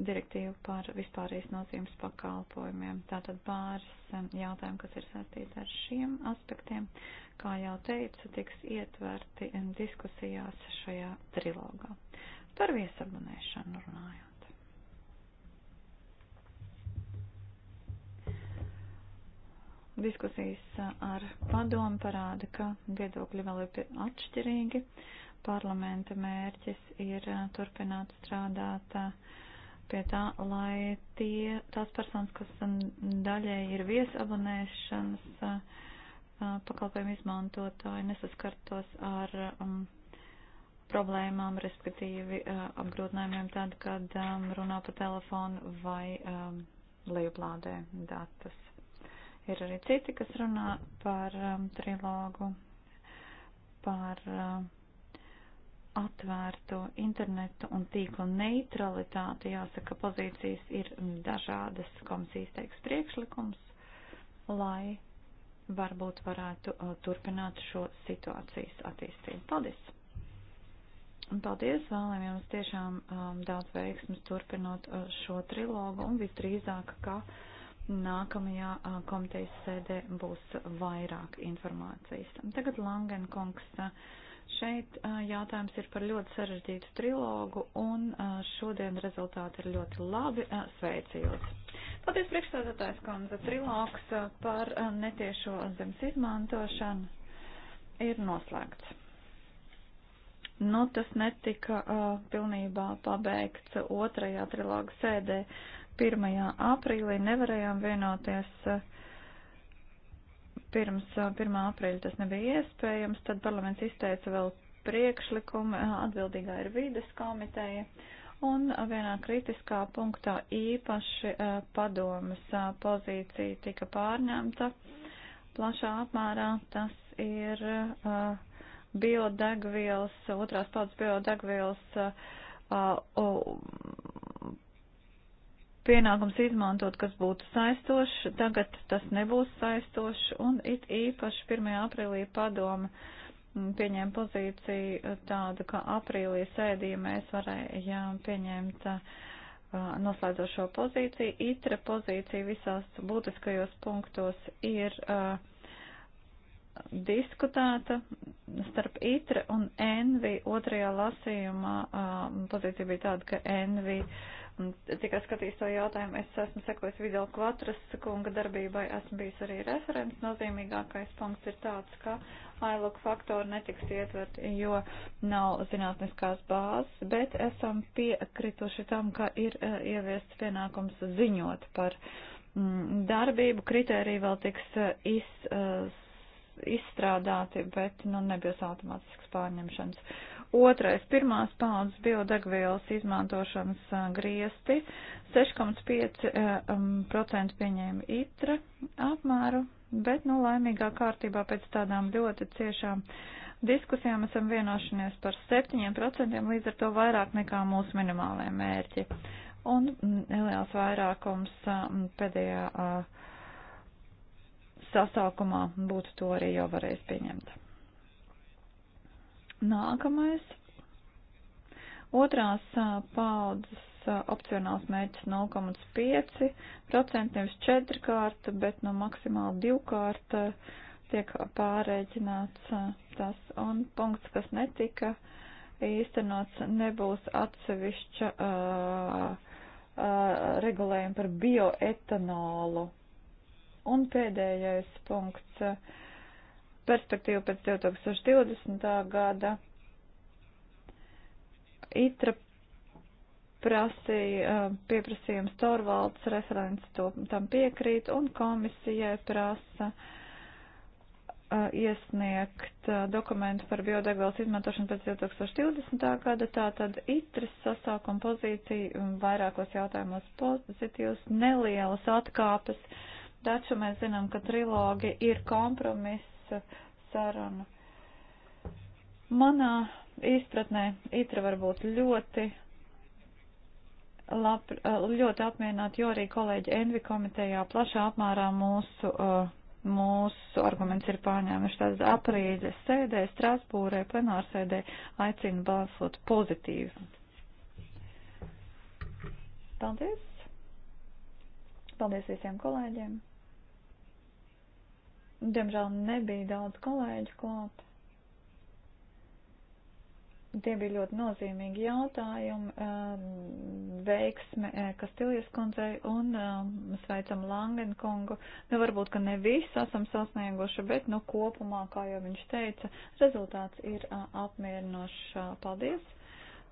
direktīvu par vispārējais nozīmes pakalpojumiem. Tātad pāris jautājumi, kas ir saistīti ar šiem aspektiem, kā jau teicu, tiks ietverti diskusijās šajā trilogā. Par viesabunēšanu runājot. Diskusijas ar padomu parāda, ka viedokļi vēl ir atšķirīgi. Uh, Parlamenta mērķis ir eh, turpināt strādāt eh, pie tā, lai tie, tās personas, kas daļēji ir viesabonēšanas eh, pakalpojumu izmantotāji, nesaskartos ar um, problēmām, respektīvi apgrūtinājumiem tad, kad um, runā pa telefonu vai um, lejuplādē datus. Ir arī citi, kas runā par um, trilogu, par um, atvērto internetu un tīkla neutralitāti, jāsaka, pozīcijas ir dažādas komisijas teiks priekšlikums, lai varbūt varētu uh, turpināt šo situācijas attīstību. Paldies! Un paldies, vēlam jums tiešām um, daudz veiksmas turpinot uh, šo trilogu un visdrīzāk, ka nākamajā uh, komitejas sēdē būs vairāk informācijas. Tagad Langenkungs. Uh, Šeit jautājums ir par ļoti sarežģītu trilogu, un šodien rezultāti ir ļoti labi. Sveicu jūs! Paldies, priekšstādātājs kundze. Trilogs par netiešo zemes izmantošanu ir noslēgts. Nu, tas netika uh, pilnībā pabeigts otrajā trilogu sēdē. 1. aprīlī nevarējām vienoties. Uh, pirms 1. aprīļa tas nebija iespējams, tad parlaments izteica vēl priekšlikumu, atbildīgā ir vides komiteja, un vienā kritiskā punktā īpaši padomas pozīcija tika pārņemta plašā apmērā, tas ir biodegvielas, otrās paudzes biodegvielas pienākums izmantot, kas būtu saistošs, tagad tas nebūs saistošs, un it īpaši 1. aprīlī padome pieņēma pozīciju tādu, ka aprīlī sēdī mēs varējām pieņemt uh, noslēdzošo pozīciju. ITRA pozīcija visās būtiskajos punktos ir uh, diskutēta starp ITRA un ENVI. Otrajā lasījumā uh, pozīcija bija tāda, ka ENVI uh, Un, cik es skatījos to jautājumu, es esmu sekojis video kvatras kunga darbībai, esmu bijis arī referents. Nozīmīgākais punkts ir tāds, ka ILOC faktori netiks ietvert, jo nav zinātniskās bāzes, bet esam piekrituši tam, ka ir uh, ieviests pienākums ziņot par mm, darbību. Kritērija vēl tiks uh, iz, uh, izstrādāti, bet nu, nebūs automātisks pārņemšanas Otrais - pirmās paudzes biodegvielas izmantošanas griesti. 6,5% um, pieņēma itra apmēru, bet, nu, laimīgā kārtībā pēc tādām ļoti ciešām diskusijām esam vienošanies par 7%, līdz ar to vairāk nekā mūsu minimālajie mērķi. Un mm, neliels vairākums pēdējā sasaukumā būtu to arī jau varējis pieņemt. Nākamais. Otrās paudzes opcionāls mērķis 0,5%, nevis 4 kārta, bet no nu, maksimāli 2 kārta tiek pārēķināts tas. Un punkts, kas netika īstenots, nebūs atsevišķa uh, uh, regulējuma par bioetanolu. Un pēdējais punkts. Uh, perspektīvu pēc 2020. gada. ITRA prasīja um, pieprasījums Torvalds, referents to, tam piekrīt, un komisijai prasa uh, iesniegt uh, dokumentu par biodegvielas izmantošanu pēc 2020. gada, tātad itras sasākuma pozīcija um, vairākos jautājumos pozitīvas, nelielas atkāpes, taču mēs zinām, ka trilogi ir kompromiss sarunu. Manā izpratnē itra var būt ļoti, lab, eh, ļoti apmierināta, jo arī kolēģi Envi komitejā plašā apmērā mūsu, eh, mūsu arguments ir pārņēmuši. Tad aprīļa sēdē, Strasbūrē, plenārsēdē aicinu balsot pozitīvi. Paldies! Paldies visiem kolēģiem! Diemžēl nebija daudz kolēģu klāt. Tie bija ļoti nozīmīgi jautājumi, eh, veiksme eh, Kastiljas kundzei un eh, sveicam Langenkongu. Nu, varbūt, ka ne visi esam sasnieguši, bet, nu, kopumā, kā jau viņš teica, rezultāts ir apmierinošs. Paldies!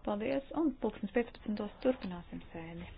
Paldies! Un pulkstens 15. turpināsim sēdi.